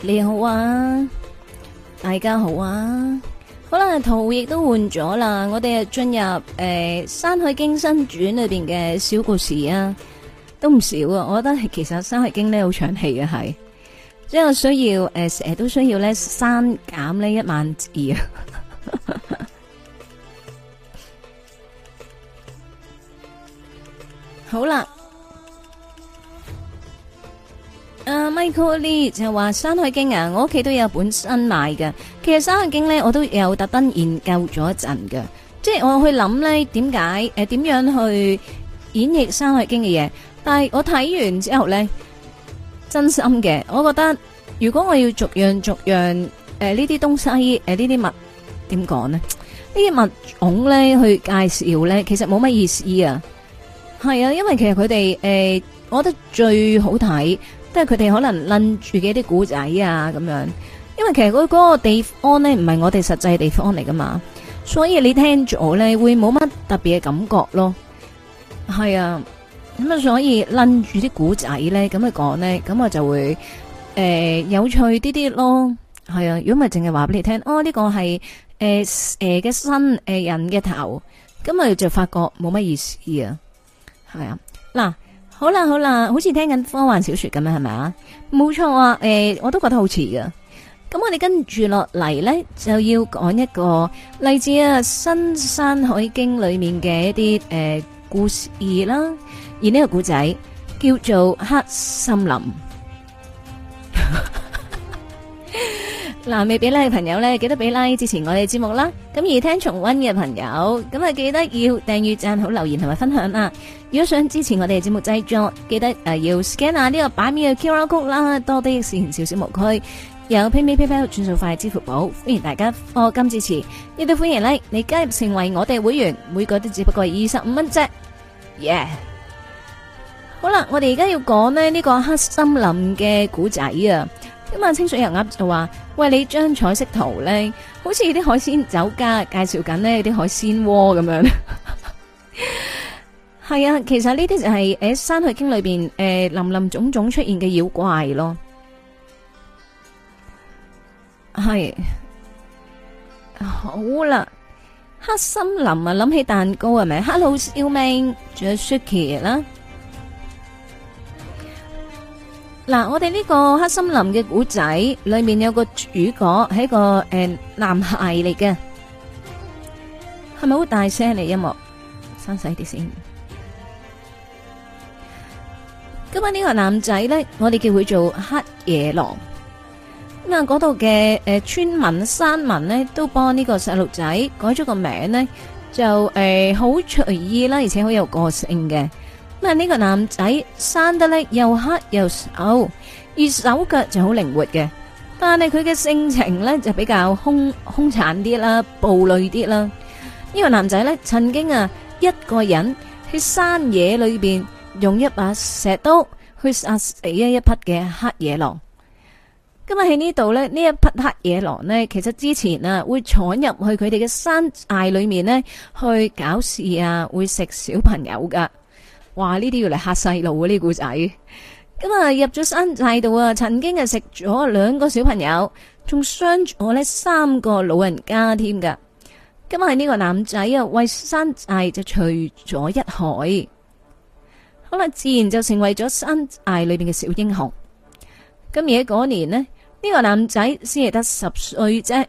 你好啊，大家好啊，好啦，圖亦都換咗啦，我哋進入誒、欸《山海經新傳》裏邊嘅小故事啊，都唔少啊，我覺得其實《山海經》呢好長氣嘅係，即係需要誒成日都需要咧刪減呢一萬字啊， 好啦。啊，Michael Lee 就話《山海經》啊，我屋企都有本新買嘅。其實《山海經》咧，我都有特登研究咗一陣嘅，即係我去諗咧，點解誒點樣去演繹《山海經》嘅嘢？但係我睇完之後咧，真心嘅，我覺得如果我要逐樣逐樣誒呢啲東西誒呢啲物點講咧？呢啲物種咧去介紹咧，其實冇乜意思啊。係啊，因為其實佢哋誒，我覺得最好睇。即係佢哋可能拎住嘅啲古仔啊，咁樣，因為其實嗰嗰個地方咧唔係我哋實際地方嚟噶嘛，所以你聽咗咧會冇乜特別嘅感覺咯。係啊，咁啊，所以拎住啲古仔咧咁去講咧，咁我就會誒、呃、有趣啲啲咯。係啊，如果咪係淨係話俾你聽，哦呢個係誒誒蛇嘅身誒人嘅頭，咁咪就發覺冇乜意思啊。係啊，嗱。好啦好啦，好似聽緊科幻小說咁樣，係咪啊？冇錯啊！誒，我都覺得好似噶。咁我哋跟住落嚟咧，就要講一個例子啊，《新山海經》裏面嘅一啲誒故事啦。而呢個古仔叫做黑森林。嗱，未俾 l 嘅朋友咧，記得俾 l、like、支持我哋節目啦。咁而聽重温嘅朋友，咁啊記得要訂閱、讚好、留言同埋分享啦。如果想支持我哋節目製作，記得誒要 scan 下呢個版面嘅 QR code 啦，多啲善少少無區，有 paypay p a y p a 轉數快支付寶，歡迎大家波金支持，亦都歡迎咧你加入成為我哋會員，每個都只不過二十五蚊啫。Yeah，好啦，我哋而家要講呢、這個黑森林嘅古仔啊。咁啊，清水油鴨就話：喂，你張彩色圖咧，好似啲海鮮酒家介紹緊咧，啲海鮮鍋咁樣。係啊，其實呢啲就係誒《山海經》裏邊誒林林種種出現嘅妖怪咯。係，好啦，黑森林啊，諗起蛋糕係咪？Hello，Simon，仲有 Shuki 啦。嗱，我哋呢個黑森林嘅古仔裏面有個主角係一個誒、呃、男孩嚟嘅，係咪好大聲嚟音樂？收細啲先。今晚呢個男仔咧，我哋叫佢做黑野狼。咁、呃、啊，嗰度嘅誒村民山民咧，都幫呢個細路仔改咗個名咧，就誒好隨意啦，而且好有個性嘅。係呢個男仔生得咧又黑又瘦，而手腳就好靈活嘅。但係佢嘅性情咧就比較凶凶殘啲啦，暴戾啲啦。呢個男仔咧曾經啊，一個人去山野裏邊用一把石刀去殺死一匹嘅黑野狼。今日喺呢度咧，呢一匹黑野狼咧，其實之前啊會闖入去佢哋嘅山寨裏面咧去搞事啊，會食小朋友噶。話呢啲要嚟嚇細路啊！呢個古仔咁啊，入咗山寨度啊，曾經係食咗兩個小朋友，仲傷咗呢三個老人家添噶。咁啊呢個男仔啊，為山寨就除咗一害，好啦，自然就成為咗山寨裏邊嘅小英雄。而喺嗰年呢，呢、這個男仔先係得十歲啫。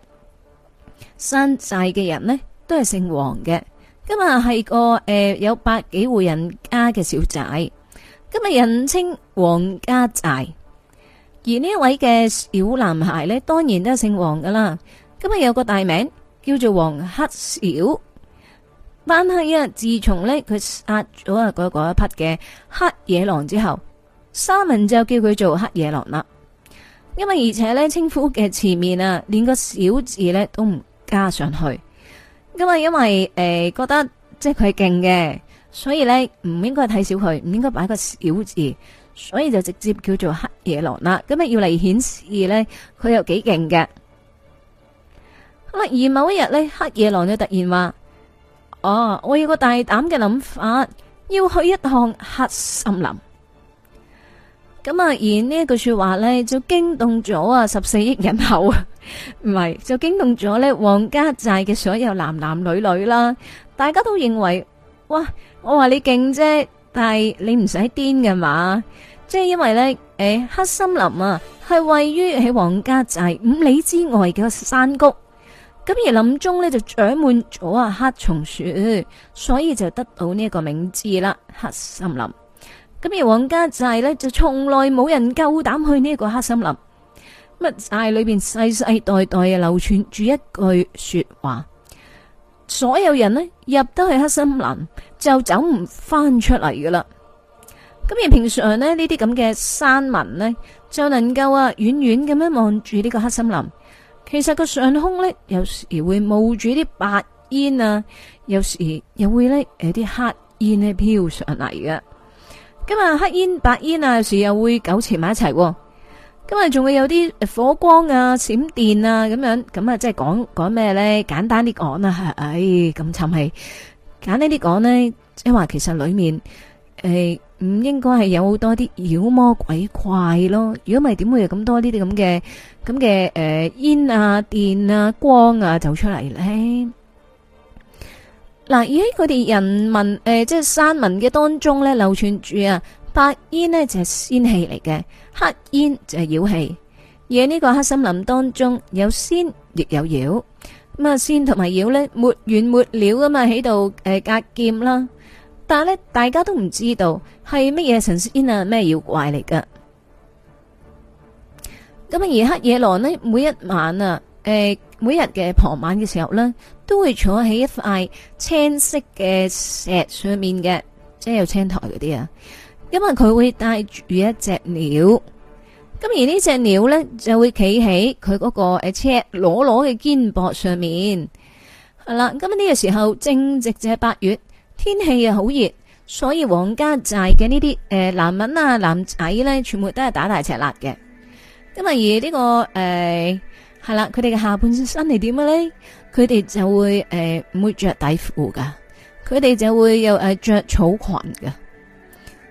山寨嘅人呢，都係姓黃嘅。今日係個誒有百幾戶人家嘅小仔，今日人稱黃家寨。而呢一位嘅小男孩呢，當然都係姓黃噶啦。今日有個大名叫做黃黑小，但係啊，自從呢，佢殺咗啊嗰一匹嘅黑野狼之後，沙文就叫佢做黑野狼啦。因為而且呢，稱呼嘅前面啊，連個小字呢都唔加上去。因為因為誒覺得即係佢勁嘅，所以咧唔應該睇小佢，唔應該擺個小字，所以就直接叫做黑野狼啦。咁啊要嚟顯示咧，佢有幾勁嘅。咁啊，而某一日咧，黑野狼就突然話：哦、啊，我有個大膽嘅諗法，要去一趟黑森林。咁啊，而呢一句說話呢，就驚動咗啊十四億人口啊，唔係，就驚動咗呢黃家寨嘅所有男男女女啦。大家都認為，哇，我話你勁啫，但係你唔使癲㗎嘛。即係因為呢，誒黑森林啊，係位於喺黃家寨五里之外嘅山谷。咁而林中呢，就長滿咗啊黑松樹，所以就得到呢一個名字啦，黑森林。咁而皇家寨呢，就從來冇人夠膽去呢個黑森林，乜寨裏邊世世代代啊流傳住一句說話，所有人呢，入得去黑森林就走唔翻出嚟噶啦。咁而平常呢，呢啲咁嘅山民呢，就能夠啊遠遠咁樣望住呢個黑森林，其實個上空呢，有時會冒住啲白煙啊，有時又會呢，有啲黑煙呢，飄上嚟嘅。今日黑煙白煙啊，有時又會糾纏埋一齊。今日仲會有啲火光啊、閃電啊咁樣，咁啊即係講講咩咧？簡單啲講啦，係唉咁沉氣，簡單啲講咧，即係話其實裏面誒唔應該係有好多啲妖魔鬼怪咯。如果唔係，點會有咁多呢啲咁嘅咁嘅誒煙啊、電啊、光啊走出嚟咧？嗱，而喺佢哋人民誒、呃，即係山民嘅當中咧，流傳住啊，白煙呢就係、是、仙氣嚟嘅，黑煙就係妖氣。而喺呢個黑森林當中，有仙亦有妖。咁啊，仙同埋妖呢，沒完沒了㗎嘛，喺度誒隔劍啦。但係呢，大家都唔知道係乜嘢神仙啊，咩妖怪嚟㗎。咁啊，而黑野狼呢，每一晚啊，誒、呃，每日嘅傍晚嘅時候呢。都會坐喺一塊青色嘅石上面嘅，即係有青苔嗰啲啊。因為佢會帶住一隻鳥，咁而呢隻鳥呢，就會企喺佢嗰個誒赤裸裸嘅肩膊上面係啦。咁、嗯、呢、這個時候正值就係八月，天氣啊好熱，所以黃家寨嘅呢啲誒男人啊男仔呢，全部都係打大赤辣嘅。咁、嗯、啊而呢、這個誒係啦，佢哋嘅下半身係點嘅呢？佢哋就會誒唔會着底褲噶，佢哋就會有誒着草裙噶，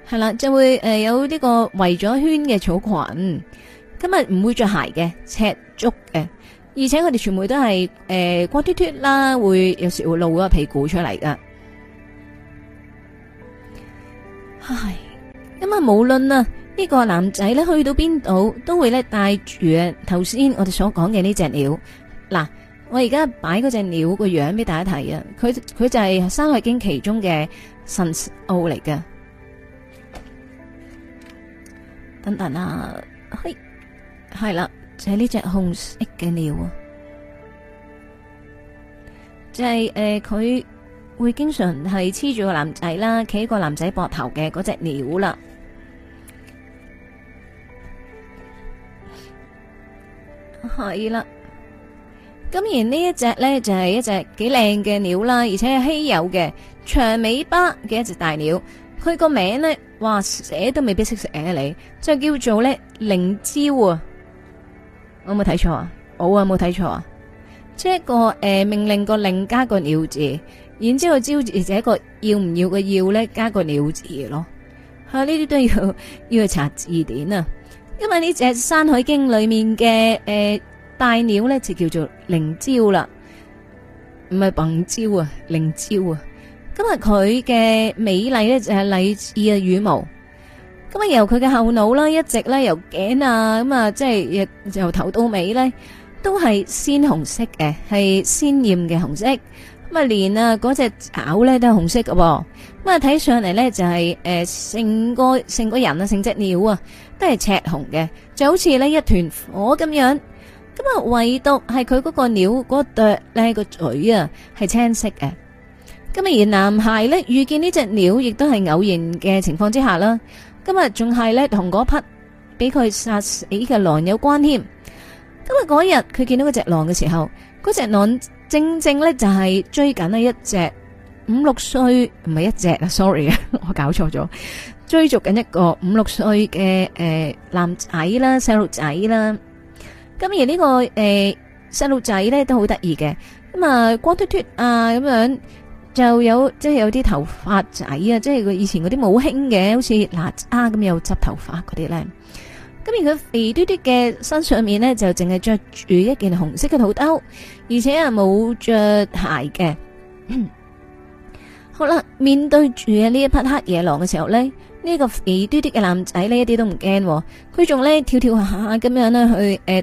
係啦就會誒有呢個圍咗圈嘅草裙，今日唔會着鞋嘅赤足嘅，而且佢哋全部都係誒光脱脱啦，會有時會露嗰個屁股出嚟噶。係，咁啊，無論啊呢個男仔咧去到邊度，都會咧帶住頭先我哋所講嘅呢隻鳥嗱。我而家擺嗰隻鳥個樣俾大家睇啊！佢佢就係《山海經》其中嘅神獸嚟嘅。等等啊，係係啦，就係呢隻紅色嘅鳥啊！就係、是、誒，佢、呃、會經常係黐住個男仔啦，企喺個男仔膊頭嘅嗰隻鳥啦。係啦。咁而一隻呢、就是、一隻咧就係一隻幾靚嘅鳥啦，而且係稀有嘅長尾巴嘅一隻大鳥。佢個名咧，哇寫都未必識寫、啊、你，就叫做咧靈焦啊！我有冇睇錯啊，我啊冇睇錯啊！即係個誒、呃、命令個令加個鳥字，然之後招字，而且個要唔要嘅要咧加個鳥字咯。吓，呢啲都要要去查字典啊，因為呢隻山海經裏面嘅誒。呃大鳥咧就叫做靈鷲啦，唔係笨鷲啊，靈鷲啊。咁啊，佢嘅美麗咧就係類似啊羽毛。咁啊，由佢嘅後腦啦，一直咧由頸啊，咁啊，即係由頭到尾咧都係鮮紅色嘅，係鮮豔嘅紅色。咁啊，連啊嗰隻爪咧都係紅色嘅，咁啊睇上嚟咧就係誒，成個成個人啊，成隻鳥啊都係赤紅嘅，就好似咧一團火咁樣。咁啊，唯獨係佢嗰個鳥嗰對咧個嘴啊，係青色嘅。今日而男孩呢，遇見呢隻鳥，亦都係偶然嘅情況之下啦。今日仲係呢，同嗰匹俾佢殺死嘅狼有關添。今日嗰日佢見到嗰隻狼嘅時候，嗰隻狼正正呢，就係追緊呢一隻五六歲唔係一隻啊，sorry 啊，我搞錯咗，追逐緊一個五六歲嘅誒男仔啦，細路仔啦。咁而、這個呃、呢個誒細路仔咧都好得意嘅，咁啊光禿禿啊咁樣，就有即係有啲頭髮仔啊，即係佢以前嗰啲冇興嘅，好似哪吒咁有執頭髮嗰啲咧。咁而佢肥嘟嘟嘅身上面呢，就淨係着住一件紅色嘅肚兜，而且啊冇着鞋嘅。 好啦，面對住啊呢一匹黑野狼嘅時候咧，呢、這個肥嘟嘟嘅男仔呢，一啲都唔驚，哦，佢仲咧跳跳下下咁樣咧去誒。呃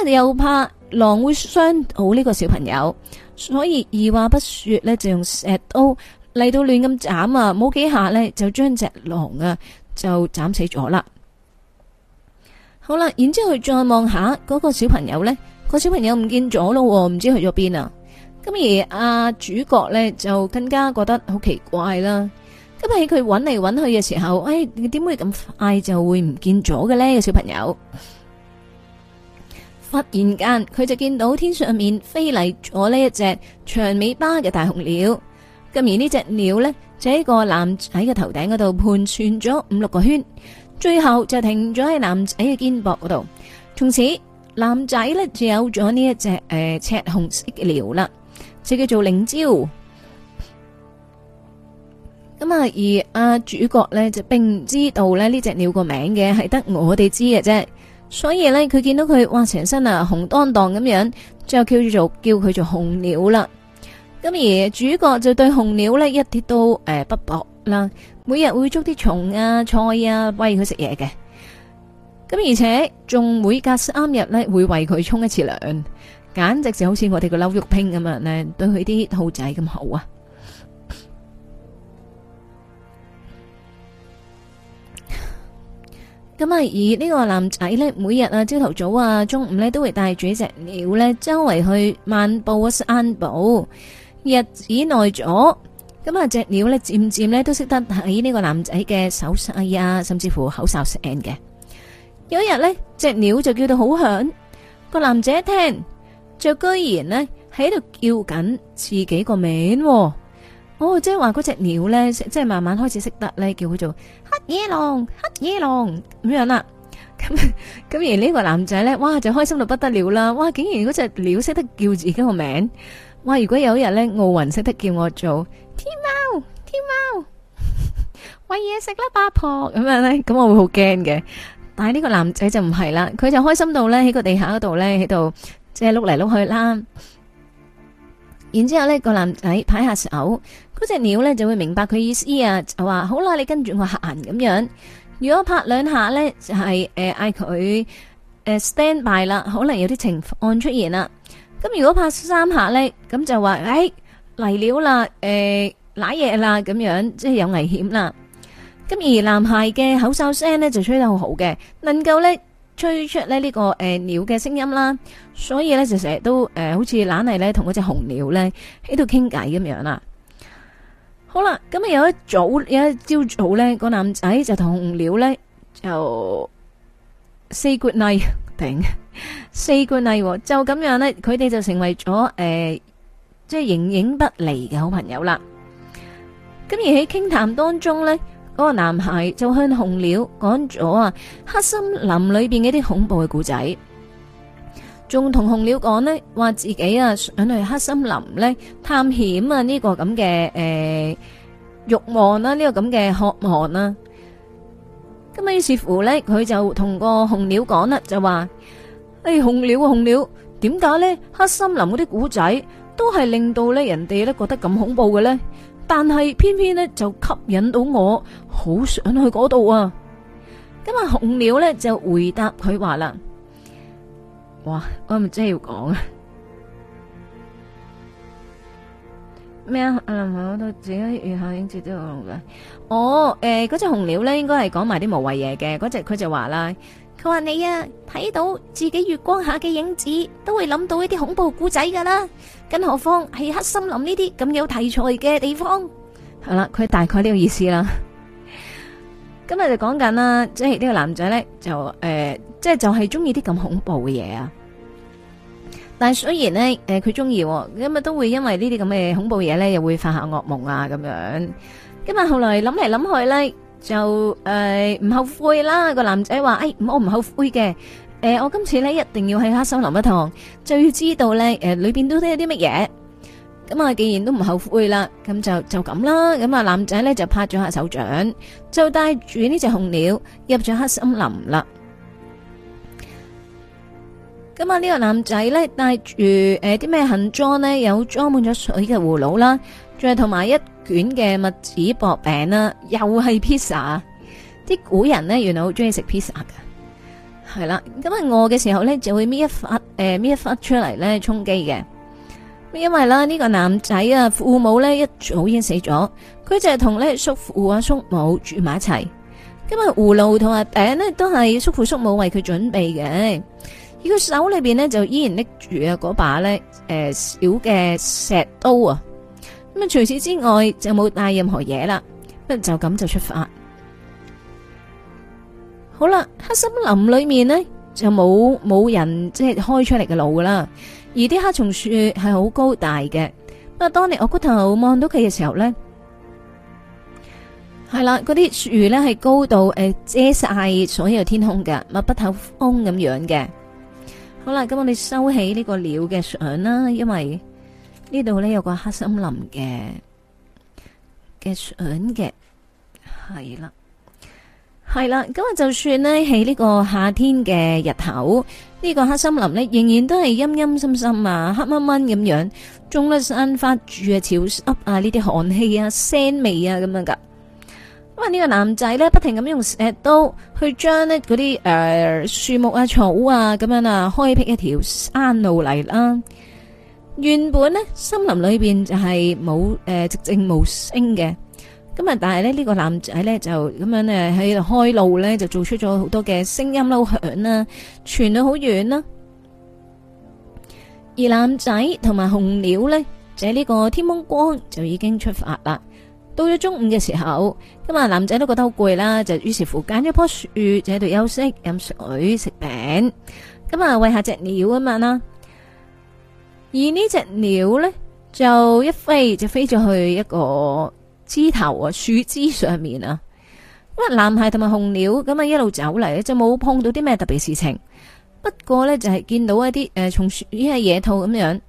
因為又怕狼會傷到呢個小朋友，所以二話不說呢就用石刀嚟到亂咁斬啊！冇幾下呢，就將隻狼啊就斬死咗啦。好啦，然之後再望下嗰個小朋友呢個小朋友唔見咗咯，唔知去咗邊啊！咁而阿主角呢，就更加覺得好奇怪啦。今日佢搵嚟搵去嘅時候，哎，點會咁快就會唔見咗嘅呢？咧？個小朋友？忽然間，佢就見到天上面飛嚟咗呢一隻長尾巴嘅大紅鳥。咁而呢隻鳥呢，就喺個男仔嘅頭頂嗰度盤旋咗五六個圈，最後就停咗喺男仔嘅肩膊嗰度。從此，男仔呢就有咗呢一隻誒、呃、赤紅色嘅鳥啦，就叫做靈鳥。咁啊，而阿主角呢，就並唔知道咧呢隻鳥個名嘅，係得我哋知嘅啫。所以呢，佢見到佢，哇！成身啊，紅當當咁樣，之後叫做叫佢做紅鳥啦。咁而主角就對紅鳥呢一啲都誒不薄啦。每日會捉啲蟲啊、菜啊餵佢食嘢嘅。咁而且仲每隔三日呢，會為佢沖一次涼，簡直就好似我哋個溜肉拼咁樣呢，對佢啲兔仔咁好啊！咁啊，而呢個男仔咧，每日啊，朝頭早啊，中午咧，都會帶住一隻鳥咧，周圍去漫步啊散步。日子耐咗，咁啊，隻鳥咧，漸漸咧，都識得喺呢個男仔嘅手勢啊，甚至乎口哨聲嘅。有一日咧，隻鳥就叫到好響，個男仔一聽，就居然咧喺度叫緊自己個名。哦，即係話嗰隻鳥咧，即係慢慢開始識得咧，叫佢做，野狼，黑野狼，咁樣啦、啊，咁 咁而呢個男仔呢，哇就開心到不得了啦，哇竟然嗰隻鳥識得叫自己個名，哇如果有一日呢，奧運識得叫我做天貓，天貓餵嘢食啦，八婆咁樣呢，咁我會好驚嘅，但係呢個男仔就唔係啦，佢就開心到呢，喺個地下嗰度呢，喺度即係碌嚟碌去啦，然之後咧、這個男仔拍下手。嗰隻鳥咧就會明白佢意思啊，就話好啦，你跟住我行咁樣。如果拍兩下咧，就係誒嗌佢 Stand by 啦，可能有啲情況出現啦。咁如果拍三下咧，咁就話誒嚟鳥啦，誒瀨嘢啦，咁樣即係有危險啦。咁而男孩嘅口哨聲咧就吹得好好嘅，能夠咧吹出咧、這、呢個誒、呃、鳥嘅聲音啦，所以咧就成日都誒、呃、好似懶係咧同嗰隻紅鳥咧喺度傾偈咁樣啦。好啦，咁啊有一早有一朝早，早呢、那個男仔就同紅鳥呢，就 say good night 喎。say good night 就咁樣呢，佢哋就成為咗誒，即、呃、係、就是、形影不離嘅好朋友啦。咁而喺傾談，談當中呢，嗰、那個男孩就向紅鳥講咗啊，黑森林裏邊嗰啲恐怖嘅故仔。仲同紅鳥講咧，話自己啊想去黑森林咧探險啊，呢個咁嘅誒欲望啦，呢個咁嘅渴望啦。咁啊，於是乎咧，佢就同個紅鳥講啦，就話：誒，紅鳥啊，紅鳥，點解咧黑森林嗰啲古仔都係令到咧人哋咧覺得咁恐怖嘅咧？但係偏偏咧就吸引到我，好想去嗰度啊！咁啊，紅鳥咧就回答佢話啦。哇！我係咪真係要講啊咩啊！阿林同學對自己月下影子都有用嘅。哦，誒，嗰隻紅鳥咧，應該係講埋啲無謂嘢嘅。嗰隻佢就話啦，佢話你啊，睇到自己月光下嘅影子，都會諗到一啲恐怖故仔噶啦。更何況係黑森林呢啲咁有題材嘅地方。係啦，佢大概呢個意思啦。今日就講緊啦，即係呢個男仔咧就誒，即係就係中意啲咁恐怖嘅嘢啊！但係雖然咧，誒佢中意，咁啊都會因為呢啲咁嘅恐怖嘢咧，又會發下噩夢啊咁樣。咁啊後來諗嚟諗去咧，就誒唔後悔啦。個男仔話：誒，我唔後悔嘅。誒，我今次咧一定要去黑森林一趟，就要知道咧，誒裏邊到底有啲乜嘢。咁啊，既然都唔後悔啦，咁就就咁啦。咁啊，男仔咧就拍咗下手掌，就帶住呢隻紅鳥入咗黑森林啦。咁啊！呢個男仔咧帶住誒啲咩行裝呢？有裝滿咗水嘅葫蘆啦，仲係同埋一卷嘅麥子薄餅啦，又係 pizza。啲古人呢原來好中意食 pizza 嘅，係啦。咁啊餓嘅時候呢就會搣一忽誒搣一忽出嚟呢充飢嘅。因為啦呢個男仔啊，父母呢一早已經死咗，佢就係同呢叔父啊叔母住埋一齊。今日葫蘆同埋餅呢都係叔父叔母為佢準備嘅。而佢手裏邊呢，就依然拎住啊嗰把咧誒小嘅石刀啊。咁啊，除此之外就冇帶任何嘢啦。不就咁就出發。好啦，黑森林裏面呢，就冇冇人，即係開出嚟嘅路啦。而啲黑松樹係好高大嘅。不過，當你我骨頭望到佢嘅時候咧，係啦，嗰啲樹咧係高到誒遮晒所有天空噶，密不透風咁樣嘅。好啦，咁我哋收起呢個鳥嘅相啦，因為呢度呢有個黑森林嘅嘅相嘅，係啦，係啦，咁啊就算呢喺呢個夏天嘅日頭，呢個黑森林呢仍然都係陰陰森森啊，黑蚊蚊咁樣，種粒生發住啊潮濕啊呢啲寒氣啊腥味啊咁樣噶。因為呢個男仔咧，不停咁用石刀去將咧嗰啲誒樹木啊、草啊咁樣啊，開闢一條山路嚟啦。原本咧森林裏邊就係冇誒寂靜無聲嘅，咁啊，但係咧呢個男仔咧就咁樣誒喺度開路咧，就做出咗好多嘅聲音咯，響啦，傳到好遠啦。而男仔同埋紅鳥咧，就喺呢個天空光就已經出發啦。到咗中午嘅時候，咁啊男仔都覺得好攰啦，就於是乎揀咗棵樹就喺度休息、飲水、食餅，咁啊餵下隻鳥啊嘛啦。而隻呢隻鳥咧就一飛就飛咗去一個枝頭啊，樹枝上面啊。咁、嗯、啊，男孩同埋紅鳥咁啊一路走嚟，就冇碰到啲咩特別事情，不過咧就係、是、見到一啲誒松鼠、呢、呃、野兔咁樣。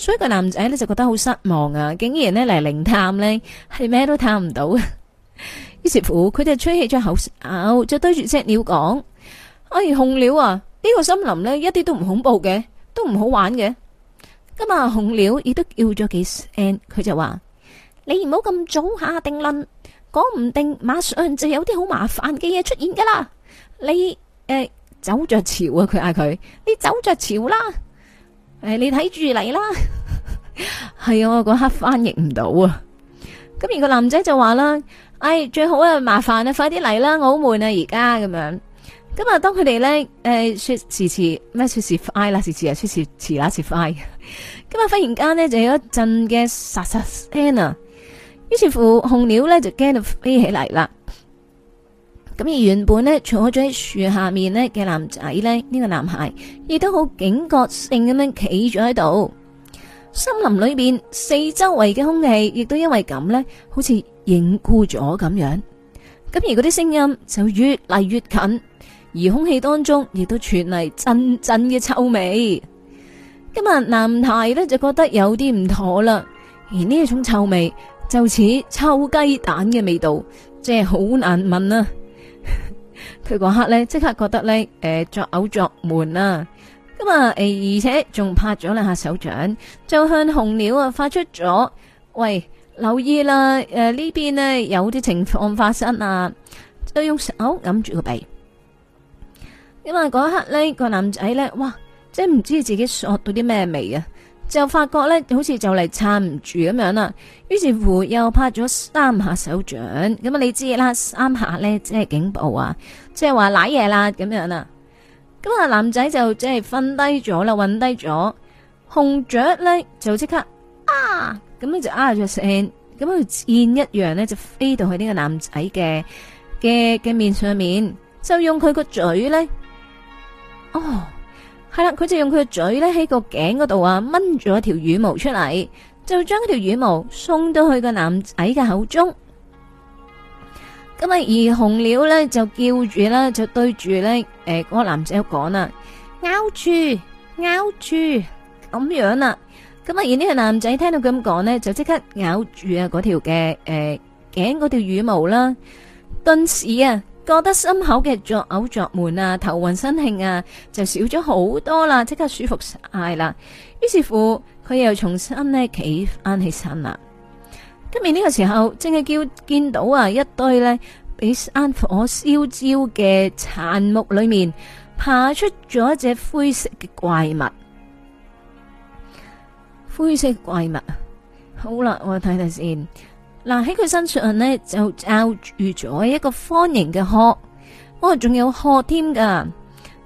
所以個男仔咧就覺得好失望啊！竟然呢，嚟靈探呢，係咩都探唔到。於 是乎，佢就吹起咗口哨，就對住隻鳥講：哎，紅鳥啊，呢、呢個森林呢，一啲都唔恐怖嘅，都唔好玩嘅。咁啊，紅鳥亦都叫咗幾聲，佢就話：你唔好咁早下定論，講唔定馬上就有啲好麻煩嘅嘢出現㗎喇。你誒、呃、走着潮啊！佢嗌佢，你走着潮啦。誒，你睇住嚟啦，係啊，我嗰刻翻譯唔到啊。咁而個男仔就話啦，誒，最好啊，麻煩啊，快啲嚟啦，我好悶啊，而家咁樣。咁啊，當佢哋咧，誒，說遲遲咩？說遲快啦，遲遲啊，說遲遲啦，說快。咁啊，忽然間咧，就有一陣嘅沙沙聲啊。於是乎，紅鳥咧就驚到飛起嚟啦。咁而原本呢，坐咗喺樹下面呢嘅男仔呢，呢個男孩亦都好警覺性咁樣企咗喺度。森林裏邊四周圍嘅空氣亦都因為咁呢，好似凝固咗咁樣。咁而嗰啲聲音就越嚟越近，而空氣當中亦都傳嚟陣陣嘅臭味。今日男孩呢，就覺得有啲唔妥啦，而呢一種臭味就似臭雞蛋嘅味道，即係好難聞啦、啊。佢嗰刻呢，即刻覺得呢，誒作嘔作悶啊！咁啊，誒而且仲拍咗兩下手掌，就向紅鳥啊發出咗喂，留意啦！誒呢邊呢有啲情況發生啊！就用手揞住個鼻，咁啊，嗰刻呢個男仔呢，哇！真係唔知自己索到啲咩味啊！就發覺咧，好似就嚟撐唔住咁樣啦。於是乎，又拍咗三下手掌。咁啊，你知啦，三下咧即係警報啊，即係話瀨嘢啦咁樣啦，咁啊，那個、男仔就即係瞓低咗啦，暈低咗。紅雀咧就即刻啊，咁咧就啊咗聲，咁佢箭一樣咧就飛到去呢個男仔嘅嘅嘅面上面，就用佢個嘴咧，哦。係啦，佢就用佢嘅嘴咧喺個頸嗰度啊，掹咗條羽毛出嚟，就將條羽毛送到去個男仔嘅口中。咁啊，而紅鳥咧就叫住咧，就對住咧誒，個男仔講啦，咬住，咬住，咁樣啦。咁啊，而呢個男仔聽到咁講咧，就即刻咬住啊嗰條嘅誒頸嗰條羽毛啦，頓時啊！覺得心口嘅作嘔作悶啊，頭暈身慶啊，就少咗好多啦，即刻舒服晒啦。於是乎，佢又重新咧企翻起身啦。跟住呢個時候，正係叫見到啊一堆呢俾山火燒焦嘅殘木裏面，爬出咗一隻灰色嘅怪物。灰色怪物，好啦，我睇睇先。嗱，喺佢身上咧就罩住咗一個方形嘅殼，我、哦、仲有殼添噶。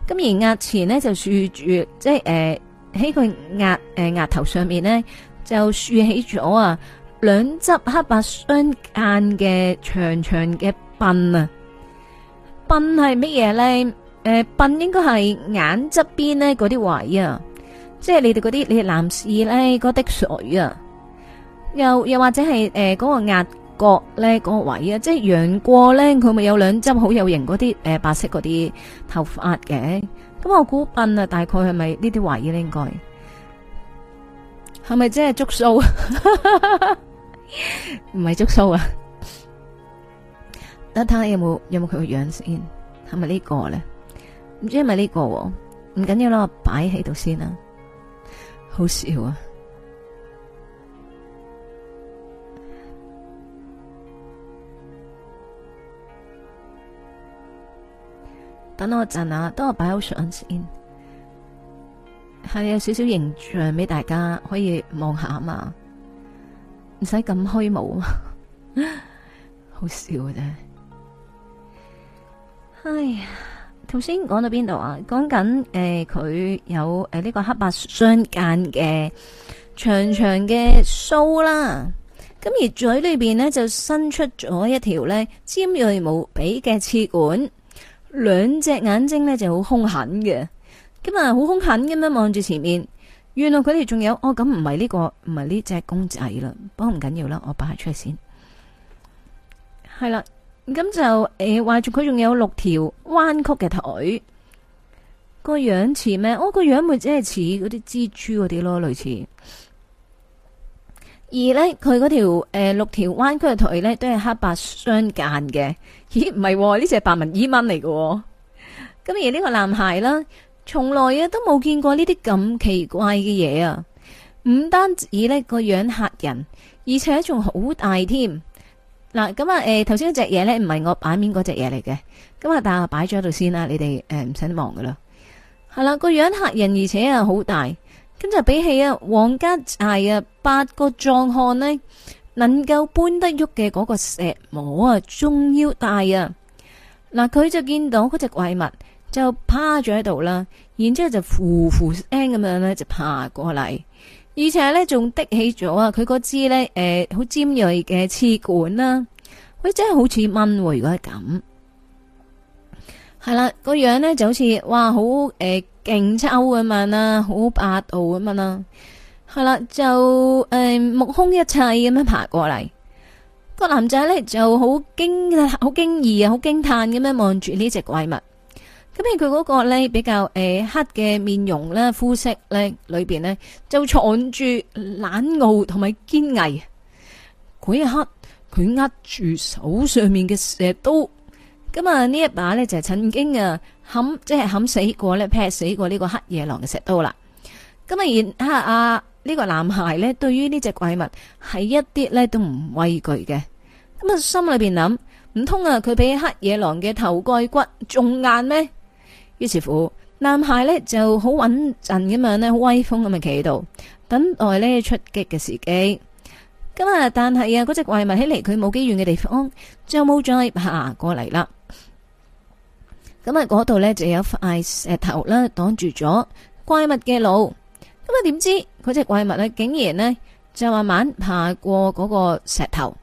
咁而額前咧就豎住，即係誒，喺、呃、佢額誒、呃、額頭上面咧就豎起咗啊，兩側黑白相間嘅長長嘅鬢啊。鬢係乜嘢咧？誒、呃，鬢應該係眼側邊咧嗰啲位啊，即係你哋嗰啲你哋男士咧嗰滴水啊。又又或者係誒嗰個額角咧嗰、嗰個位啊，即係楊過咧佢咪有兩針好有型嗰啲誒白色嗰啲頭髮嘅，咁我估笨啊，大概係咪呢啲位咧？應該係咪即係竹數？唔係竹數啊！等睇下有冇有冇佢個樣先，係咪呢個咧、啊？唔知係咪呢個？唔緊要啦，我擺喺度先啦，好笑啊！等我一陣啊，等我擺好相先，係有少少形象俾大家可以望下啊嘛，唔使咁虛無， 好笑啊真係。哎呀，頭先講到邊度啊？講緊誒，佢、呃、有誒呢、呃這個黑白相間嘅長長嘅鬚啦，咁而嘴裏邊呢，就伸出咗一條呢尖銳無比嘅刺管。兩隻眼睛呢就好凶狠嘅，咁啊好凶狠咁樣望住前面。原來佢哋仲有，哦咁唔係呢個，唔係呢隻公仔啦，不過唔緊要啦，我擺下出嚟先。係啦，咁就誒話住佢仲有六條彎曲嘅腿，個樣似咩？我、哦、個樣咪真係似嗰啲蜘蛛嗰啲咯，類似。而呢，佢嗰條誒六條彎曲嘅腿呢，都係黑白相間嘅。咦，唔係、哦？呢隻係白紋伊蚊嚟嘅、哦。咁而呢個男孩啦，從來啊都冇見過呢啲咁奇怪嘅嘢啊！唔單止呢個樣嚇人，而且仲好大添。嗱，咁啊誒，頭先嗰隻嘢呢，唔係我擺面嗰隻嘢嚟嘅。咁啊，但係擺咗喺度先啦，你哋誒唔使忙噶啦。係、呃、啦，個樣嚇人，而且啊好大。咁就比起啊，王家寨啊，八個壯漢呢，能夠搬得喐嘅嗰個石磨啊，中腰帶啊，嗱、啊、佢就見到嗰隻怪物就趴咗喺度啦，然之後就呼呼聲咁樣咧就爬過嚟，而且呢，仲滴起咗啊，佢嗰支呢，誒、呃，尖啊、好尖銳嘅刺管啦，佢真係好似蚊喎、啊，如果係咁，係啦個樣呢，就好似哇好誒。勁抽咁嘛，啊，好霸道咁嘛啊，係啦，就誒、呃、目空一切咁樣爬過嚟。個男仔咧就好驚、好驚異啊、好驚嘆咁樣望住呢隻怪物。咁佢嗰個咧比較誒、呃、黑嘅面容啦、膚色咧裏邊呢，就藏住冷傲同埋堅毅。嗰一刻，佢握住手上面嘅石刀。咁啊，呢一把呢就係、是、曾經啊。冚即係冚死過呢，劈死過呢個黑野狼嘅石刀啦，咁啊然，啊呢個男孩呢，對於呢隻怪物係一啲呢都唔畏懼嘅，咁啊心裡邊諗，唔通啊佢比黑野狼嘅頭蓋骨仲硬咩？於是乎男孩呢就好穩陣咁樣呢好威風咁嘅企喺度等待呢出擊嘅時機，咁啊但係啊嗰隻怪物喺離佢冇幾遠嘅地方就冇再爬過嚟啦。咁啊，嗰度咧就有塊石頭啦，擋住咗怪物嘅路。咁啊，點知嗰隻怪物啊，竟然咧就慢慢爬過嗰個石頭，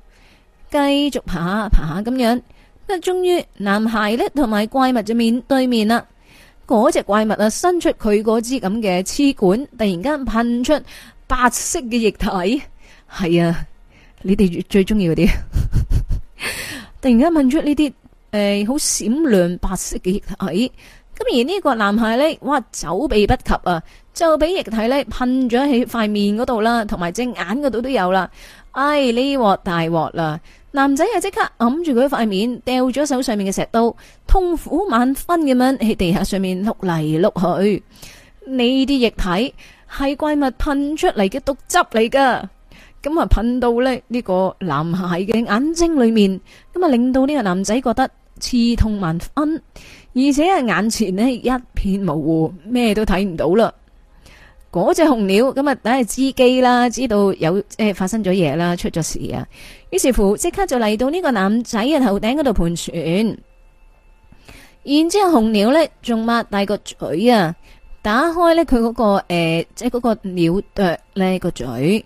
繼續爬下爬下咁樣。咁啊，終於男孩咧同埋怪物就面對面啦。嗰隻怪物啊，伸出佢嗰支咁嘅黐管，突然間噴出白色嘅液體。係啊，你哋最中意嗰啲， 突然間噴出呢啲。誒，好閃亮白色嘅液體，咁而呢個男孩呢，哇，走避不及啊，就俾液體呢噴咗喺塊面嗰度啦，同埋隻眼嗰度都有啦。哎，呢鑊大鑊啦！男仔啊，即刻揞住佢塊面，掉咗手上面嘅石刀，痛苦萬分咁樣喺地下上面碌嚟碌去。呢啲液體係怪物噴出嚟嘅毒汁嚟噶，咁啊噴到呢、呢個男孩嘅眼睛裏面，咁啊令到呢個男仔覺得。刺痛萬分，而且係眼前呢一片模糊，咩都睇唔到啦。嗰隻紅鳥咁啊，梗係知機啦，知道有誒、呃、發生咗嘢啦，出咗事啊。於是乎，即刻就嚟到呢個男仔嘅頭頂嗰度盤旋。然之後紅鳥咧，仲擘大個嘴啊，打開呢佢嗰個誒，即係嗰個鳥啄咧，個嘴，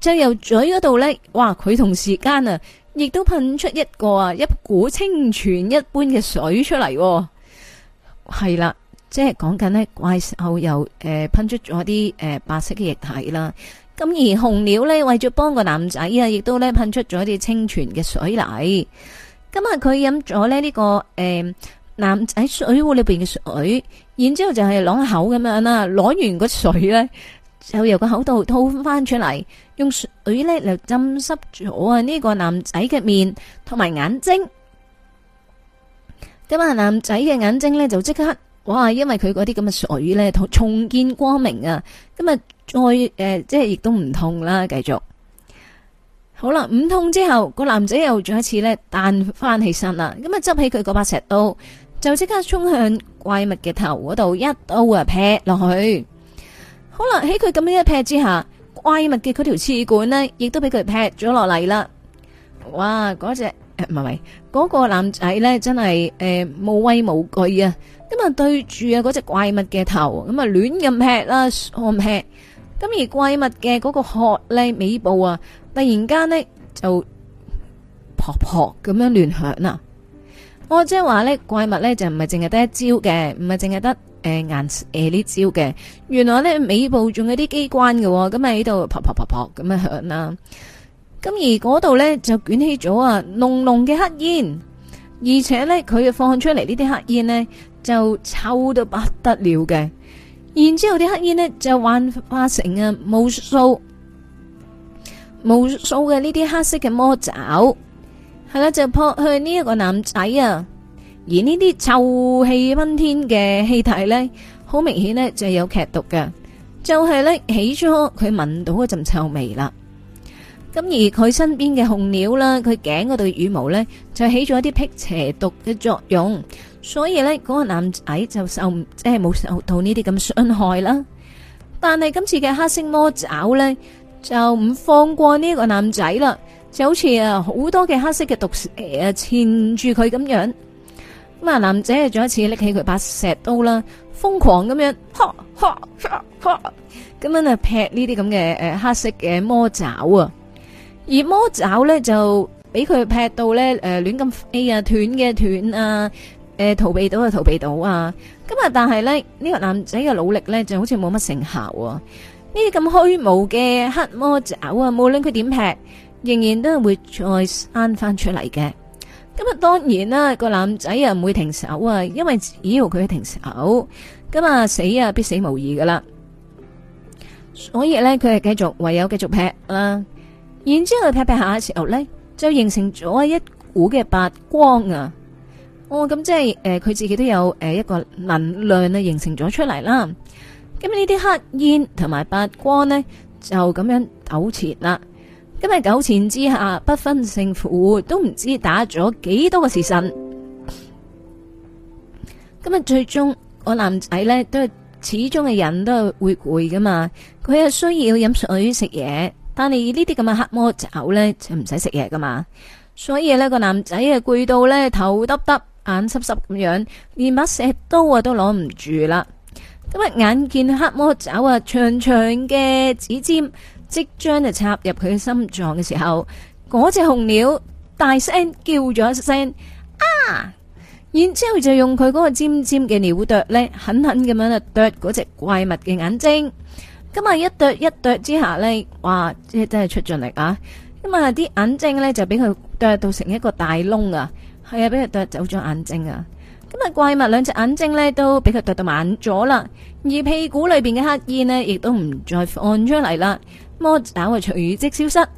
就由嘴嗰度呢。哇！佢同時間啊～亦都噴出一個啊一股清泉一般嘅水出嚟。哦，係啦，即係講緊呢怪獸又誒、噴、呃、出咗啲誒白色嘅液體啦。咁而紅鳥呢，為咗幫個男仔啊，亦都呢噴出咗啲清泉嘅水嚟。今日佢飲咗呢呢個誒、呃、男仔水壺裏邊嘅水，然之後就係啷口咁樣啦，攞完個水呢。就由個口度吐翻出嚟，用水呢嚟浸濕咗啊！呢個男仔嘅面同埋眼睛，咁啊男仔嘅眼睛呢，就即刻哇！因為佢嗰啲咁嘅水呢，重見光明啊！咁啊再誒、呃，即係亦都唔痛啦。繼續好啦，唔痛之後，個男仔又再一次呢彈翻起身啦，咁啊執起佢嗰把石刀，就即刻衝向怪物嘅頭嗰度，一刀啊劈落去。好啦，喺佢咁樣一劈之下，怪物嘅嗰條刺管呢，亦都俾佢劈咗落嚟啦。哇，嗰隻唔係係，嗰、呃嗰個男仔呢，真係誒、呃、無畏無懼啊！咁啊對住啊嗰隻怪物嘅頭，咁啊亂咁劈啦，唔劈。咁而怪物嘅嗰個殼咧尾部啊，突然間呢，就撲撲咁樣亂響啦。我即係話呢，怪物呢，就唔係淨係得一招嘅，唔係淨係得。誒，眼誒呢招嘅，原來咧尾部仲有啲機關嘅，咁咪喺度撲撲撲撲咁樣響啦。咁而嗰度呢，就捲起咗啊濃濃嘅黑煙，而且呢，佢放出嚟呢啲黑煙呢，就臭到不得了嘅。然之後啲黑煙呢，就幻化成啊無數無數嘅呢啲黑色嘅魔爪，係啦就撲向呢一個男仔啊！而呢啲臭氣薰天嘅氣體咧，好明顯咧就係有劇毒嘅，就係咧起初佢聞到嗰陣臭味啦。咁而佢身邊嘅紅鳥啦，佢頸嗰度羽毛咧就起咗一啲辟邪毒嘅作用，所以咧嗰個男仔就受即係冇受到呢啲咁傷害啦。但係今次嘅黑色魔爪咧就唔放過呢個男仔啦，就好似啊好多嘅黑色嘅毒蛇啊纏住佢咁樣。咁啊！男仔啊，再一次拎起佢把石刀啦，瘋狂咁樣，咁樣啊，劈呢啲咁嘅誒黑色嘅魔爪啊！而魔爪咧就俾佢劈到咧誒亂咁飛啊，斷嘅斷啊，誒逃避到啊逃避到啊！咁啊，但係咧呢個男仔嘅努力咧就好似冇乜成效啊！呢啲咁虛無嘅黑魔爪啊，無論佢點劈，仍然都係會再生翻出嚟嘅。咁啊，當然啦，個男仔啊唔會停手啊，因為只要佢一停手，咁啊死啊必死無疑噶啦。所以咧，佢係繼續，唯有繼續劈啦。然之後劈劈下嘅時候咧，就形成咗一股嘅白光啊！哦，咁即係誒，佢自己都有誒一個能量啊，形成咗出嚟啦。咁呢啲黑煙同埋白光呢，就咁樣糾纏啦。今日糾纏之下不分勝負，都唔知打咗幾多個時辰。今日最終個男仔呢，都係始終嘅人都係會攰噶嘛，佢係需要飲水食嘢，但係呢啲咁嘅黑魔爪呢，就唔使食嘢噶嘛。所以呢個男仔啊攰到呢頭耷耷眼濕濕咁樣，連把石刀啊都攞唔住啦。今日眼見黑魔爪啊長長嘅指尖。即將就插入佢嘅心臟嘅時候，嗰隻紅鳥大聲叫咗一聲啊！然之後就用佢嗰個尖尖嘅鳥啄呢，狠狠咁樣啊啄嗰隻怪物嘅眼睛。咁啊，一啄一啄之下呢，哇！即係真係出盡力啊！咁啊，啲眼睛呢，就俾佢啄到成一個大窿啊！係啊，俾佢啄走咗眼睛啊！咁啊，怪物兩隻眼睛呢，都俾佢啄到盲咗啦，而屁股裏邊嘅黑煙呢，亦都唔再放出嚟啦。魔爪啊隨即消失，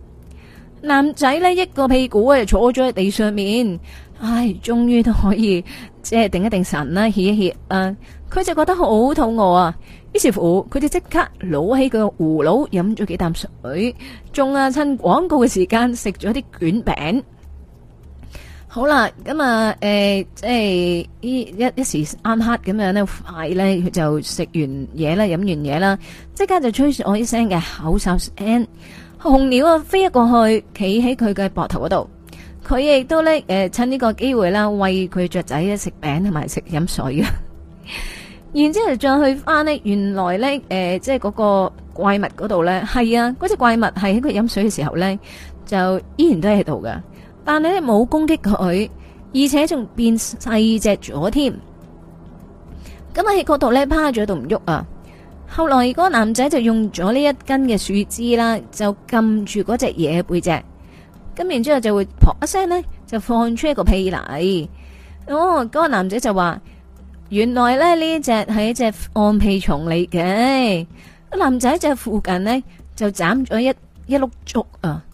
男仔呢，一個屁股啊坐咗喺地上面，唉，終於都可以即係定一定神啦、啊，歇一歇。誒、啊，佢就覺得好肚餓啊，於是乎佢就即刻攞起個葫蘆飲咗幾啖水，仲啊趁廣告嘅時間食咗啲卷餅。好啦，咁啊，誒、呃，即係依一一時啱黑咁樣咧，快咧佢就食完嘢啦，飲完嘢啦，即刻就吹出我一聲嘅口哨聲，紅鳥啊飛咗過去，企喺佢嘅膊頭嗰度，佢亦都咧誒、呃、趁呢個機會啦，餵佢雀仔咧食餅同埋食飲水啊， 然之後再去翻呢，原來咧誒即係嗰個怪物嗰度咧，係啊，嗰、那、隻、個、怪物係喺佢飲水嘅時候咧，就依然都喺度噶。但你冇攻擊佢，而且仲變細隻咗添。咁喺嗰度咧，趴咗喺度唔喐啊！後來嗰個男仔就用咗呢一根嘅樹枝啦，就撳住嗰隻嘢背脊，咁然之後就會撲一聲呢，就放出一個屁嚟。哦，嗰、嗰個男仔就話原來咧呢隻係一隻放屁蟲嚟嘅。男仔隻附近呢，就斬咗一一碌竹啊！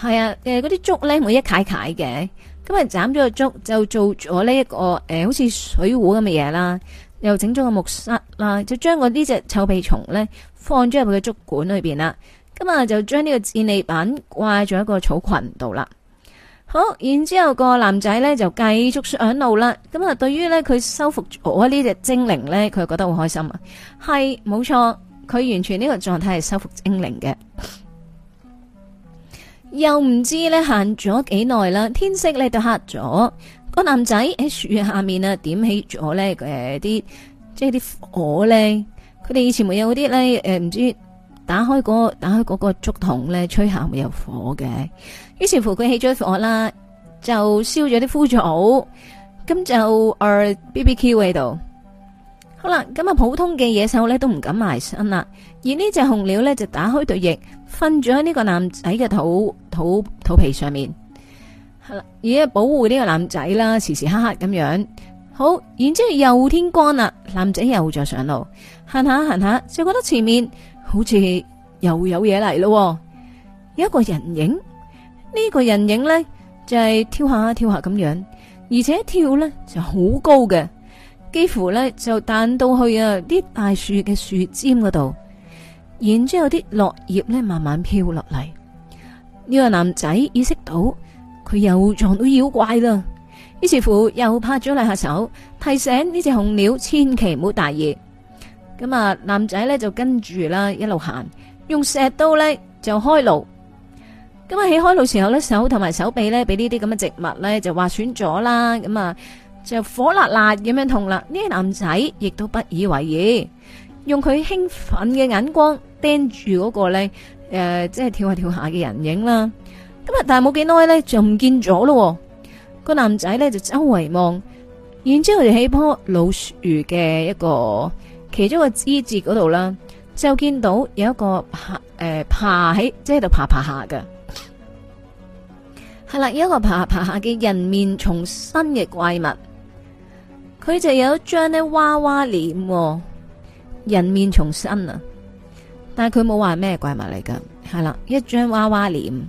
係啊，誒，嗰啲竹呢，每一楷楷嘅，咁啊斬咗個竹，就做咗呢一個誒，好、呃、似水壺咁嘅嘢啦，又整咗個木塞啦，就將我呢隻臭屁蟲呢放咗入佢嘅竹管裏邊啦，咁啊就將呢個戰利品掛咗喺個草裙度啦。好，然之後個男仔呢就繼續上路啦，咁啊對於呢，佢收復我呢隻精靈呢，佢覺得好開心啊，係冇錯，佢完全呢個狀態係收复精靈嘅。又唔知咧行咗幾耐啦，天色咧就黑咗。個男仔喺樹下面啊，點起咗咧嘅啲即係啲火咧。佢哋以前會有啲咧？誒，唔知打開嗰、嗰個，打開個竹筒咧，吹下會有火嘅。於是乎佢起咗火啦，就燒咗啲枯草，咁就誒 B B Q 喺度。好啦，咁啊，普通嘅野獸咧都唔敢埋身啦。而呢隻紅鳥咧就打開對翼，瞓住喺呢個男仔嘅肚肚肚皮上面，係啦，而家保護呢個男仔啦，時時刻刻咁樣。好，然之後又天光啦，男仔又再上路，行下行下，就覺得前面好似又有嘢嚟咯，有一個人影。呢個人影咧，就係跳下跳下咁樣，而且跳呢就好高嘅，幾乎呢，就彈到去啊啲大樹嘅樹尖嗰度。然之後啲落葉咧慢慢飄落嚟，呢、這個男仔意識到佢又撞到妖怪啦，於是乎又拍咗兩下手，提醒呢隻紅鳥千祈唔好大意。咁啊，男仔咧就跟住啦，一路行，用石刀咧就開路。咁啊，喺開路時候咧，手同埋手臂咧俾呢啲咁嘅植物咧就劃損咗啦。咁啊，就火辣辣咁樣痛啦。呢個男仔亦都不以為意，用佢興奮嘅眼光。盯住嗰個咧，誒，即係跳下跳下嘅人影啦。咁啊，但係冇幾耐咧，就唔見咗咯。個男仔咧就周圍望，然之後就喺棵老樹嘅一個其中一個枝節嗰度啦，就見到有一個爬，誒，爬喺即係度爬爬下嘅。係啦，有一個爬爬下嘅人面重生嘅怪物，佢就有一張咧娃娃臉，人面重生啊！但係佢冇話咩怪物嚟噶，係啦，一張娃娃臉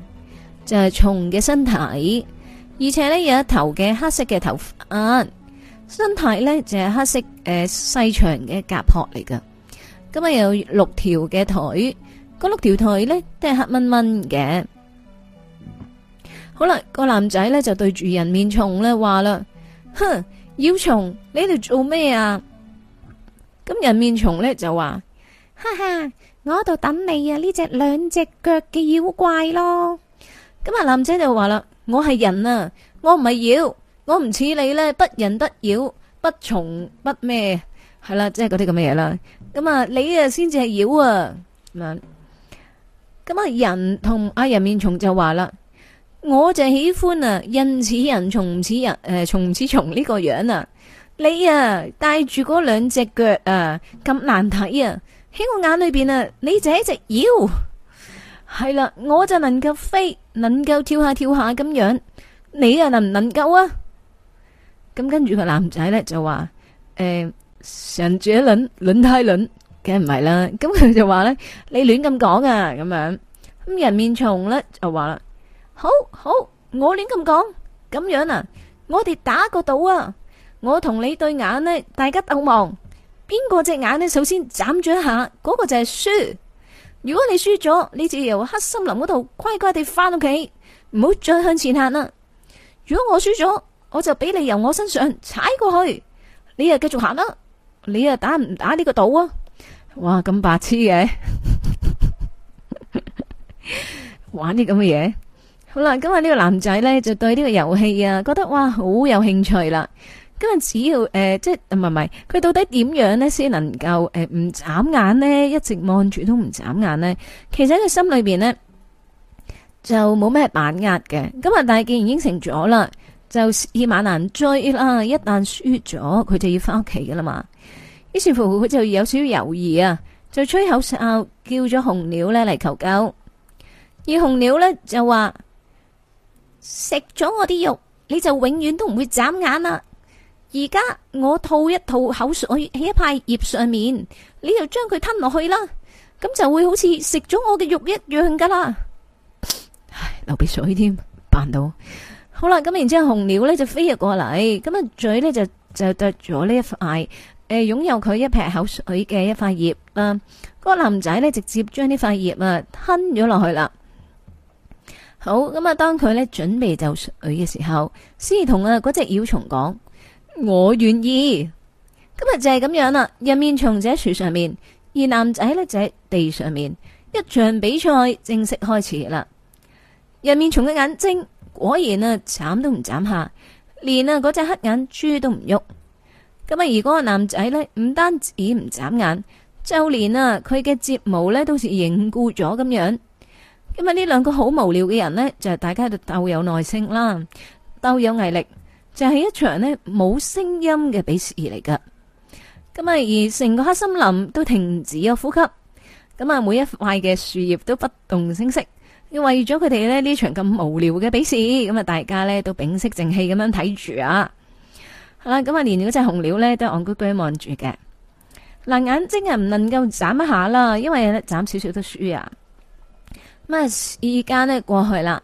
就係蟲嘅身體，而且呢有一頭嘅黑色嘅頭髮，啊，身體呢，就係、是、黑色誒細長嘅甲殼嚟噶。咁咪有六條嘅腿，個六條腿呢，都係黑蚊蚊嘅。好啦，個男仔呢，就對住人面蟲呢話啦：，哼，妖蟲，你喺度做咩啊？咁人面蟲呢，就話：，哈哈。我喺度等你啊！呢隻兩隻腳嘅妖怪咯，咁啊，男仔就話啦：我係人啊，我唔係妖，我唔似你咧，不人不妖，不蟲不咩，係、就是、啦，即係嗰啲咁嘅嘢啦。咁啊，你啊，先至係妖啊，咁啊，人同阿人面蟲就話啦，我就喜歡啊，人似人蟲唔似人，誒、呃，蟲唔似蟲呢個樣啊，你啊，帶住嗰兩隻腳啊，咁難睇啊！喺我眼裏邊啊，你就係一隻妖，係啦，我就能夠飛，能夠跳下跳下咁樣，你啊，能唔能夠啊？咁跟住個男仔咧，就話，誒，上住一輪輪胎輪，梗係唔係啦？咁佢就話咧，你亂咁講啊，咁樣咁人面蟲咧就話啦，好好，我亂咁講，咁樣啊，我哋打個賭啊，我同你對眼咧，大家鬥望。邊個隻眼呢？首先眨咗一下，嗰個就係輸。如果你輸咗，你就由黑森林嗰度乖乖地翻屋企，唔好再向前行啦。如果我輸咗，我就俾你由我身上踩過去。你啊繼續行啦，你啊打唔打呢個賭啊？哇，咁白痴嘅， 玩啲咁嘅嘢。好啦，今日呢個男仔呢，就對呢個遊戲啊，覺得哇好有興趣啦。今日只要誒、呃，即係唔係唔係佢到底點樣呢？先能夠誒唔、呃、眨眼呢？一直望住都唔眨眼呢？其實佢心裏面呢，就冇咩把握嘅。今日但既然應承咗啦，就易馬難追啦。一旦輸咗，佢就要翻屋企㗎啦嘛。於是乎，佢就有少少猶豫啊，就吹口哨叫咗紅鳥呢嚟求救。而紅鳥呢，就話：食咗我啲肉，你就永遠都唔會眨眼啦。而家我吐一套口水喺一塊葉上面，你就將佢吞落去啦，咁就會好似食咗我嘅肉一樣噶啦。唉，流鼻水添，扮到好啦。咁然之後，紅鳥呢就飛入過嚟，咁啊嘴呢就就啄咗呢一塊誒，擁有佢一撇口水嘅一塊葉啦。嗰、嗰個男仔呢直接將呢塊葉啊吞咗落去啦。好，咁啊，當佢呢準備就水嘅時候，先同啊嗰隻妖蟲講。我願意，今日就係咁樣啦。人面蟲就喺樹上面，而男仔呢就喺地上面。一場比賽正式開始啦。人面蟲嘅眼睛果然啊，眨都唔眨下，連啊嗰隻黑眼珠都唔喐。咁啊，而嗰個男仔呢，唔單止唔眨眼，就連啊佢嘅睫毛呢都似凝固咗咁樣。咁啊，呢兩個好無聊嘅人呢，就係、是、大家就鬥有耐性啦，鬥有毅力。就係一場咧冇聲音嘅比試而嚟噶咁啊而成個黑森林都停止咗呼吸，咁啊每一塊嘅樹葉都不動聲色，為咗佢哋咧呢場咁無聊嘅比試，咁啊大家呢都屏息靜氣咁樣睇住啊，係啦，咁啊連嗰隻紅鳥呢都戇居居望住嘅，嗱眼睛，係唔能夠眨一下啦，因為呢，眨少少都輸啊，咁啊而家呢，過去啦。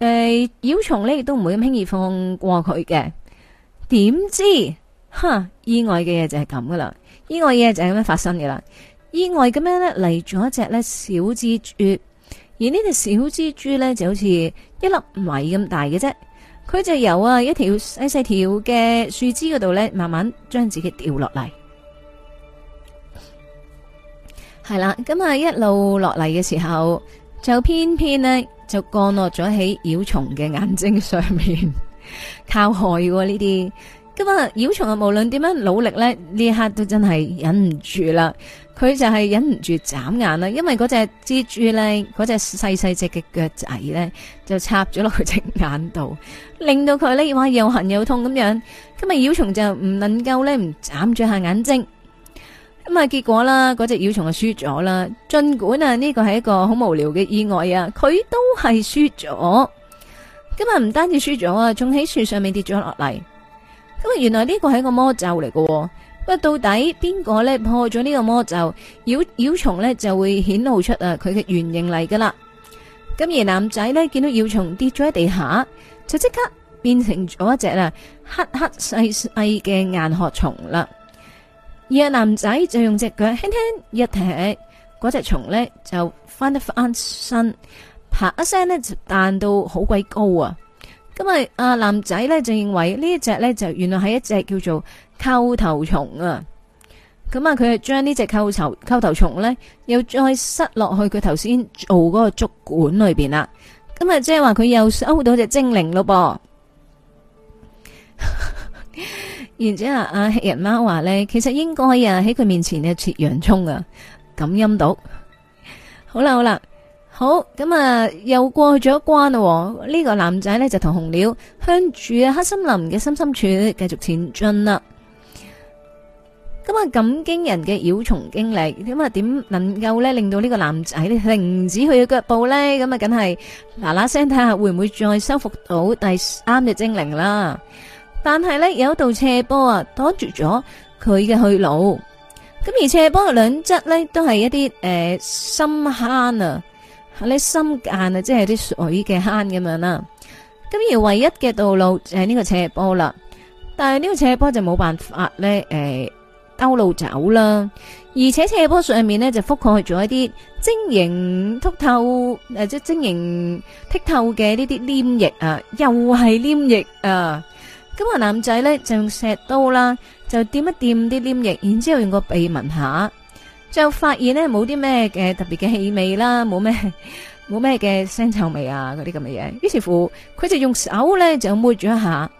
誒，妖蟲咧，亦都唔會咁輕易放過佢嘅。點知，哈，意外嘅嘢就係咁噶啦。意外嘅嘢就係咁樣發生嘅啦。意外咁樣咧嚟咗一隻咧小蜘蛛，而呢隻小蜘蛛咧就好似一粒米咁大嘅啫。佢就由啊一條細細條嘅樹枝嗰度咧，慢慢將自己掉落嚟。係啦，咁啊一路落嚟嘅時候，就偏偏呢。就降落咗喺妖蟲嘅眼睛上面， 靠害呢啲咁啊！妖蟲啊，無論點樣努力咧，呢刻都真係忍唔住啦。佢就係忍唔住眨眼啦，因為嗰隻蜘蛛咧，嗰隻細細隻嘅腳仔咧，就插咗落佢隻眼度，令到佢呢話又痕又痛咁樣。咁啊，妖蟲就唔能夠咧，唔眨咗下眼睛。咁啊，結果啦，嗰隻妖蟲就輸咗啦。盡管啊，呢個係一個好無聊嘅意外啊，佢都係輸咗。今日唔單止輸咗啊，仲喺樹上面跌咗落嚟。咁啊，原來呢個係個魔咒嚟嘅。不過到底邊個咧破咗呢個魔咒，妖妖蟲咧就會顯露出啊佢嘅原形嚟噶啦。咁而男仔呢，見到妖蟲跌咗喺地下，就即刻變成咗一隻啊黑黑細細嘅硬殼蟲啦。而阿男仔就用隻腳輕輕一踢，嗰隻蟲呢就翻得翻身，啪一聲呢就彈到好鬼高啊！咁啊，阿男仔呢就認為呢隻呢就原來係一隻叫做叩頭蟲啊！咁啊，佢就將呢隻叩頭叩頭蟲咧又再塞落去佢頭先做嗰個竹管裏邊啦。咁啊，即係話佢又收到隻精靈咯噃。 然之後，阿吃人貓話呢，其實應該啊喺佢面前呢切洋蔥啊，咁陰毒。好啦，好啦，好，咁啊，又過咗一關啦。呢個男仔呢就同紅鳥向住啊黑森林嘅深深處繼續前進啦。咁啊，咁驚人嘅妖蟲經歷，點啊點能夠呢令到呢個男仔停止佢嘅腳步呢？咁啊，梗係嗱嗱聲睇下會唔會再收復到第三隻精靈啦。但係咧有一道斜坡啊，擋住咗佢嘅去路。咁而斜坡嘅兩側咧都係一啲誒深坑啊，係咧深澗啊，即係啲水嘅坑咁樣啦。咁而唯一嘅道路就係呢個斜坡啦。但係呢個斜坡就冇辦法咧，誒兜路走啦。而且斜坡上面咧就覆蓋住一啲晶瑩剔透誒，即係晶瑩剔透嘅呢啲黏液啊，又係黏液啊。咁個男仔咧，就用石刀啦，就掂一掂啲黏液，然之後用個鼻聞下，就發現咧冇啲咩嘅特別嘅氣味啦，冇咩冇咩嘅腥臭味啊，嗰啲咁嘅嘢。於是乎，佢就用手咧就抹住一下，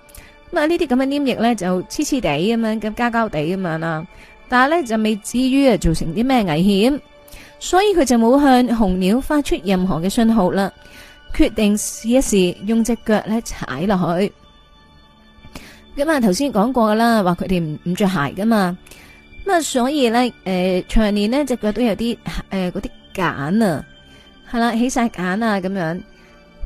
咁啊呢啲咁嘅黏液咧就黐黐地咁樣咁膠膠地咁樣啦，但係咧就未至於啊造成啲咩危險，所以佢就冇向紅鳥發出任何嘅信號啦，決定試一試用隻腳咧踩落去。咁啊，頭先講過噶啦，話佢哋唔唔着鞋噶嘛，咁啊，所以咧，誒、呃，長年咧隻腳都有啲誒嗰啲繭啊，係啦，起晒繭啊咁樣。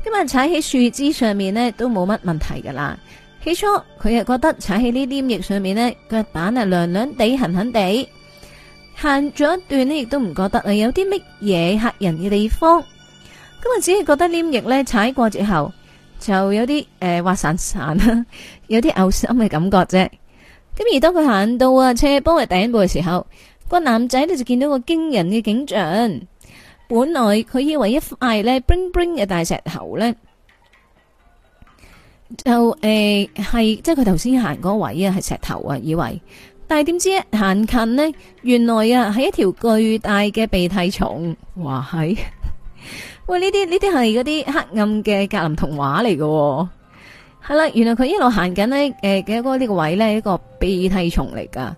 今日踩喺樹枝上面咧都冇乜問題噶啦。起初佢啊覺得踩喺呢啲黏液上面咧，腳板啊涼涼地、痕痕地，行咗一段呢亦都唔覺得啊有啲乜嘢嚇人嘅地方。咁啊，只係覺得黏液咧踩過之後，就有啲誒、呃、滑潺潺，啦，有啲嘔心嘅感覺啫。咁而當佢行到啊斜坡嘅頂部嘅時候，個男仔就見到個驚人嘅景象。本來佢以為一塊咧 bling bling 嘅大石頭咧，就誒係、呃、即係佢頭先行嗰位啊係石頭啊以為，但係點知行近呢，原來啊係一條巨大嘅鼻涕蟲，哇係！喂，呢啲呢啲係嗰啲黑暗嘅格林童話嚟嘅，係啦。原來佢一路行緊呢誒嘅嗰呢個位呢，一個鼻涕蟲嚟噶。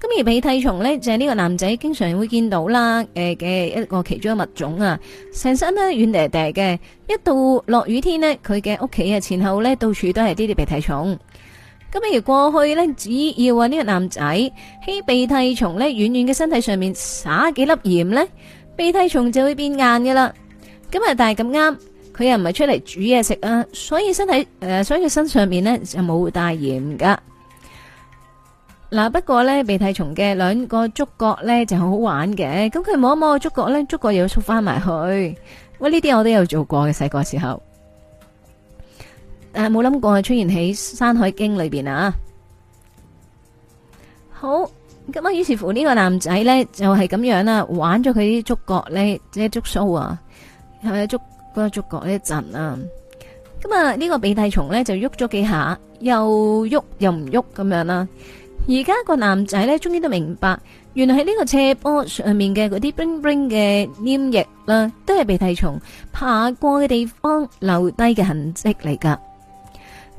咁而鼻涕蟲呢，就係、是、呢個男仔經常會見到啦，誒、呃、嘅一個其中嘅物種啊，成身都軟嗲嗲嘅。一到落雨天呢，佢嘅屋企啊前後呢，到處都係啲啲鼻涕蟲。咁而如過去呢，只要啊呢個男仔喺鼻涕蟲呢軟軟嘅身體上面撒幾粒鹽呢，鼻涕蟲就會變硬噶啦。今日但係咁啱，佢又唔係出嚟煮嘢食啊，所以身體誒，所以身上面咧就冇帶鹽噶。嗱，不過咧鼻涕蟲嘅兩個觸角咧就好好玩嘅，咁佢摸一摸個觸角咧，觸角又縮翻埋去。喂，呢啲我都有做過嘅，細個時候，誒，冇諗過係出現喺《山海經》裏邊啊。好，咁啊，於是乎呢個男仔咧就係咁樣啦，玩咗佢啲觸角咧，即係觸鬚啊。係咪捉嗰個觸角呢？一陣啊，咁啊，呢個鼻涕蟲咧就喐咗幾下，又喐又唔喐咁樣啦。而家個男仔咧，終於都明白，原來喺呢個斜坡上面嘅嗰啲 bling bling 嘅黏液啦，都係鼻涕蟲爬過嘅地方留低嘅痕跡嚟噶。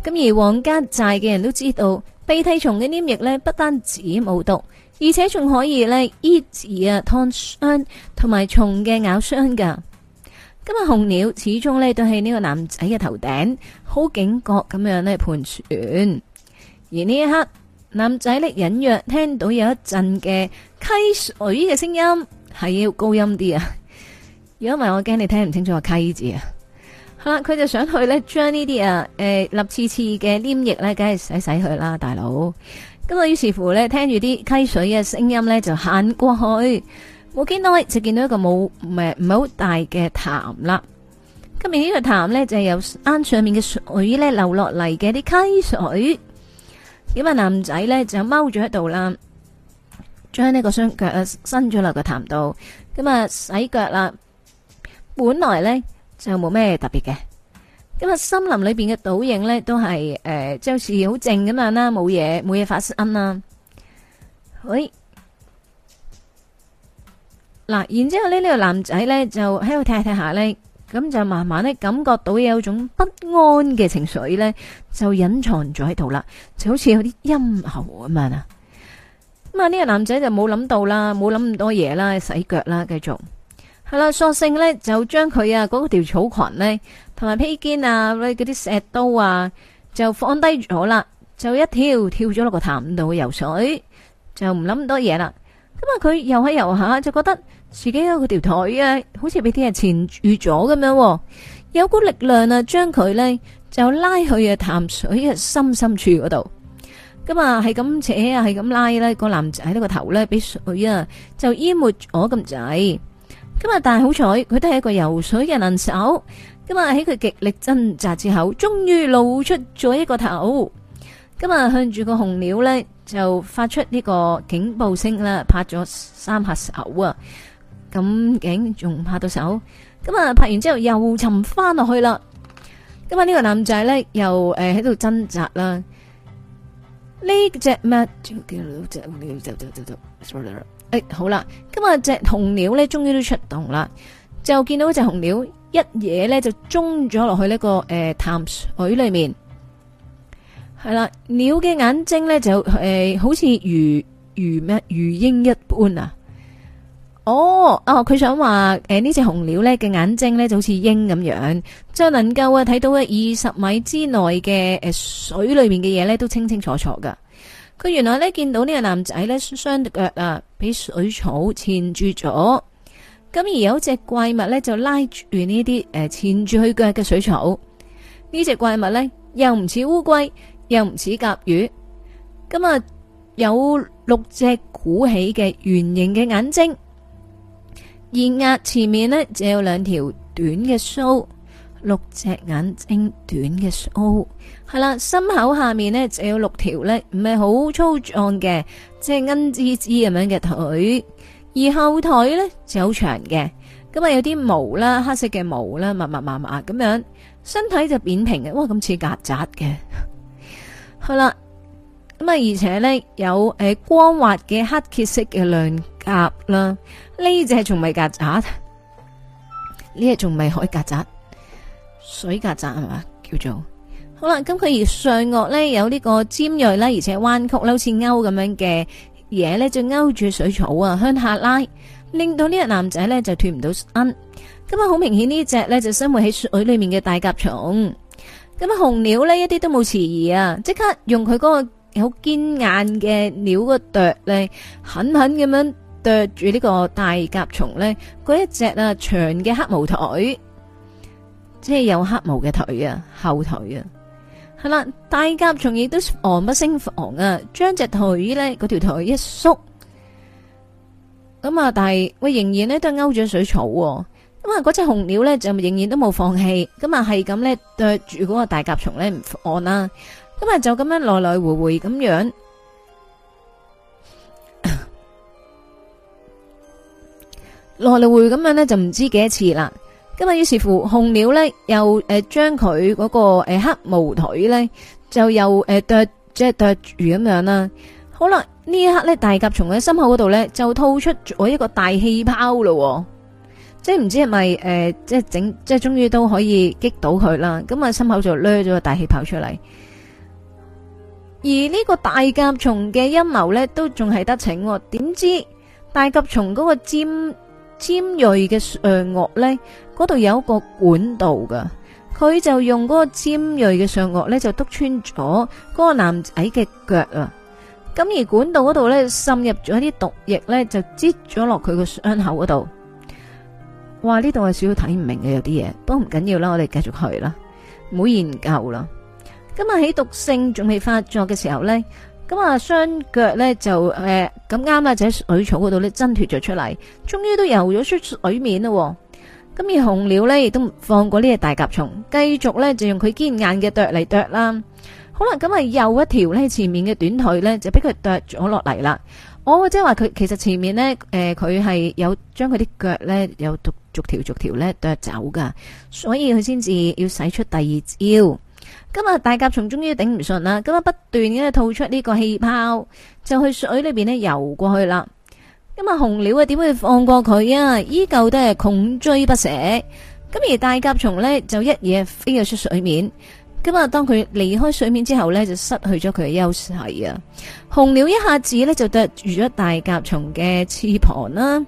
咁而皇家寨嘅人都知道，鼻涕蟲嘅黏液咧不單止冇毒，而且仲可以咧醫治啊燙傷同埋蟲嘅咬傷噶。今日紅鳥始終咧都係呢個男仔嘅頭頂，好警覺咁樣咧盤旋。而呢一刻，男仔咧隱約聽到有一陣嘅溪水嘅聲音，係要高音啲啊！如果唔係，我驚你聽唔清楚個溪字啊。係啦，佢就想去咧將呢啲啊誒立次次嘅黏液咧，梗係洗洗佢啦，大佬。咁啊，於是乎咧，聽住啲溪水嘅聲音咧，就行過去。我幾耐就見到一個冇唔係唔係好大嘅潭啦。咁而呢個潭咧就係有山上面嘅水咧流落嚟嘅啲溪水。咁啊，男仔咧就踎咗喺度啦，將呢個雙腳啊伸咗落個潭度，咁啊洗腳啦。本來咧就冇咩特別嘅。咁啊森林裏邊嘅倒影咧都係誒，即係好似好靜咁樣啦，冇嘢冇嘢發生啊。喂。嗱，然之後咧，呢個男仔咧就喺度踢下踢下咧，咁就慢慢咧感覺到有種不安嘅情緒咧，就隱藏咗喺度啦，就好似有啲陰喉咁樣啊。咁啊，呢個男仔就冇諗到啦，冇諗咁多嘢啦，洗腳啦，繼續係啦，索性咧就將佢啊嗰條草裙咧同埋披肩啊，嗰啲石刀啊，就放低咗啦，就一跳跳咗落個潭度游水，就唔諗咁多嘢啦。咁啊，佢游下游下就覺得。自己嗰條腿啊，好似俾啲人纏住咗咁樣，有股力量啊，將佢呢就拉去啊，潭水嘅深深處嗰度。咁啊係咁扯啊，係咁拉呢，個男仔呢個頭呢俾水啊，就淹沒咗咁滯。咁啊但係好彩，佢都係一個游水嘅能手。咁啊喺佢極力掙扎之後，終於露出咗一個頭。咁啊向住個紅鳥呢，就發出呢個警報聲啦，拍咗三下手啊！咁竟仲拍到手，咁啊拍完之後又沉翻落去啦。今日呢個男仔咧又誒喺度掙扎啦。呢隻咩？誒、哎、好啦，今日隻紅鳥咧終於都出動啦，就見到隻隻紅鳥一嘢咧就中咗落去呢、這個誒潭、呃、水裏面。係啦，鳥嘅眼睛咧就誒、呃、好似魚魚咩魚鷹一般啊。哦，啊、哦，佢想話誒呢隻紅鳥呢嘅眼睛呢就好似鷹咁樣，就能夠啊睇到啊二十米之內嘅誒、呃、水裏面嘅嘢呢都清清楚楚噶佢原來呢見到呢個男仔呢，雙腳啊俾水草纏住咗，咁而有隻怪物呢，就拉住呢啲誒纏住佢腳嘅水草。呢隻怪物呢，又唔似烏龜，又唔似甲魚，咁啊有六隻鼓起嘅圓形嘅眼睛。而額前面呢，就有兩條短嘅鬚，六隻眼睛短的，短嘅鬚係啦。心口下面呢，就有六條呢，唔係好粗壯嘅，即係恩枝枝咁樣嘅腿。而後腿呢，就好長嘅，咁啊有啲毛啦，黑色嘅毛啦，密密密密咁樣。身體就扁平嘅，哇咁似曱甴嘅，係啦。咁、嗯、啊，而且呢，有誒光滑嘅黑褐色嘅亮。鴨啦，呢、啊、隻仲未曱甴，呢隻仲未海曱甴，水曱甴係嘛？叫做好啦，咁佢而上顎呢，有呢個尖銳啦，而且彎曲，好似勾咁樣嘅嘢呢，就勾住水草啊，向下拉，令到呢隻男仔呢，就脫唔到身。咁啊，好明顯呢隻呢，就生活喺水裏面嘅大甲蟲。咁啊，紅鳥呢，一啲都冇遲疑啊，即刻用佢嗰個好堅硬嘅鳥個啄呢狠狠咁樣。啄住呢個大甲蟲呢，嗰一隻啊長嘅黑毛腿，即係有黑毛嘅腿啊，後腿啊，係啦，大甲蟲亦都防不勝防啊，將隻腿呢，嗰條腿一縮，咁啊，但係喂仍然咧都勾住水草，咁啊，嗰隻紅鳥呢，就仍然都冇放棄，咁啊係咁呢，啄住嗰個大甲蟲呢，唔按啦，咁啊，就咁樣來來回回咁樣。來來回咁樣咧，就唔知幾多次啦。咁啊於是乎，紅鳥咧又誒將佢嗰個誒、呃、黑毛腿咧就又誒啄，即係啄住咁樣啦。好啦，呢一刻咧，大甲蟲喺心口嗰度咧就吐出咗一個大氣泡咯，哦，即係唔知係咪誒即係整即係終於都可以激到佢啦。咁啊，心口就掠咗個大氣泡出嚟，而呢個大甲蟲嘅陰謀咧都仲係得逞，哦，點知大甲蟲嗰個尖尖銳嘅上顎呢，嗰度有一個管道噶，佢就用嗰個尖銳嘅上顎呢，就篤穿咗嗰個男仔嘅腳啊，咁而管道嗰度呢，滲入咗啲毒液呢，就擠咗落佢個傷口嗰度。哇！呢度係少少睇唔明嘅有啲嘢，不過唔緊要啦，我哋繼續去啦，唔好研究啦。今日喺毒性仲未發作嘅時候呢。咁啊，雙腳咧，就誒，咁啱啊就喺、呃、水草嗰度咧掙脫咗出嚟，終於都游咗出水面喎。咁而紅鳥咧亦都唔放過呢隻大甲蟲，繼續咧就用佢堅硬嘅啄嚟剁啦。好啦，咁啊，又一條咧前面嘅短腿咧就俾佢剁咗落嚟啦。我即係話佢其實前面咧，誒，佢、呃、係有將佢啲腳咧有逐條逐條咧剁走噶，所以佢先至要使出第二招。今日、嗯、大甲蟲終於頂唔順啦，咁、嗯、啊不斷嘅吐出呢個氣泡，就去水裏邊游過去啦。咁、嗯、啊，紅鳥啊，點會放過佢啊？依舊都係窮追不捨。咁、嗯、而大甲蟲呢，就一嘢飛咗出水面。今、嗯、日、嗯、當佢離開水面之後呢，就失去咗佢嘅優勢啊。紅鳥一下子呢就抓住咗大甲蟲嘅翅膀啦，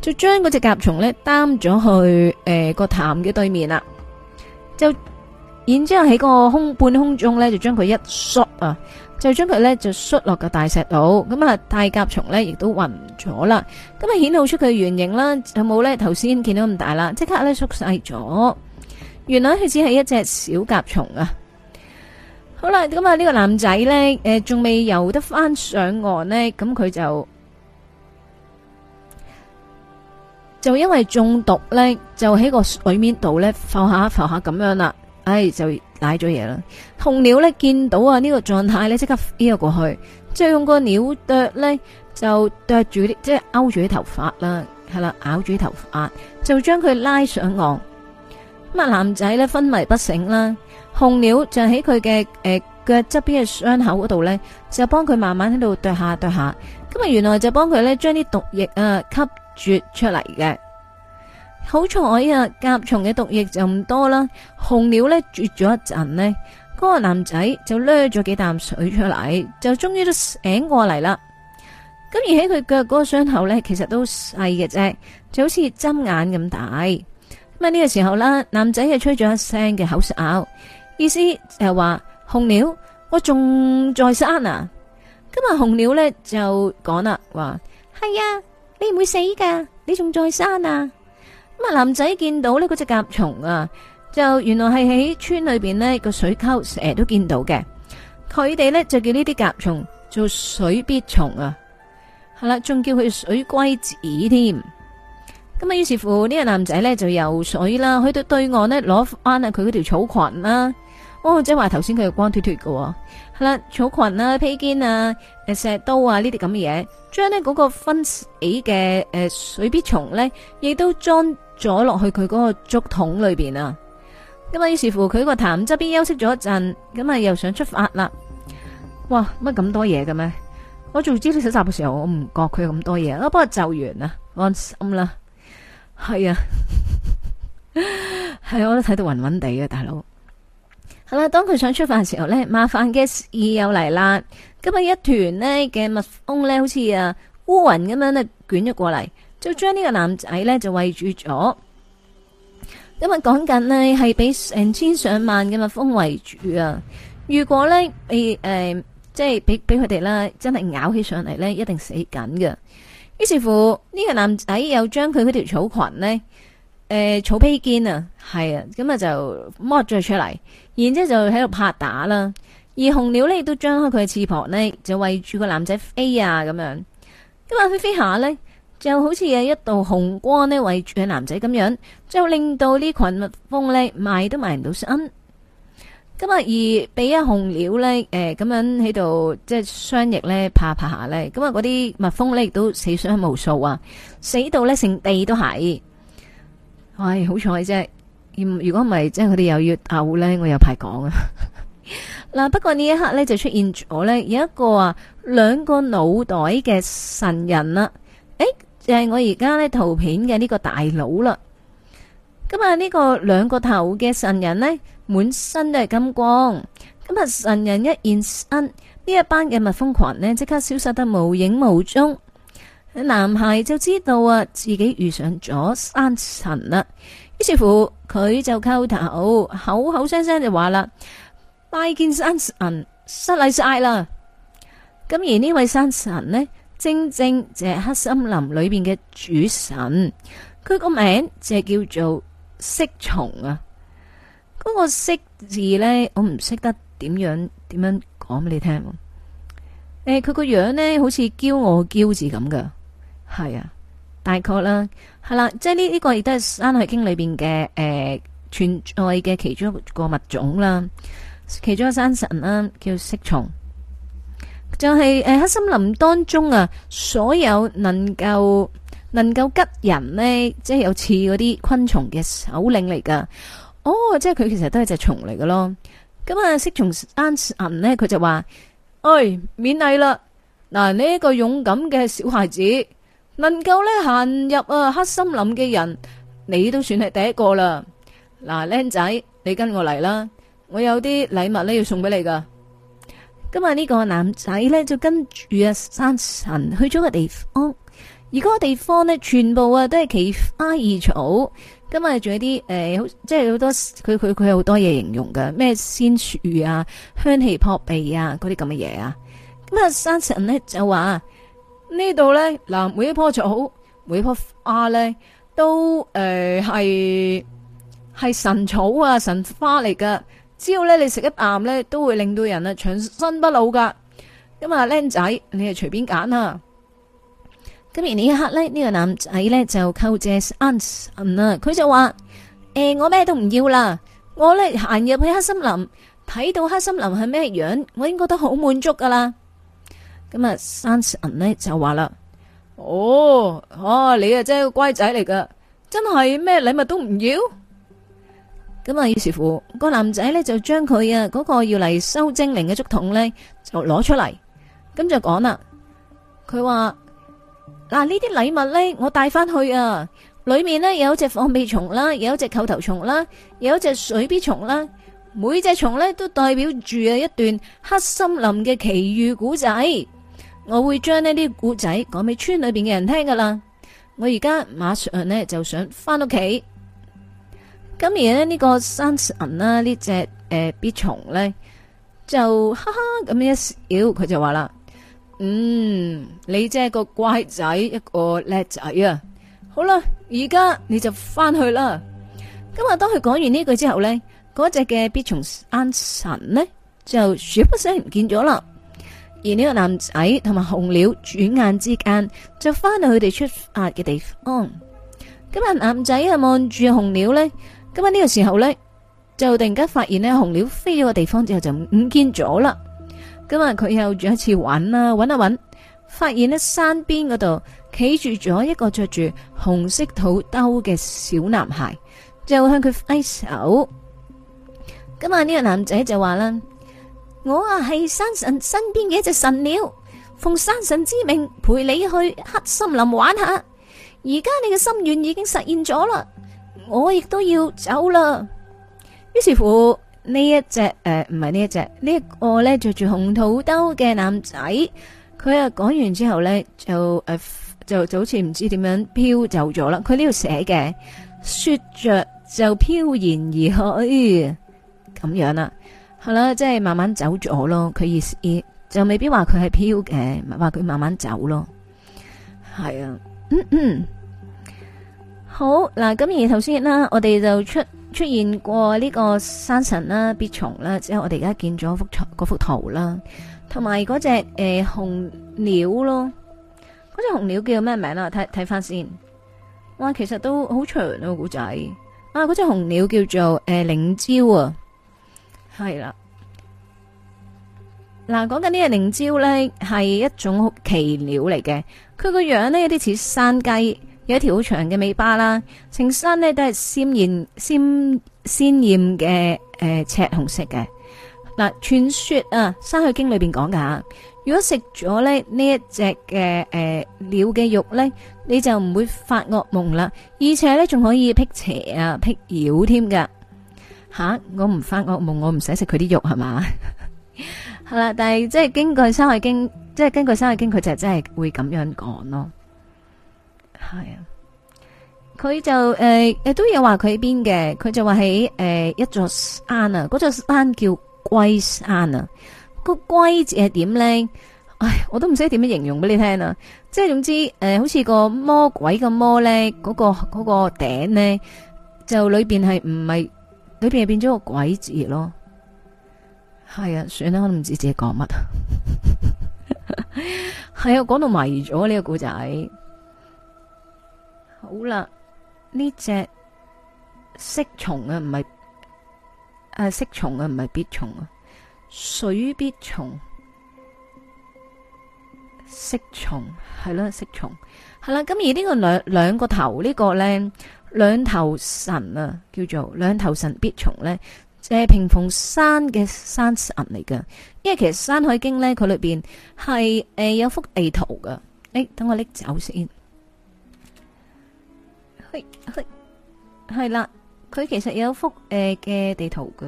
就將嗰隻甲蟲呢，擔咗去誒、呃、個潭嘅對面啦，就。然之後喺個空，半空中呢，就將佢一縮啊，就將佢呢就縮落個大石度咁啊。大甲蟲呢亦都暈咗啦。咁啊，顯露出佢嘅原型啦，就冇呢，頭先見到咁大啦，即刻呢縮細咗，原來佢只係一隻小甲蟲啊。好啦，咁啊呢個男仔呢，誒、呃，仲未游得翻上岸呢。咁佢就就因為中毒呢，就喺個水面度呢浮下浮下咁樣啦。唉、哎，就舐咗嘢啦。紅鳥咧見到啊、這個、狀態呢個狀態咧，即刻飛咗過去，即係用個鳥啄咧就啄住啲，即係勾住啲頭髮啦，係啦，咬住啲頭髮，就將佢拉上岸。咁啊，男仔咧昏迷不醒啦。紅鳥就喺佢嘅誒腳側邊嘅傷口嗰度咧，就幫佢慢慢喺度啄下啄下。咁啊，原來就幫佢咧將啲毒液啊吸絕出嚟嘅。好彩啊！甲蟲嘅毒液就唔多啦。紅鳥咧，啜咗一陣呢，嗰、那個男仔就掠咗幾啖水出嚟，就終於都醒過嚟啦。咁而喺佢腳嗰個傷口咧，其實都細嘅啫，就好似針眼咁大。咁啊呢個時候啦，男仔就吹咗一聲嘅口哨，意思就係話紅鳥，我仲在生啊。今日紅鳥咧就講啦，話係啊，你唔會死噶，你仲在生啊。咁啊，男仔見到呢嗰隻甲蟲啊，就原來係喺村裏邊呢個水溝成日都見到嘅。佢哋呢就叫呢啲甲蟲做水必蟲啊，係啦，仲叫佢水龜子添。咁啊，於是乎呢個男仔呢就游水啦，去到對岸呢攞翻啊佢嗰條草裙啦。哦，即係話頭先佢係光脫脫喎。係啦，草裙啊、披肩啊、誒、石刀啊呢啲咁嘅嘢，將呢嗰個分死嘅誒水必蟲呢，亦都裝。咗落去佢嗰個竹筒裏邊啊！咁啊，於是乎佢個潭側邊休息咗一陣，咁啊又想出發啦！哇，乜咁多嘢嘅咩？我做知識搜集嘅時候，我唔覺佢咁多嘢，不過就完啦，安心啦。係啊，係、 啊、我都睇到暈暈地嘅大佬。係啦，當佢想出發嘅時候咧，麻煩嘅事又嚟啦！咁日一團呢嘅蜜蜂咧，好似啊烏雲咁樣咧捲咗過嚟。就將呢個男仔咧，就圍住咗。因為講緊呢，係俾成千上萬嘅蜜蜂圍住啊。如果咧，誒、欸、誒、欸，即係俾俾佢哋啦，真係咬起上嚟咧，一定死緊嘅。於是乎，呢個男仔又將佢嗰條草裙呢，誒、呃、草披肩啊，係啊，咁啊就剝咗出嚟，然之後就喺度拍打啦。而紅鳥咧亦都張開佢嘅翅膀呢，就圍住個男仔飛啊，咁樣。咁啊，飛飛下咧。就好似有一道紅光咧圍住個男仔咁樣，就令到呢群蜜蜂咧賣都賣唔到身。咁啊而俾一紅鳥咧，誒咁樣喺度即係雙翼咧，拍拍下咧。咁啊，嗰啲蜜蜂咧亦都死傷無數啊，死到咧成地都係。唉，好彩啫！如如果唔係，即係佢哋又要咬咧，我有排講啊。嗱，不過呢一刻咧就出現咗咧，有一個啊兩個腦袋嘅神人啦，誒。就係我而家呢圖片嘅呢個大佬啦，今日呢個兩個頭嘅神人呢，滿身都係金光。今日神人一現身，呢一班嘅蜜蜂群呢，即刻消失得無影無蹤。男孩就知道啊，自己遇上咗山神啦。於是乎，佢就叩頭，口口聲聲就話啦：拜見山神，失禮晒啦。咁而呢位山神呢。正正就係黑森林裏邊嘅主神，佢個名就係叫做色蟲啊。嗰個色字呢，我唔識得點樣點樣講俾你聽。誒，佢個樣呢，好似驕傲驕字咁噶，係啊，大概啦，係啦，即係呢呢個亦都係山海經裏邊嘅誒存在嘅其中一個物種啦，其中一個山神啦，叫色蟲。就係誒黑森林當中啊，所有能夠能夠吉人呢，即係有似嗰啲昆蟲嘅首領嚟噶。哦，即係佢其實都係隻蟲嚟噶咯。咁啊，色蟲單人呢，佢就話，哎，免禮啦。嗱，呢個勇敢嘅小孩子，能夠咧行入啊黑森林嘅人，你都算係第一個啦。嗱，僆仔，你跟我嚟啦，我有啲禮物呢要送俾你噶。今日呢個男仔咧就跟住啊山神去咗個地方，而嗰個地方咧全部啊都係奇花異草。今日仲有啲誒，好、呃、即係好多佢佢佢有好多嘢形容噶，咩仙樹啊、香氣撲鼻啊，嗰啲咁嘅嘢啊。咁啊，山神咧就話：呢度咧嗱，每一棵草、每一棵花咧都誒係係神草啊、神花嚟噶只要呢，你食一啖呢，都會令到人啊長生不老噶。咁啊，靚仔，你啊隨便揀啊。咁而呢一刻呢，呢、呢個男仔呢，就叩謝山神啦。佢就話：誒，我咩都唔要啦。我呢，行入去黑森林，睇到黑森林係咩樣，我應該都好滿足噶啦。咁啊，山神呢，就話啦：哦，哦、啊，你啊真係個乖仔嚟噶，真係咩禮物都唔要。咁啊，於是乎，個男仔呢，就將佢啊嗰個要嚟收精靈嘅竹筒呢，就攞出嚟，咁就講啦。佢話：嗱，呢啲禮物呢，我帶翻去啊！裏面呢，有隻放屁蟲啦，有隻叩頭蟲啦，有一隻水逼蟲啦，每隻蟲呢，都代表住啊一段黑森林嘅奇遇故仔。我會將呢啲故仔講俾村裏邊嘅人聽噶啦。我而家馬上呢，就想翻屋企。今日呢個山神啦、啊，隻呃、必呢隻誒 B 蟲咧就哈哈咁一笑，佢就話啦，嗯，你真係個乖仔，一個叻仔啊！好啦，而家你就翻去啦。今日當佢講完呢句之後咧，嗰隻嘅 B 蟲山神咧就說不聲唔見咗啦。而呢個男仔同埋紅鳥轉眼之間就翻到佢哋出發嘅地方。今日男仔啊，望住紅鳥咧。咁啊！呢個時候呢，就突然間發現呢紅鳥飛咗個地方之後就唔見咗啦。咁啊，佢又再一次揾啦，揾一揾，發現呢山邊嗰度企住咗一個着住紅色肚兜嘅小男孩，就向佢揮手。咁啊，呢個男仔就話啦：我啊係山神身邊嘅一隻神鳥，奉山神之命陪你去黑森林玩下。而家你嘅心願已經實現咗啦。我亦都要走啦。於是乎，呢一隻誒，唔係呢一隻，呃這一隻這個、呢個咧着住紅肚兜嘅男仔，佢啊講完之後咧就誒，就、呃、就，就好似唔知點樣飄走咗啦。佢呢度寫嘅，說着就飄然而去，咁樣啦、啊，係、嗯、啦，即係慢慢走咗咯。佢意思就未必話佢係飄嘅，話佢慢慢走咯。係啊，嗯嗯。好嗱，咁而頭先啦，我哋就出出現過呢個山神啦、壁蟲啦，之後我哋而家見咗幅圖幅圖啦，同埋嗰隻誒、呃、紅鳥咯，嗰隻紅鳥叫咩名啊？睇睇翻先，哇，其實都好長啊，故仔啊，嗰隻紅鳥叫做誒靈鳥啊，係啦，嗱、呃，講緊呢隻靈鳥咧，係一種奇鳥嚟嘅，佢個樣咧有啲似山雞。有一條好長嘅尾巴啦，成身咧都係鮮豔鮮鮮豔嘅誒赤紅色嘅。嗱，傳說啊《山海經》裏邊講噶吓，如果食咗咧呢一隻嘅誒鳥嘅肉咧，你就唔會發噩夢啦，而且咧仲可以辟邪啊辟妖添噶。吓，我唔發噩夢，我唔使食佢啲肉係嘛？係啦，但係即係經過《山海經》，即係根據《山海經》，佢就真係會咁樣講咯。係啊，佢就誒誒都有話佢喺邊嘅，佢就話喺誒一座山啊，嗰座山叫龜山啊，個龜字係點咧？唉，我都唔識點樣形容俾你聽啊！即係總之誒、呃，好似個魔鬼嘅魔咧，嗰個嗰個頂咧就裏邊係唔係裏邊係變咗個鬼字咯？係啊，算啦，我都唔知自己講乜 啊！係啊，講到迷咗呢個故仔。好啦，呢隻色蟲啊，唔係誒，色蟲啊，唔係、啊、必蟲啊，水必蟲，色蟲係咯，色蟲係啦。咁而呢個兩兩個頭、這個、呢個咧，兩頭神啊，叫做兩頭神必蟲咧，就係平逢山嘅山神嚟噶。因為其實《山海經呢》咧，佢裏邊係誒有幅地圖噶。誒、欸，等我拎走先。佢佢係啦，佢其實有一幅誒嘅、呃、地圖噶，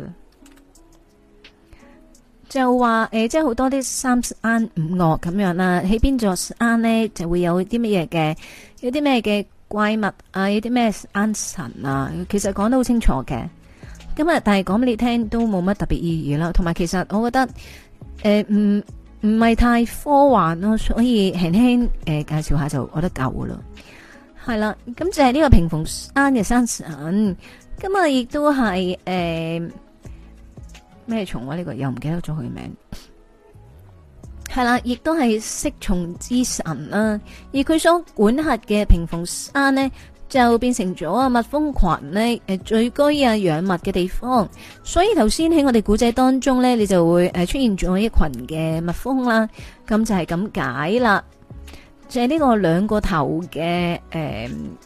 就話誒，即係好多啲三山五岳咁樣啦，喺邊座山咧就會有啲乜嘢嘅，有啲咩嘅怪物啊，有啲咩山神啊，其實講得好清楚嘅。今日但係講俾你聽都冇乜特別意義啦，同埋其實我覺得誒，唔唔係太科幻咯，所以輕輕誒介紹下就覺得夠噶係啦，咁就係呢個屏風山嘅山神，咁啊亦都係誒咩蟲啊？呢、這個又唔記得咗佢嘅名字。係啦，亦都係色蟲之神啦。而佢所管轄嘅屏風山呢，就變成咗啊蜜蜂群呢誒聚居啊養蜜嘅地方。所以頭先喺我哋古仔當中呢，你就會誒出現咗一群嘅蜜蜂啦。咁就係咁解啦。就係呢個兩個頭嘅誒，係、嗯、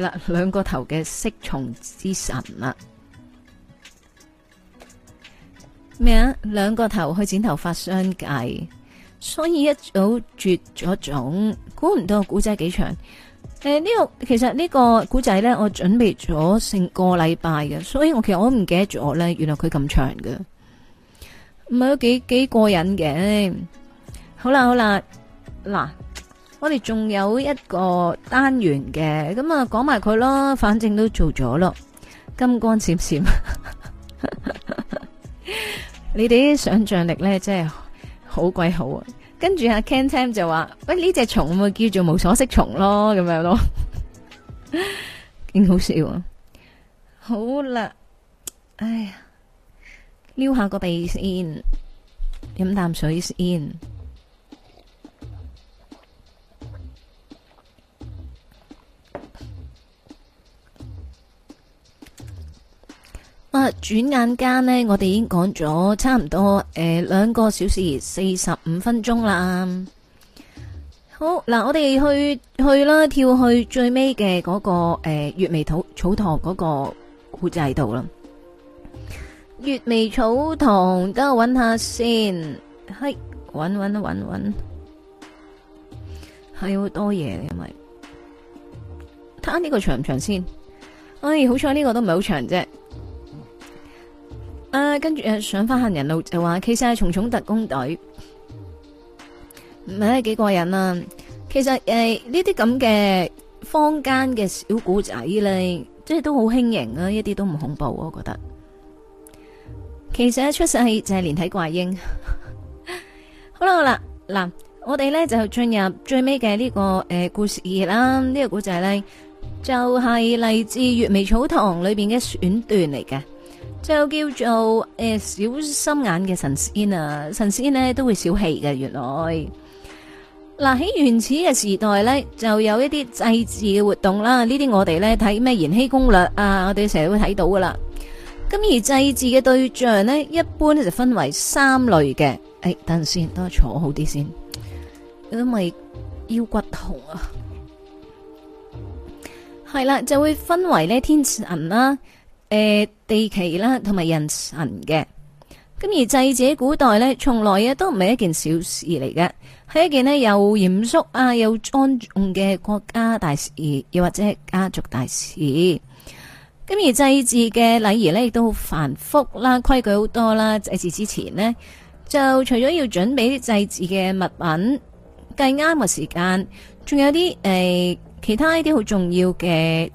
啦，兩個頭嘅色蟲之神啦。咩啊？兩個頭去剪頭髮相繼，所以一早絕咗種。估唔到古仔幾長？誒、嗯、呢、這個其實這個呢個古仔咧，我準備咗成個禮拜嘅，所以我其實我都唔記得咗。咧，原來佢咁長嘅，唔係都幾幾過癮嘅。好啦，好啦。嗱，我哋仲有一個單元嘅，咁啊講埋佢咯，反正都做咗咯，金光閃閃。 你哋啲想象力咧，真係好鬼好啊！跟住阿 Ken Tam 就話，喂，呢隻蟲咪叫做無所適從咯，咁樣咯，勁好笑啊！好啦，哎呀，撩下個鼻先，飲啖水先。哇、啊！轉眼間呢，我哋已經講咗差唔多誒、呃、兩個小時四十五分鐘啦。好嗱、啊，我哋去去啦，跳去最尾嘅嗰個誒、呃、閱微草，草堂嗰、那個古仔度啦。閱微草堂，等我揾下先，係揾揾揾揾，係好多嘢係咪？睇下呢個長唔長先。唉、哎，好彩呢個都唔係好長啫。誒、啊，跟住誒上翻行人路就話，其實係蟲蟲特工隊，唔係幾過癮啊！其實誒呢啲咁嘅坊間嘅小古仔咧，即係都好輕盈啊，一啲都唔恐怖、啊，我覺得。其實啊，出世就係連體怪嬰。 好啦好啦，嗱，我哋咧就進入最尾嘅呢個誒、呃、故事啦，這個、事呢個古仔咧就係、是、嚟自《閱微草堂》裏邊嘅選段嚟嘅。就叫做誒、欸、小心眼嘅神仙啊！神仙呢都會小氣嘅原來！嗱、啊、喺原始嘅時代呢，就有一啲祭祀嘅活動啦。這些們呢啲我哋呢睇咩延禧攻略啊，我哋成日都會睇到噶啦。咁而祭祀嘅對象呢，一般呢就分為三類嘅。誒，等陣先，等我坐好啲先。因為腰骨痛啊！係啦，就會分為呢天神啦。誒，地旗啦，同埋人神嘅。咁而祭祀古代呢，從來啊都唔係一件小事嚟嘅，係一件呢又嚴肅啊又莊重嘅國家大事，又或者係家族大事。咁而祭祀嘅禮儀呢，亦都好繁複啦，規矩好多啦。祭祀之前呢，就除咗要準備啲祭祀嘅物品，計啱個時間，仲有啲誒、呃、其他一啲好重要嘅。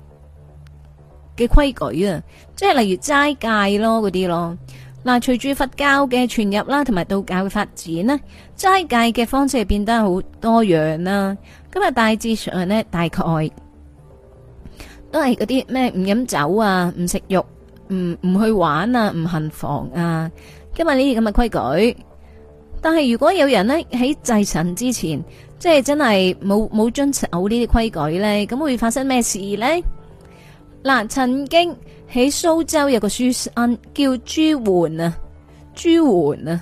嘅規矩啊，即係例如齋戒咯，嗰啲咯，嗱，隨住佛教嘅傳入啦，同埋道教嘅發展呢，齋戒嘅方式變得好多樣啦。今日大致上呢，大概都係嗰啲咩唔飲酒啊，唔食肉，唔唔去玩啊，唔行房啊，今日呢啲咁嘅規矩。但係如果有人呢喺祭神之前，即係真係冇冇遵守呢啲規矩呢，咁會發生咩事呢？嗱，曾經喺蘇州有個書生叫朱煥啊，朱煥啊，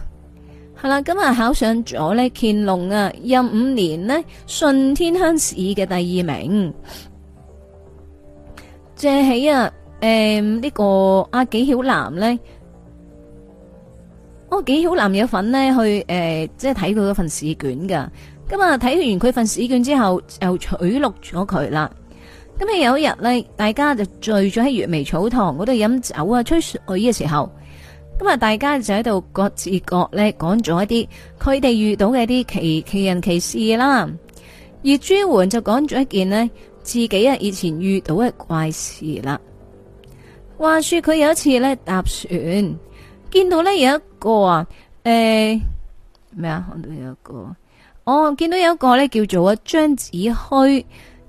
係啦，考上咗呢乾隆啊，任五年呢，順天鄉試嘅第二名。借起、嗯這個、啊，誒呢個阿紀曉嵐呢，哦，紀曉嵐有份呢，去、呃、誒，即係睇佢份試卷噶。今日睇完佢份試卷之後，又取錄咗佢啦。咁咧、嗯、有一日咧，大家就聚咗喺閱微草堂嗰度飲酒啊、吹水嘅時候，咁啊大家就喺度各自各咧講咗一啲佢哋遇到嘅啲奇奇人奇事啦。而朱桓就講咗一件呢，自己啊以前遇到嘅怪事啦。話說佢有一次咧搭船，見到呢有一個啊，誒咩啊？我見到有一個，欸、我個、哦、見到有一個呢，叫做啊張子虛。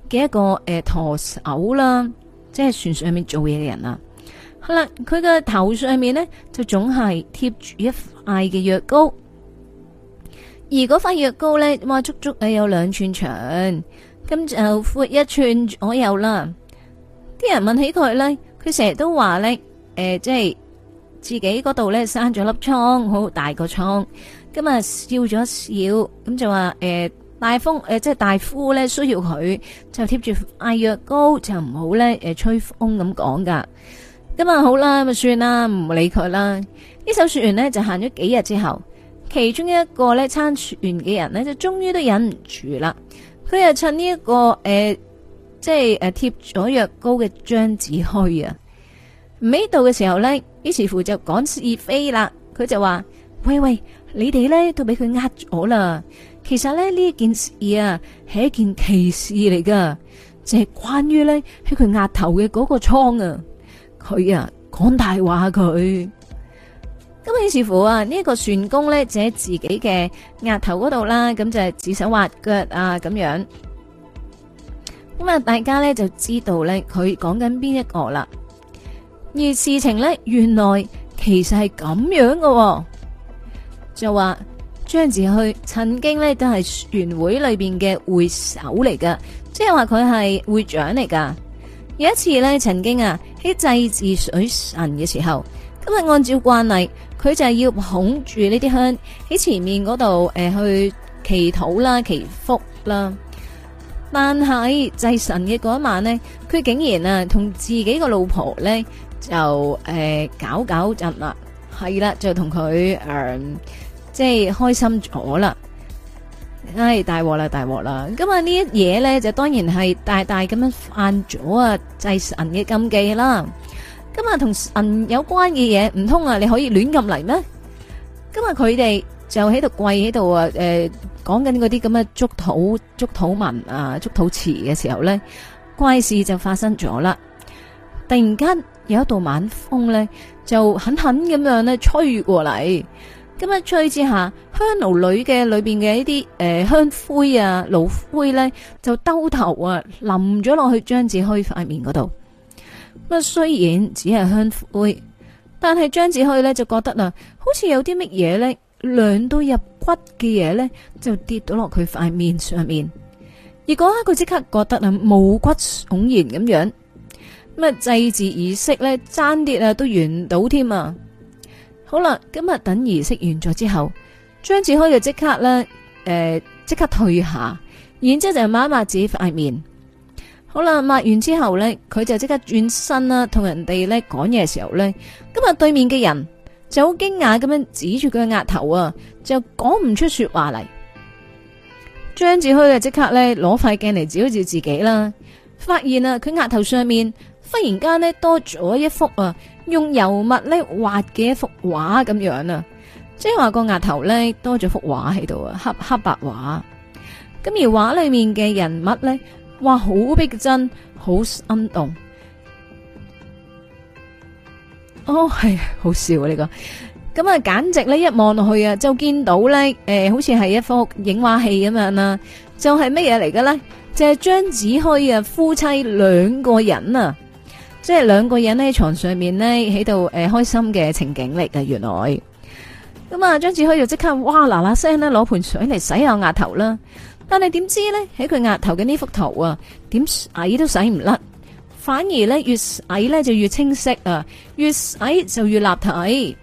嘅一個誒舵、呃、手啦，即係船上面做嘢嘅人啊，好啦，佢嘅頭上面呢，就總係貼住一塊嘅藥膏，而嗰塊藥膏呢，哇足足誒有兩寸長，咁就闊一寸左右啦。啲人問起佢呢，佢成日都話呢，誒、呃，即係自己嗰度呢，生咗粒瘡，好大個瘡，今日笑咗一笑，咁就話誒。呃大風誒、呃，即係大夫咧，需要佢就貼住艾藥膏，就唔好咧誒吹風咁講噶。咁啊好啦，咪算啦，唔理佢啦。首呢首說完呢就行咗幾日之後，其中一個咧參禪嘅人呢就終於都忍唔住啦。佢又趁呢、這、一個誒、呃，即係誒貼咗藥膏嘅張子虛啊，唔喺度嘅時候呢，於是乎就講是非啦。佢就話：喂，喂，你哋呢都俾佢呃咗啦。其實咧呢一件事啊，係一件奇事嚟噶，就係關於呢，喺佢額頭嘅嗰個瘡啊，佢啊講大話佢、啊。咁於是乎啊，呢、這、一個船工呢，就喺自己嘅額頭嗰度啦，咁、嗯、就係指手畫腳啊咁樣。咁、嗯、啊，大家呢就知道呢，佢講緊邊一個啦。而事情呢，原來其實係咁樣喎、哦，就話。張子去曾經咧都係船會裏邊嘅會首嚟噶，即係話佢係會長嚟噶。有一次咧，曾經啊喺祭祀水神嘅時候，今日按照慣例，佢就係要捧住呢啲香喺前面嗰度，誒去祈禱啦、祈福啦。但係祭神嘅嗰一晚呢，佢竟然，啊同自己個老婆咧就誒、呃，搞搞震啦，係啦，就同佢誒。呃即係開心咗啦！唉，大鑊啦，大鑊啦！咁啊，呢一嘢咧就當然係大大咁樣犯咗啊，祭神嘅禁忌啦。咁啊同神有關嘅嘢唔通啊，你可以亂咁嚟咩？今日佢哋就喺度跪喺度啊，誒、呃，講緊嗰啲咁嘅祝土祝土文啊，祝土詞嘅時候咧，怪事就發生咗啦！突然間有一道晚風咧，就狠狠咁樣咧吹過嚟。咁一吹之下，香爐裏嘅裏邊嘅一啲誒香灰啊、爐灰呢，就兜頭啊淋咗落去張子虛塊面嗰度。咁啊，雖然只係香灰，但係張子虛呢，就覺得啦，好似有啲乜嘢呢，涼到入骨嘅嘢呢，就跌到落佢塊面上面。而嗰刻佢即刻覺得啊，毛骨悚然咁樣。咁啊，祭祀儀式呢，爭啲啊都完唔到添啊！好啦，今日等儀式完咗之後，張志開就即刻咧，誒、呃，即刻退下，然之後就抹一抹自己塊面。好啦，抹完之後咧，佢就即刻轉身啦，同人哋咧講嘢嘅時候咧，今日對面嘅人就好驚訝咁樣指住佢嘅額頭啊，就講唔出說話嚟。張志開就即刻咧攞塊鏡嚟照住自己啦，發現啊，佢額頭上面。忽然間咧多咗一幅啊，用油墨咧畫嘅一幅畫咁樣啊，即係話個額頭咧多咗幅畫喺度啊，黑黑白畫，咁而畫裏面嘅人物咧，哇好逼真，好生動。哦，係好笑啊呢個，咁啊簡直咧一望落去啊，就見到咧誒、呃，好似係一幅影畫戲咁樣啦，就係乜嘢嚟嘅咧？就係張子虛啊，夫妻兩個人啊。即係兩個人咧喺床上面呢，喺度誒開心嘅情景嚟㗎。原來咁啊張志輝就即刻哇嗱嗱聲呢，攞盆水嚟洗下額頭啦，但係點知呢，喺佢額頭嘅呢幅圖啊，點揩都洗唔甩，反而呢，越揩呢就越清晰啊，越揩就越立體。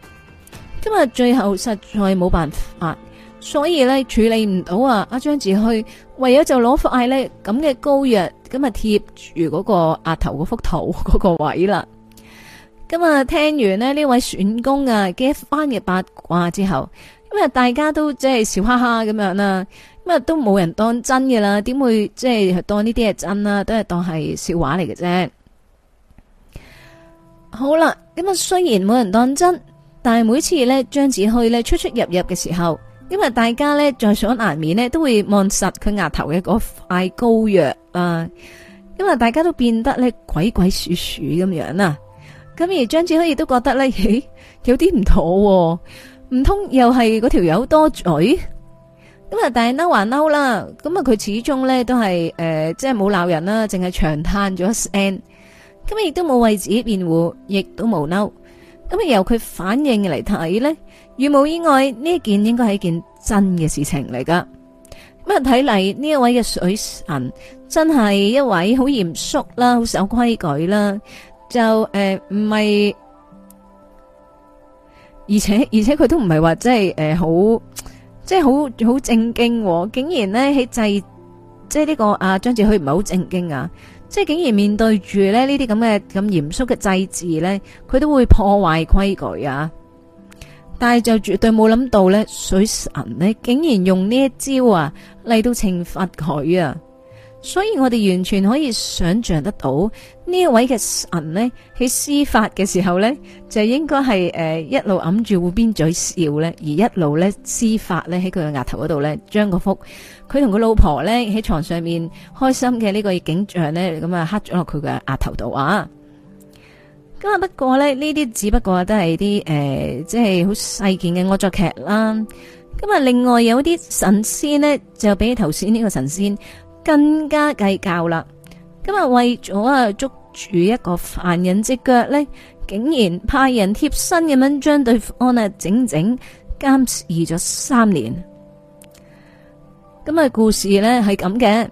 今日最後實在冇辦法，所以呢處理唔到啊！阿張志輝唯有就攞塊呢咁嘅膏藥，今日貼住嗰個額頭嗰幅圖嗰個位啦。今日聽完咧呢位選工啊，嘅一番嘅八卦之後，咁啊大家都即係笑哈哈咁樣啦，咁啊都冇人當真嘅啦。點會即係當呢啲係真啦，啊？都係當係笑話嚟嘅啫。好啦，咁啊雖然冇人當真，但係每次呢張子虛呢出出入入嘅時候。因為大家咧在所難免呢，都會望實佢額頭嘅嗰塊膏藥啊，因為大家都變得咧鬼鬼祟祟咁樣啊，咁而張子康亦都覺得咧，咦，有啲唔妥，喔，唔通又係嗰條友多嘴？咁啊，但係嬲還嬲啦，咁啊，佢始終咧都係誒，即係冇鬧人啦，淨係長嘆咗一聲，咁啊，亦都冇為自己辯護，亦都冇嬲，咁啊，由佢反應嚟睇咧。如冇意外呢一件應該係一件真嘅事情嚟噶，咁啊睇嚟呢一位嘅水神真係一位好嚴肅啦，好守規矩啦，就誒唔係，而且而且佢都唔係話即係誒好，即係好好正經、哦，竟然呢喺祭，即係、這、呢個阿、啊、張志去唔係好正經啊，即係竟然面對住咧呢啲咁嘅咁嚴肅嘅祭祀呢，佢都會破壞規矩啊。但係就絕對冇諗到咧，水神呢竟然用呢一招啊嚟到懲罰佢啊！所以我哋完全可以想象得到，呢一位嘅神呢喺施法嘅時候呢，就應該係誒一路揞住護邊嘴笑呢，而一路咧施法咧喺佢嘅額頭嗰度呢，將個福佢同佢老婆呢喺床上面開心嘅呢個景象呢，咁啊刻咗落佢嘅額頭度啊！不過呢呢啲只不過都係啲誒，即係好細件嘅惡作劇啦。咁啊，另外有啲神仙呢，就比頭先呢個神仙更加計較啦。咁啊，為咗啊捉住一個凡人隻腳呢，竟然派人貼身咁樣將對方啊整整監視咗三年。咁啊，故事呢係咁嘅，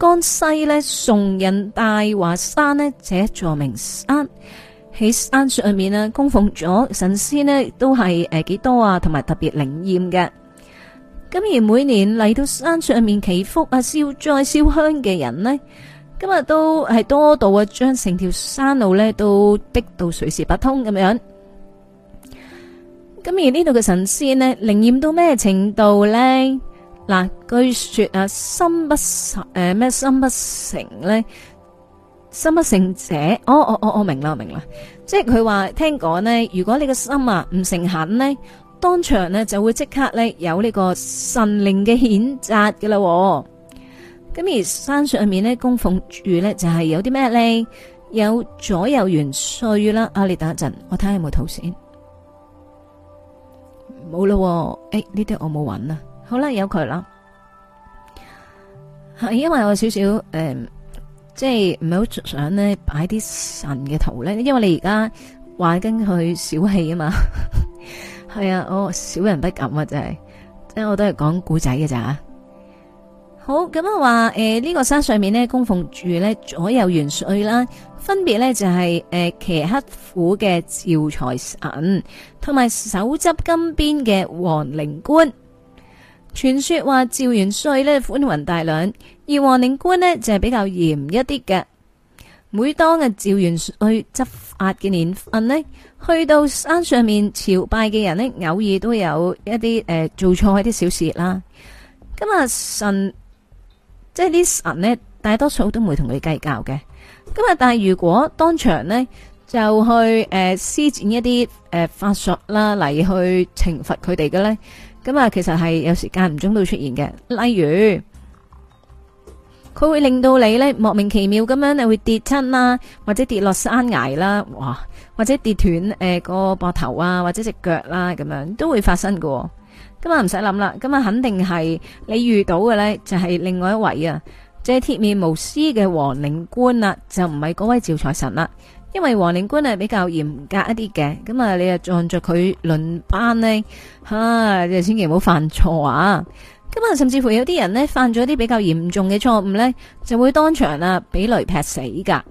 江西呢，崇仁大華山呢，一座名山。喺山上面啊，供奉咗神仙咧，都係誒幾多啊，同埋特別靈驗嘅。咁而每年嚟到山上面祈福啊、燒災燒香嘅人咧，今日都係多到啊，將成條山路咧都逼到水泄不通咁樣。咁而呢度嘅神仙咧，靈驗到咩程度咧？嗱，據說啊，心不實誒咩心不誠咧？心不誠者，哦、我我我我明啦，我明啦，即係佢話聽講呢，如果你個心啊唔誠懇呢，當場呢就會即刻呢有呢個神靈嘅譴責嘅喎。咁而山上面呢，供奉住呢就係有啲咩呢？有左右元帥啦。啊，你等一陣，我睇下有冇圖先。冇喇誒，呢啲我冇揾啦。好啦，有佢啦，係因為我少少誒。呃即係唔係好想咧擺啲神嘅圖咧，因為你而家話緊佢小氣啊嘛， 係啊，我小人不敢啊，真係，即係我都係講古仔嘅咋，好咁啊話誒呢個山上面呢，供奉住咧左右元帥啦，分別呢就係誒騎黑虎嘅趙財神，同埋手執金鞭嘅王靈官。傳說話趙元帥呢寬宏大量。而王靈官呢，就係、是、比較嚴一啲嘅，每當嘅趙完去執法嘅年份呢，去到山上面朝拜嘅人呢，偶爾都有一啲誒、呃、做錯一啲小事啦。咁、嗯、啊神，即係啲神呢大多數都唔會同佢計較嘅。咁、嗯、啊，但係如果當場呢，就去誒、呃、施展一啲誒、呃、法術啦嚟去懲罰佢哋嘅呢，咁啊、嗯、其實係有時間唔中都會出現嘅，例如。都會令到你咧莫名其妙咁樣，你會跌親啦，或者跌落山崖啦，哇，或者跌斷誒個膊頭啊，或者隻腳啦，咁樣都會發生噶哦。咁啊唔使諗啦，咁啊肯定係你遇到嘅呢，就係另外一位啊，即係鐵面無私嘅王靈官啦，就唔係嗰位趙財神啦，因為王靈官係比較嚴格一啲嘅。咁啊，你啊撞着佢輪班咧，吓，你就千祈唔好犯錯啊！咁啊、呃，甚至乎有啲人呢，犯咗啲比較嚴重嘅錯誤呢，就會當場啊俾雷劈死噶。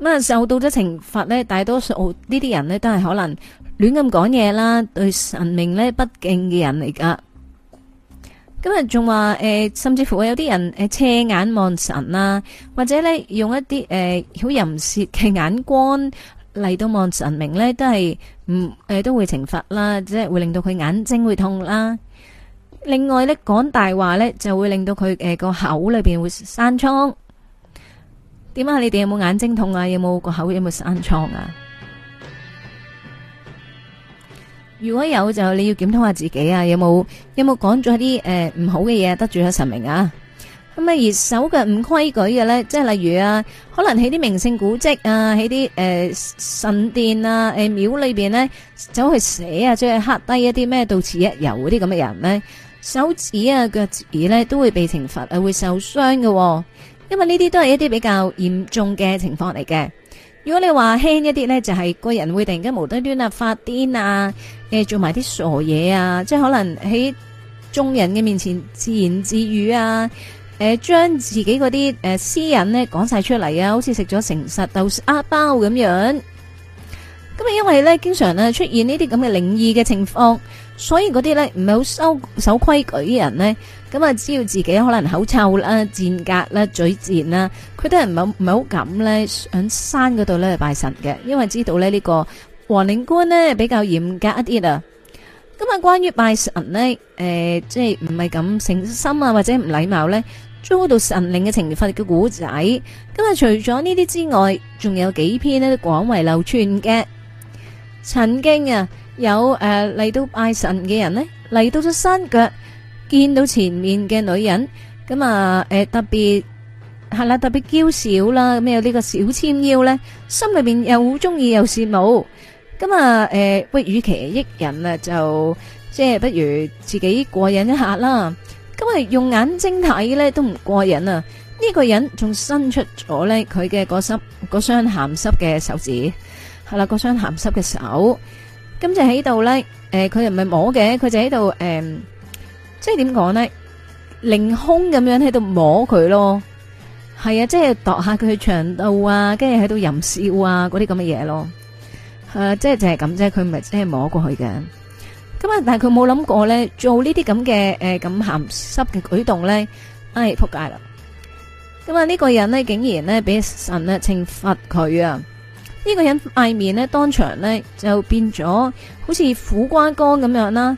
咁啊，受到咗懲罰呢，大多數呢啲人呢，都係可能亂咁講嘢啦，對神明呢，不敬嘅人嚟噶。今日仲話誒，甚至乎有啲人誒斜眼望神啦，或者呢，用一啲誒好淫舌嘅眼光嚟到望神明呢，都係唔誒都會懲罰啦，即係會令到佢眼睛會痛啦。另外咧，講大話咧，就會令到佢誒個口裏邊會生瘡。點啊？你哋有冇眼睛痛啊？有冇個口有冇生瘡啊？ 如果有就你要檢討下自己啊！有冇有冇講咗一啲誒唔好嘅嘢？得罪咗神明啊！咁啊，二手嘅唔規矩嘅咧，即係例如啊，可能喺啲名勝古跡啊，喺啲誒神殿啊、誒、呃、廟裏邊呢走去寫啊，走去刻低一啲咩到此一遊嗰啲咁嘅人呢。手指啊、腳趾咧都會被懲罰啊，會受傷嘅、哦，因為呢啲都係一啲比較嚴重嘅情況嚟嘅。如果你話輕一啲呢，就係、是、個人會突然間無端端啊發癲啊，誒、呃、做埋啲傻嘢啊，即係可能喺眾人嘅面前自言自語啊，誒、呃、將自己嗰啲、呃、私隱呢講晒出嚟啊，好似食咗誠實豆沙包咁樣。咁啊，因為咧經常咧出現呢啲咁嘅靈異嘅情況。所以嗰啲咧唔係好守守規矩啲人呢。咁啊，只要自己可能口臭啦、賤格啦、嘴賤啦，佢都係唔係唔好咁呢。敢上山嗰度咧去拜神嘅，因為知道呢，呢個王靈官呢，比較嚴格一啲啊。今日關於拜神呢，誒、呃，即係唔係咁誠心啊，或者唔禮貌呢，遭到神靈嘅懲罰嘅古仔。今日除咗呢啲之外，仲有幾篇都廣為流傳嘅《曾經》啊。有誒嚟、呃、到拜神嘅人呢，嚟到咗山腳，見到前面嘅女人，咁啊誒、呃、特別，係啦特別嬌小啦，咁有呢個小纖腰呢？心裏邊又好中意又羨慕，咁啊誒喂、呃，與其益人啊，就即係不如自己過癮一下啦。咁啊，用眼睛睇呢，都唔過癮啊！呢、這個人仲伸出咗呢，佢嘅個濕，個雙鹹濕嘅手指，係啦，個雙鹹濕嘅手。咁就喺度咧，誒，佢又唔係摸嘅，佢就喺度，誒，即係點講咧，凌空咁樣喺度摸佢咯，係啊，即係度下佢嘅長度啊，跟住喺度淫笑啊，嗰啲咁嘅嘢咯，誒，即係就係咁啫，佢唔係即係摸過去嘅，咁啊，但係佢冇諗過咧，做呢啲咁嘅，誒，咁咸濕嘅舉動咧，唉，仆街啦，咁啊，呢個人咧竟然咧，俾神咧懲罰佢啊！呢個人塊面呢，當場呢就變咗好似苦瓜乾咁樣啦，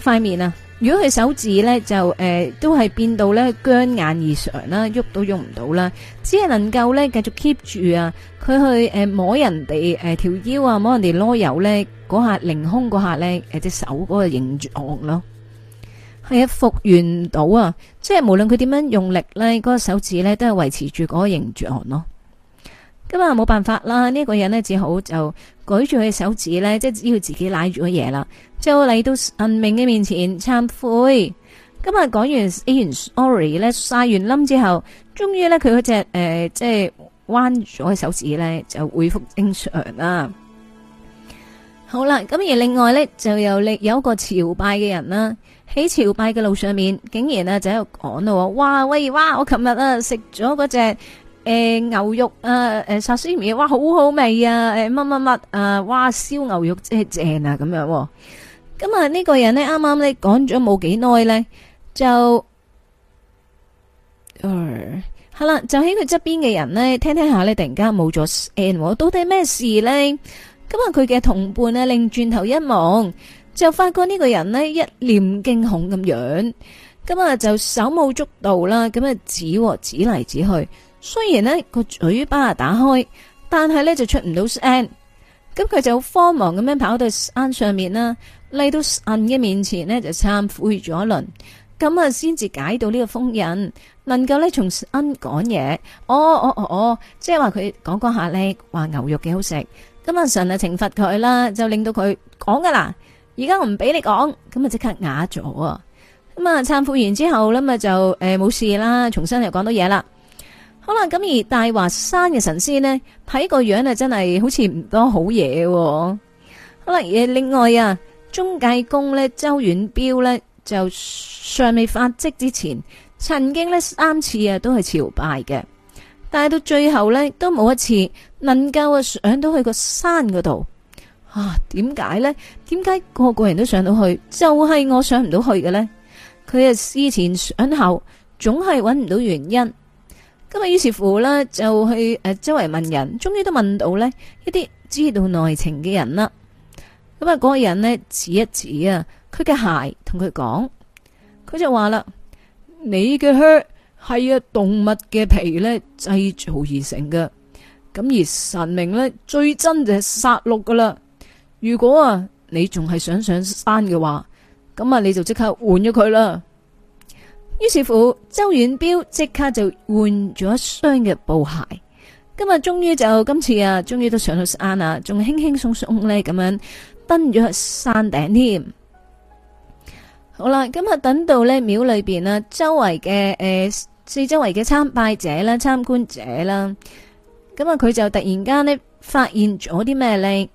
塊面啊！如果佢手指呢就誒、呃、都係變到呢僵硬異常啦，喐都喐唔到啦，只係能夠呢繼續 keep 住啊，佢去誒摸人哋誒條腰啊，摸人哋籮柚呢，嗰下凌空嗰下呢，誒隻手嗰個形狀咯，係啊，復原唔到啊！即係無論佢點樣用力呢嗰、嗰個手指呢都係維持住嗰個形狀咯。咁啊，冇辦法啦！呢、呢個人呢只好就舉住佢手指呢，即係要自己拉住嘢啦。就嚟到神明嘅面前懺悔。今日講完 A n story 呢，完 sorry，晒完冧之後，終於呢，佢嗰隻誒，即係彎咗嘅手指呢，就恢復正常啦。好啦，咁而另外呢，就有另有一個朝拜嘅人啦，喺朝拜嘅路上面，竟然呢，就喺度講到：「話哇喂，哇！我琴日啊食咗嗰隻。誒、欸，牛肉啊，誒、啊，沙士哇，好好味啊！誒、欸，乜乜乜啊，哇，燒牛肉真係正啊，咁樣咁、哦、啊。呢、嗯這個人呢，啱啱呢講咗冇幾耐呢，就誒，係、呃、啦，就喺佢側邊嘅人呢，聽聽下呢，突然間冇咗聲到底咩事呢？咁、嗯、啊，佢嘅同伴呢，擰轉頭一望，就發覺呢個人呢，一臉驚恐咁樣，咁、嗯、啊、嗯，就手舞足蹈啦，咁啊、哦，指指嚟指去。雖然呢個嘴巴打開，但係呢就出唔到聲，咁佢就好慌忙咁樣跑到山上面啦，嚟到神嘅面前呢，就懺悔咗一輪，咁啊先至解到呢個封印，能夠呢重新講嘢。哦哦哦哦，即係話佢講講下呢話牛肉幾好食，咁啊神啊懲罰佢啦，就令到佢講噶啦，而家我唔俾你講，咁啊即刻啞咗，咁啊懺悔完之後咧，咪就誒冇事啦，重新又講到嘢啦。好啦，咁而大華山嘅神仙呢，睇個樣啊，真係好似唔多好嘢。好啦，而另外啊，中介公呢，周遠標呢，就尚未發跡之前，曾經呢三次啊，都係朝拜嘅，但係到最後呢，都冇一次能夠啊上到去個山嗰度。啊，點解呢？點解個個人都上到去，就係我上唔到去嘅呢？佢啊，思前想後，總係揾唔到原因。咁啊，於是乎咧，就去誒周圍問人，終於都問到呢一啲知道內情嘅人啦。咁啊，嗰個人呢指一指啊，佢嘅鞋，同佢講，佢就話啦：， 你嘅靴係啊動物嘅皮呢製造而成噶。咁而神明呢，最憎就係殺戮噶啦。如果啊你仲係想上山嘅話，咁啊你就即刻換咗佢啦。於是乎，周遠標即刻就換咗一雙嘅布鞋。今日終於就今次啊，終於都上到山啦，仲輕輕鬆鬆咧咁樣登咗去山頂添。好啦，今日等到呢廟裏邊啊，周圍嘅誒四周圍嘅參拜者啦、參觀者啦，咁啊佢就突然間呢發現咗啲咩咧？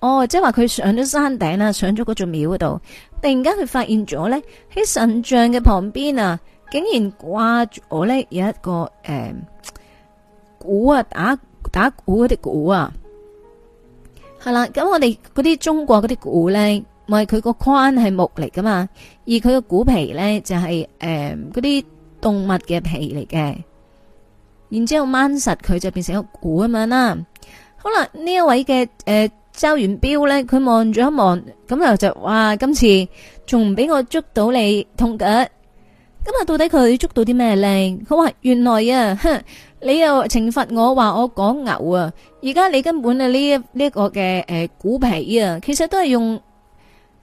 哦，即係話佢上咗山頂啦，上咗嗰座廟嗰度，突然間佢發現咗咧，喺神像嘅旁邊啊，竟然掛住我咧，有一個誒、嗯、鼓啊，打打鼓嗰啲鼓啊，係啦。咁我哋嗰啲中國嗰啲鼓咧，唔係佢個框係木嚟㗎嘛，而佢個鼓皮咧就係誒嗰啲動物嘅皮嚟嘅，然之後掹實佢就變成一個鼓咁樣啦。好啦，呢一位嘅誒。呃收完鏢咧，佢望咗一望，咁啊就哇！今次仲唔俾我捉到你，痛腳。今日到底佢捉到啲咩靚？佢話原來啊，你又懲罰我話我講牛啊，而家你根本啊呢呢個嘅誒鼓皮啊，其實都係用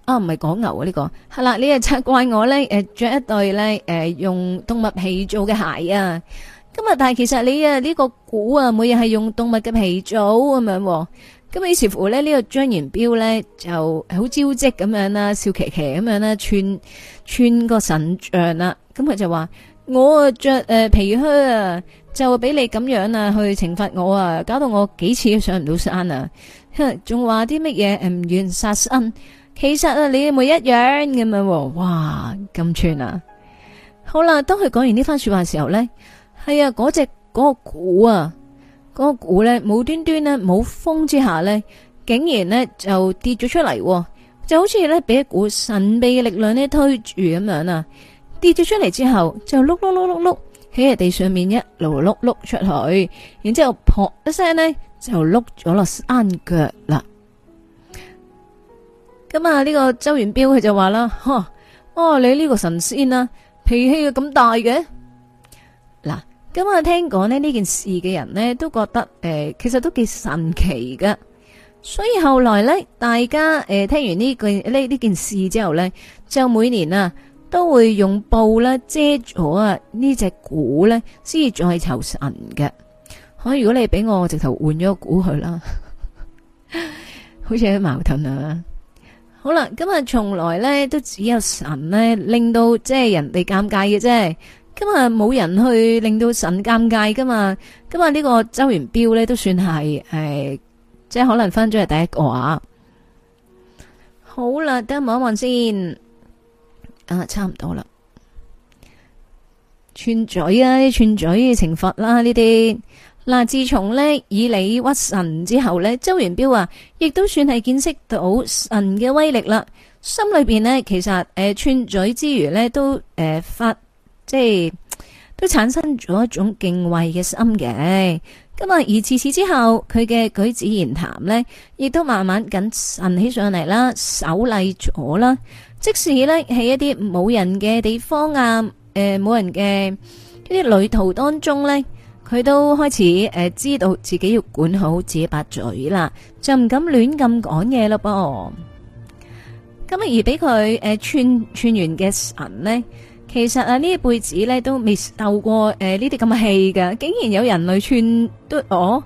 啊唔係講牛啊呢個係啦，你又責怪我咧？誒着一對咧誒用動物皮做嘅鞋啊！咁啊但係其實你啊呢個鼓啊每日係用動物嘅皮做咁樣。咁於是乎咧，呢個張元彪咧就好招積咁樣啦，笑奇奇咁樣啦，串串個神像啦，咁佢就話：我着誒、呃、皮靴啊，就俾你咁樣啊去懲罰我啊，搞到我幾次都上唔到山啊！哼，仲話啲乜嘢唔願殺生，其實啊，你冇一樣咁樣。哇，咁串啊！好啦，當佢講完呢番說話嘅時候咧，係啊，嗰隻嗰個鼓啊！嗰鼓咧冇端端呢，冇風之下呢，竟然呢，就跌咗出嚟，就好似咧俾一股神秘嘅力量呢推住咁樣啊！跌咗出嚟之後，就碌碌碌碌碌喺地上面一路碌碌出去，然之後噗一聲呢，就碌咗落山腳啦。咁啊，呢個周元彪佢就話啦：嗬，哦、啊，你呢個神仙啊，脾氣咁大嘅，嗱。咁啊，聽講呢呢件事嘅人呢，都覺得誒、呃，其實都幾神奇嘅。所以後來呢，大家誒、呃、聽完呢個呢呢件事之後呢，就每年啊都會用布啦遮咗啊呢隻鼓呢，先至再去求神嘅。可如果你俾我直，直頭換咗個鼓去啦，好似有啲矛盾啊。好、嗯、啦，今日從來呢都只有神呢令到即係、就是、人哋尷尬嘅啫。今日冇人去令到神尷尬噶嘛？今日呢個周元彪呢，都算係，即係可能翻咗係第一個啊！好啦，等我望一望先。啊，差唔多啦。串嘴啊，串嘴嘅懲罰啦呢啲。嗱、啊，自從呢以你屈神之後呢，周元彪啊，亦都算係見識到神嘅威力啦。心裏邊呢，其實誒串、呃、嘴之餘呢，都、呃、誒發。即係都產生咗一種敬畏嘅心嘅，咁啊而自此之後，佢嘅舉止言談呢，亦都慢慢謹慎起上嚟啦，守禮咗啦。即使呢，喺一啲冇人嘅地方啊，誒、呃、冇人嘅一啲旅途當中呢，佢都開始誒、呃、知道自己要管好自己把嘴啦，就唔敢亂咁講嘢咯噃。咁啊而俾佢誒串串完嘅神呢，其實啊，呢一輩子咧都未受過誒呢啲咁嘅氣嘅，竟然有人類串都哦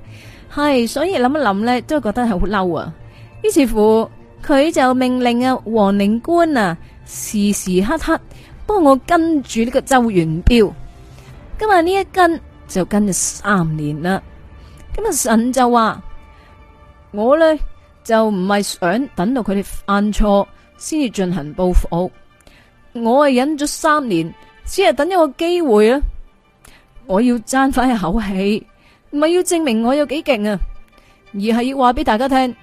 係，所以諗一諗咧，都係覺得係好嬲啊。於是乎，佢就命令啊王靈官啊時時刻刻幫我跟住呢個周元彪。今日呢一跟就跟咗三年啦。今日神就話我咧就唔係想等到佢哋犯錯先至進行報復。我係忍咗三年，只係等一個機會啊！我要爭翻一口氣，唔係要證明我有幾勁啊，而係要話俾大家聽，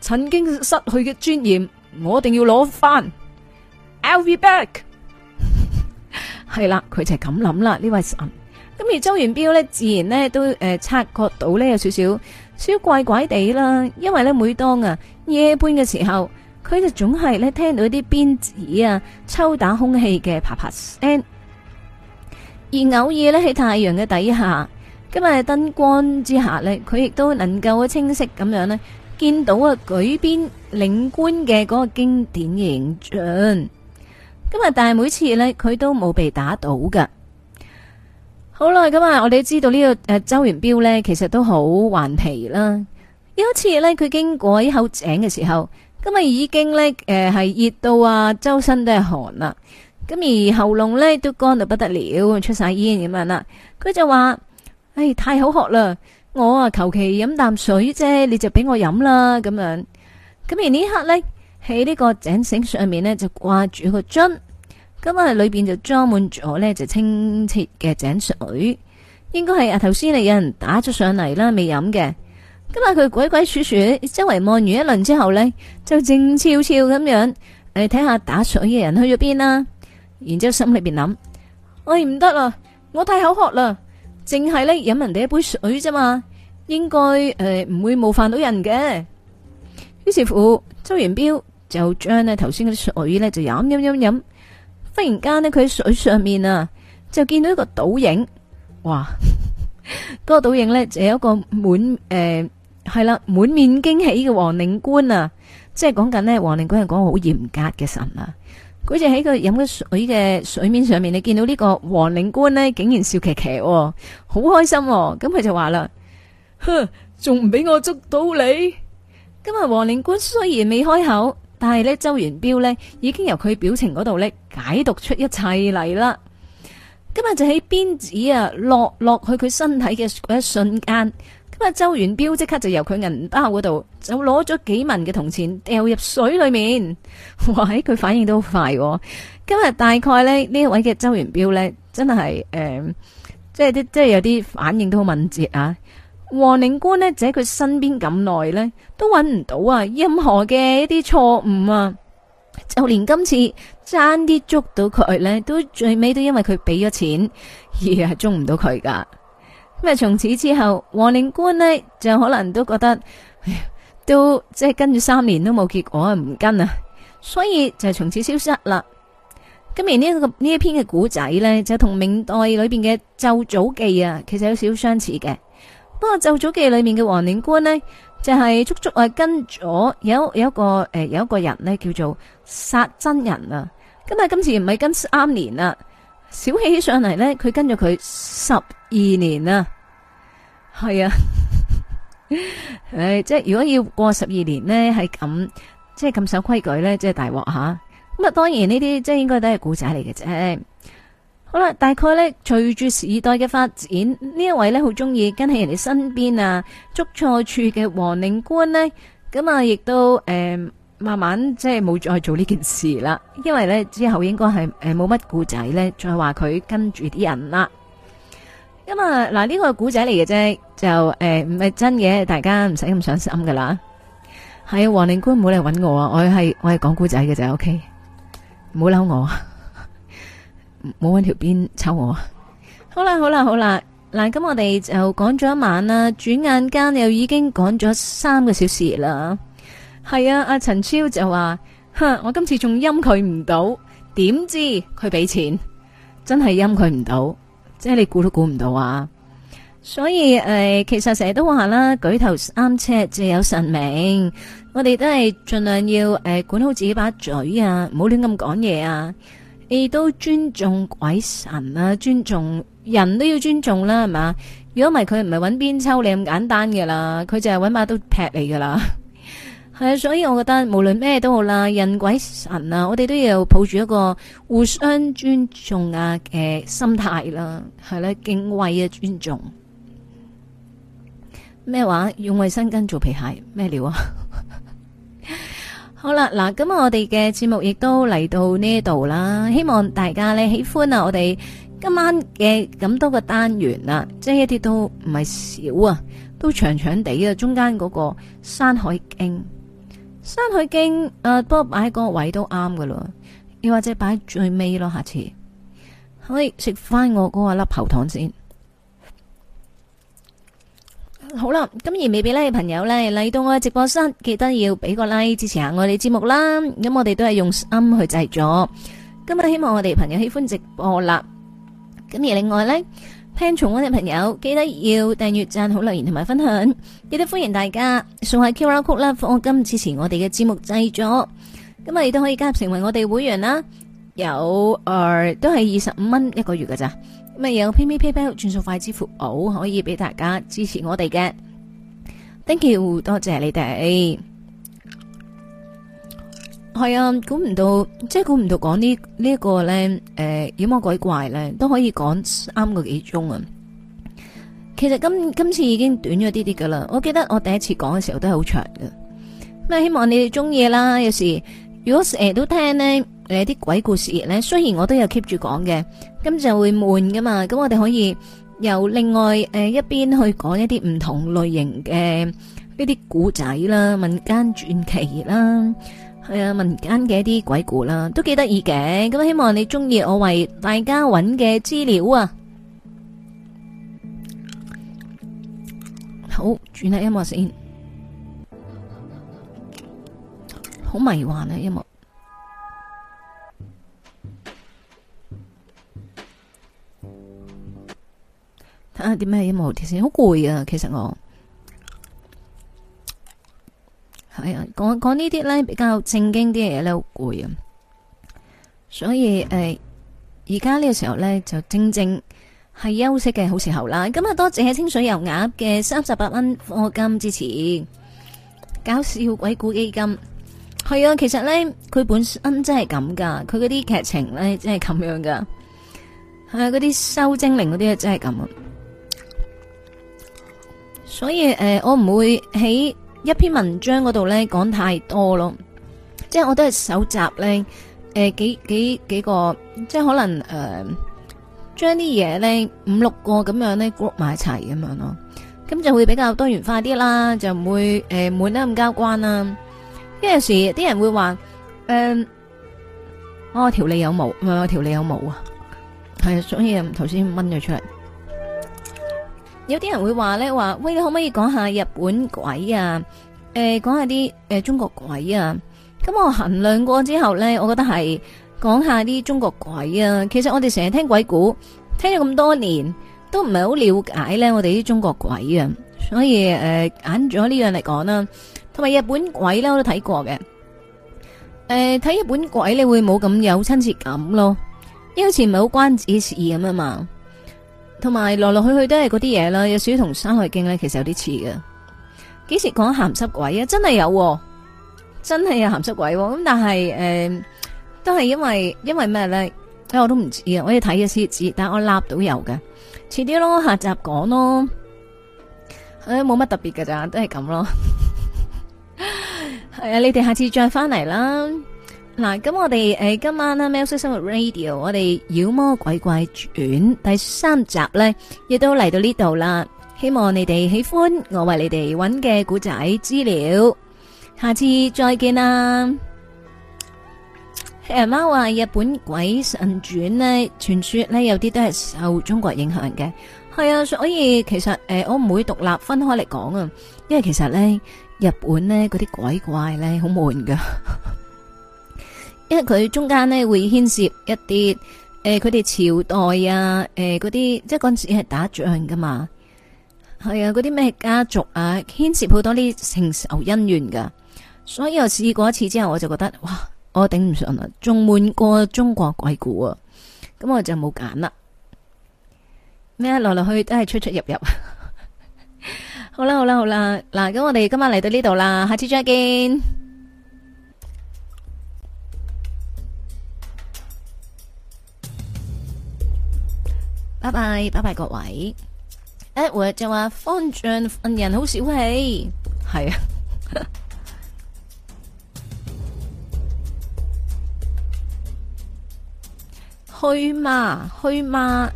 曾經失去嘅尊嚴，我一定要攞翻。I'll be back。 係啦，佢就係咁諗啦，呢位神。咁而周元彪呢，自然呢都誒察覺到呢有少少少怪怪地啦，因為呢，每當啊夜半嘅時候。佢就總係咧聽到啲鞭子啊抽打空氣嘅啪啪聲，而偶爾咧喺太陽嘅底下，今日喺燈光之下咧，佢亦都能夠清晰咁樣咧見到啊舉鞭領官嘅嗰個經典形象。今日但係每次咧，佢都冇被打到噶。好啦，咁啊，我哋知道呢個誒周元彪呢，其實都好頑皮啦。有一次呢，佢經過一口井嘅時候。今日已經咧，誒係熱到啊，周身都係汗啦。咁而喉嚨咧都乾到不得了，出晒煙咁樣啦。佢就話，唉、哎，太好渴啦，我啊求其飲啖水啫，你就俾我飲啦咁樣。咁而呢一刻咧，喺呢個井繩上面咧就掛住個樽，咁啊裏邊就裝滿咗咧就清澈嘅井水，應該係啊頭先嚟有人打咗上嚟啦，未飲嘅。今日佢鬼鬼祟祟，周圍望完一輪之後呢，就靜悄悄咁樣，你睇下打水嘅人去咗邊啦。然之後心裏邊諗：，哎唔得啦，我太口渴啦，淨係咧飲人哋一杯水咋嘛，應該誒唔會冒犯到人嘅。於是乎，周元彪就將呢頭先嗰啲水呢就飲飲飲飲。忽然間呢，佢喺水上面啊，就見到一個倒影，哇！嗰 個倒影呢，就有一個滿誒。呃係啦，滿面驚喜嘅王靈官啊，即係講緊呢，王靈官係講好嚴格嘅神啊。佢就喺佢飲嘅水嘅水面上面，你見到呢個王靈官呢，竟然笑騎騎喎、哦，好開心、哦。咁佢就話啦，哼，仲唔俾我捉到你？今日王靈官雖然未開口，但係呢，周元彪呢已經由佢表情嗰度呢解讀出一切嚟啦。今日就喺鞭子啊落落去佢身體嘅嗰一瞬間。周元標即刻就由佢銀包嗰度就攞咗幾文嘅銅錢掉入水裏面，哇！佢反應都好快、哦。今日大概呢呢這一位嘅周元標呢，真係誒、呃，即係啲即係有啲反應都好敏捷啊！王寧官呢，就喺佢身邊咁耐呢，都揾唔到啊任何嘅一啲錯誤啊，就連今次爭啲捉到佢呢，都最尾都因為佢俾咗錢而係捉唔到佢噶。咁啊！從此之後，王靈官呢就可能都覺得，都即係跟住三年都冇結果啊，唔跟啊，所以就係從此消失啦。咁而呢個呢一篇嘅古仔呢，就同明代裏邊嘅《咒棗記》啊，其實有少少相似嘅。不過《咒棗，棗記》裏面嘅王靈官呢，就係、是、足足啊跟咗有有一個誒、呃，有一個人呢叫做薩真人啊。咁啊，今次唔係跟三年啦、啊。.小氣起上嚟呢，佢跟咗佢十二年啦，係啊，誒，即係如果要過十二年呢，係咁，即係咁守規矩呢，即係大鑊吓。咁啊，當然呢啲即係應該都係古仔嚟嘅啫。好啦，大概呢，隨住時代嘅發展，呢一位呢好中意跟喺人哋身邊啊，捉錯處嘅王靈官呢。咁啊，亦都誒。慢慢即係冇再做呢件事啦，因為咧之後應該係誒冇乜故仔咧，再話佢跟住啲人啦。咁、嗯、啊，嗱，呢、呢個係故仔嚟嘅啫，就誒唔係真嘅，大家唔使咁上心噶啦。係啊，黃令官唔好嚟搵我啊，我係我係講故仔嘅就 OK，唔好嬲我，唔好搵條鞭抽我。啊。好啦好啦好啦，嗱，咁我哋就講咗一晚啦，轉眼間又已經講咗三個小時啦。係啊，阿陳超就話：哼，我今次仲陰佢唔到，點知佢俾錢？真係陰佢唔到，即係你估都估唔到啊！所以誒、呃，其實成日都話啦，舉頭三尺就有神明。我哋都係盡量要誒、呃、管好自己把嘴啊，唔好亂咁講嘢啊。亦都尊重鬼神啊，尊重人都要尊重啦，係嘛？如果唔係，佢唔係搵鞭抽你咁簡單嘅啦，佢就係搵把刀劈你噶啦。係啊，所以我覺得無論咩都好啦，人鬼神啊，我哋都要抱住一個互相尊重啊嘅心態啦，係啦，敬畏啊，尊重。咩話用衛生巾做皮鞋？咩料啊？ 好啦，嗱，咁我哋嘅節目亦都嚟到呢度啦，希望大家呢喜歡啊！我哋今晚嘅咁多個單元啊，即係一啲都唔係少啊，都長長地啊，中間嗰個《山海經》。山海經誒，幫、呃、擺擺個位都啱噶喇，又或者擺最尾咯。下次，可以食翻我嗰個粒喉糖先。好啦，咁而未俾呢，朋友咧嚟到我嘅直播室，記得要俾個 like 支持下我哋節目啦。咁我哋都係用心、um、去製作，今日希望我哋朋友喜歡直播啦。咁而另外呢。聽重温嘅朋友，記得要訂閱、讚好、留言同埋分享，記得歡迎大家送下 QR Code 啦，課金支持我哋嘅節目製作。咁啊，亦都可以加入成為我哋會員啦，有誒、呃、都係二十五蚊一個月噶咋，咁啊有 PayPal 轉數快支付，好可以俾大家支持我哋嘅，thank you，多謝你哋。係啊，估唔到，即係估唔到，講、這個、呢呢個咧，誒、呃，妖魔鬼怪咧，都可以講三個幾鐘啊。其實今今次已經短咗啲啲噶啦。我記得我第一次講嘅時候都係好長嘅。咁希望你哋中意啦。有時如果成日都聽呢誒，啲鬼故事咧，雖然我都有 keep 住講嘅，咁就會悶噶嘛。咁我哋可以由另外誒一邊去講一啲唔同類型嘅呢啲古仔啦，民間傳奇啦。係啊，民間嘅一啲鬼故啦，都幾得意嘅。咁希望你中意我為大家揾嘅資料啊！好，轉下音樂先，好迷幻啊，音樂。睇下點咩音樂好聽先，其實好攰啊，其實我。係啊，講講呢啲咧比較正經啲嘢咧好攰啊，所以誒而家呢個時候咧就正正係休息嘅好時候啦。咁啊，多謝清水油鴨嘅三十八蚊課金支持。搞笑鬼故基金。係啊，其實咧佢本身真係咁噶，佢嗰啲劇情咧真係咁樣噶，係啊，嗰啲收精靈嗰啲真係咁啊。所以誒、呃，我唔會喺。一篇文章嗰度咧講太多咯，即係我都係搜集咧，誒幾幾幾個，即係可能誒將啲嘢咧五六個咁樣咧 group 埋一齊咁樣咯，咁就會比較多元化啲啦，就唔會誒悶得咁交關啦。因為有時啲人會話，誒我條脷有毛，唔係我條脷有毛啊，係啊，所以頭先掹咗出嚟。有啲人會話呢話喂，你可唔可以講下日本鬼啊？誒，講下啲誒中國鬼啊？咁我衡量過之後呢，我覺得係講下啲中國鬼啊。其實我哋成日聽鬼故，聽咗咁多年，都唔係好了解呢。我哋啲中國鬼啊，所以誒，揀咗呢樣嚟講啦。同埋日本鬼呢，我都睇過嘅。誒、呃，睇日本鬼你會冇咁有，有親切感咯，因為好似唔係好關己事咁啊嘛。同埋來來去去都係嗰啲嘢啦，有少少同《山海經》咧，其實有啲似嘅。幾時講鹹濕鬼啊？真係有，真係有鹹濕鬼。咁但係誒，都係因為因為咩咧？因、哎、我都唔知啊，我要睇嘅先知。但我立到有嘅，遲啲咯，下集講咯。誒、哎，冇乜特別嘅咋，都係咁咯。係 啊，你哋下次再翻嚟啦。嗱，咁我哋誒、 啊，今晚喵式生活 Radio，》 我哋《妖魔鬼怪傳》第三集咧，亦都嚟到呢度啦。希望你哋喜歡我為你哋揾嘅古仔資料。下次再見啦！貓話 日本鬼神傳咧，傳說咧有啲都係受中國影響嘅，係啊，所以其實誒、呃，我唔會獨立分開嚟講啊，因為其實咧，日本咧嗰啲鬼怪咧好悶噶。 因為佢中間咧會牽涉一啲誒，佢、呃、哋朝代啊，誒嗰啲即係嗰陣時係打仗噶嘛，係啊，嗰啲咩家族啊，牽涉好多啲情仇恩怨噶，所以我試過一次之後，我就覺得哇，我頂唔順啦，仲滿過中國鬼故啊，咁我就冇揀啦，咩來來去去都係出出入入 好，好啦好啦好啦，嗱，咁我哋今晚嚟到呢度啦，下次再見。拜拜拜拜各位，Edward 就話方丈份人好小氣，係啊。虛 嘛虛嘛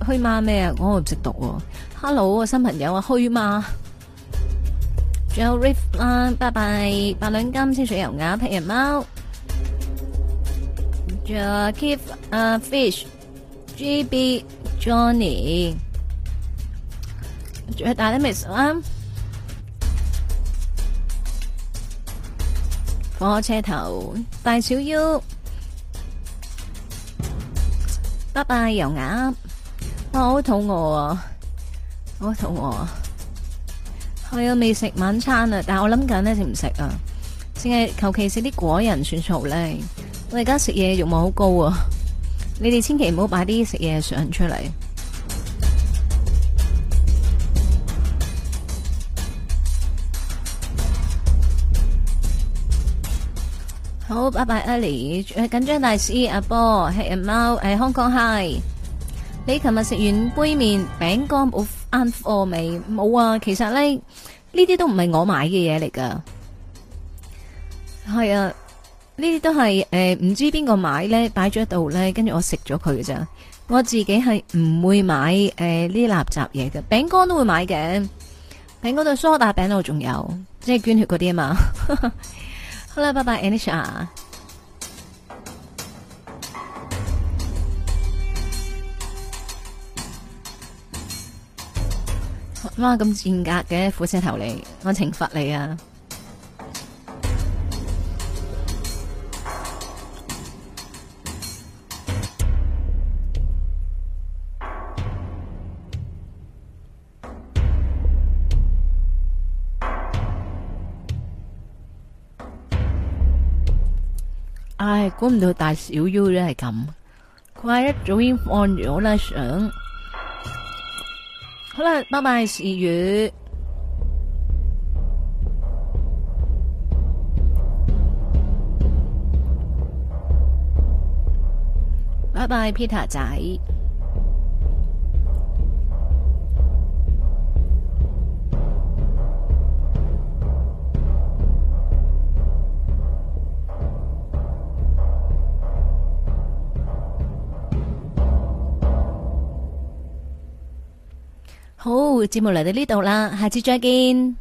虛嘛咩、哦、啊？我唔識讀。Hello 啊新朋友啊虛嘛，仲有 Riff 啦，拜拜，八兩金清水油鴨劈人貓，仲有 Keep 啊 Fish。J B Johnny，仲喺打咩 miss 啊？火車頭大小腰，拜拜油鴨。哇，我好肚餓啊！我好肚餓啊！我又未食晚餐啊，但係我諗緊咧，食唔食啊？淨係求其食啲果仁算數咧。我而家食嘢慾望好高啊！你哋千祈唔好擺啲食嘢上出嚟。好，拜拜，Ellie，緊張大師，阿波，係阿貓，係 Hong Kong Hi。你琴日食完杯麵、餅乾，我啱貨未？冇啊，其實咧，呢啲都唔係我買嘅嘢嚟㗎。係啊。這些是呃、不，呢啲都係誒，唔知邊個買咧，擺咗喺度咧，跟住我食咗佢嘅咋？我自己係唔會買誒呢啲垃圾嘢嘅，餅、呃、乾都會買嘅，餅乾度梳打餅度仲有，即係捐血嗰啲啊嘛。 好啦，拜拜，Anisha，乜咁賤格嘅，苦先頭你，我懲罰你啊！唉，估唔到大小 U 都係咁。佢一早已經放咗啦，上好啦，拜拜，視月，拜拜，Peter 仔。好，節目嚟到呢度啦，下次再見。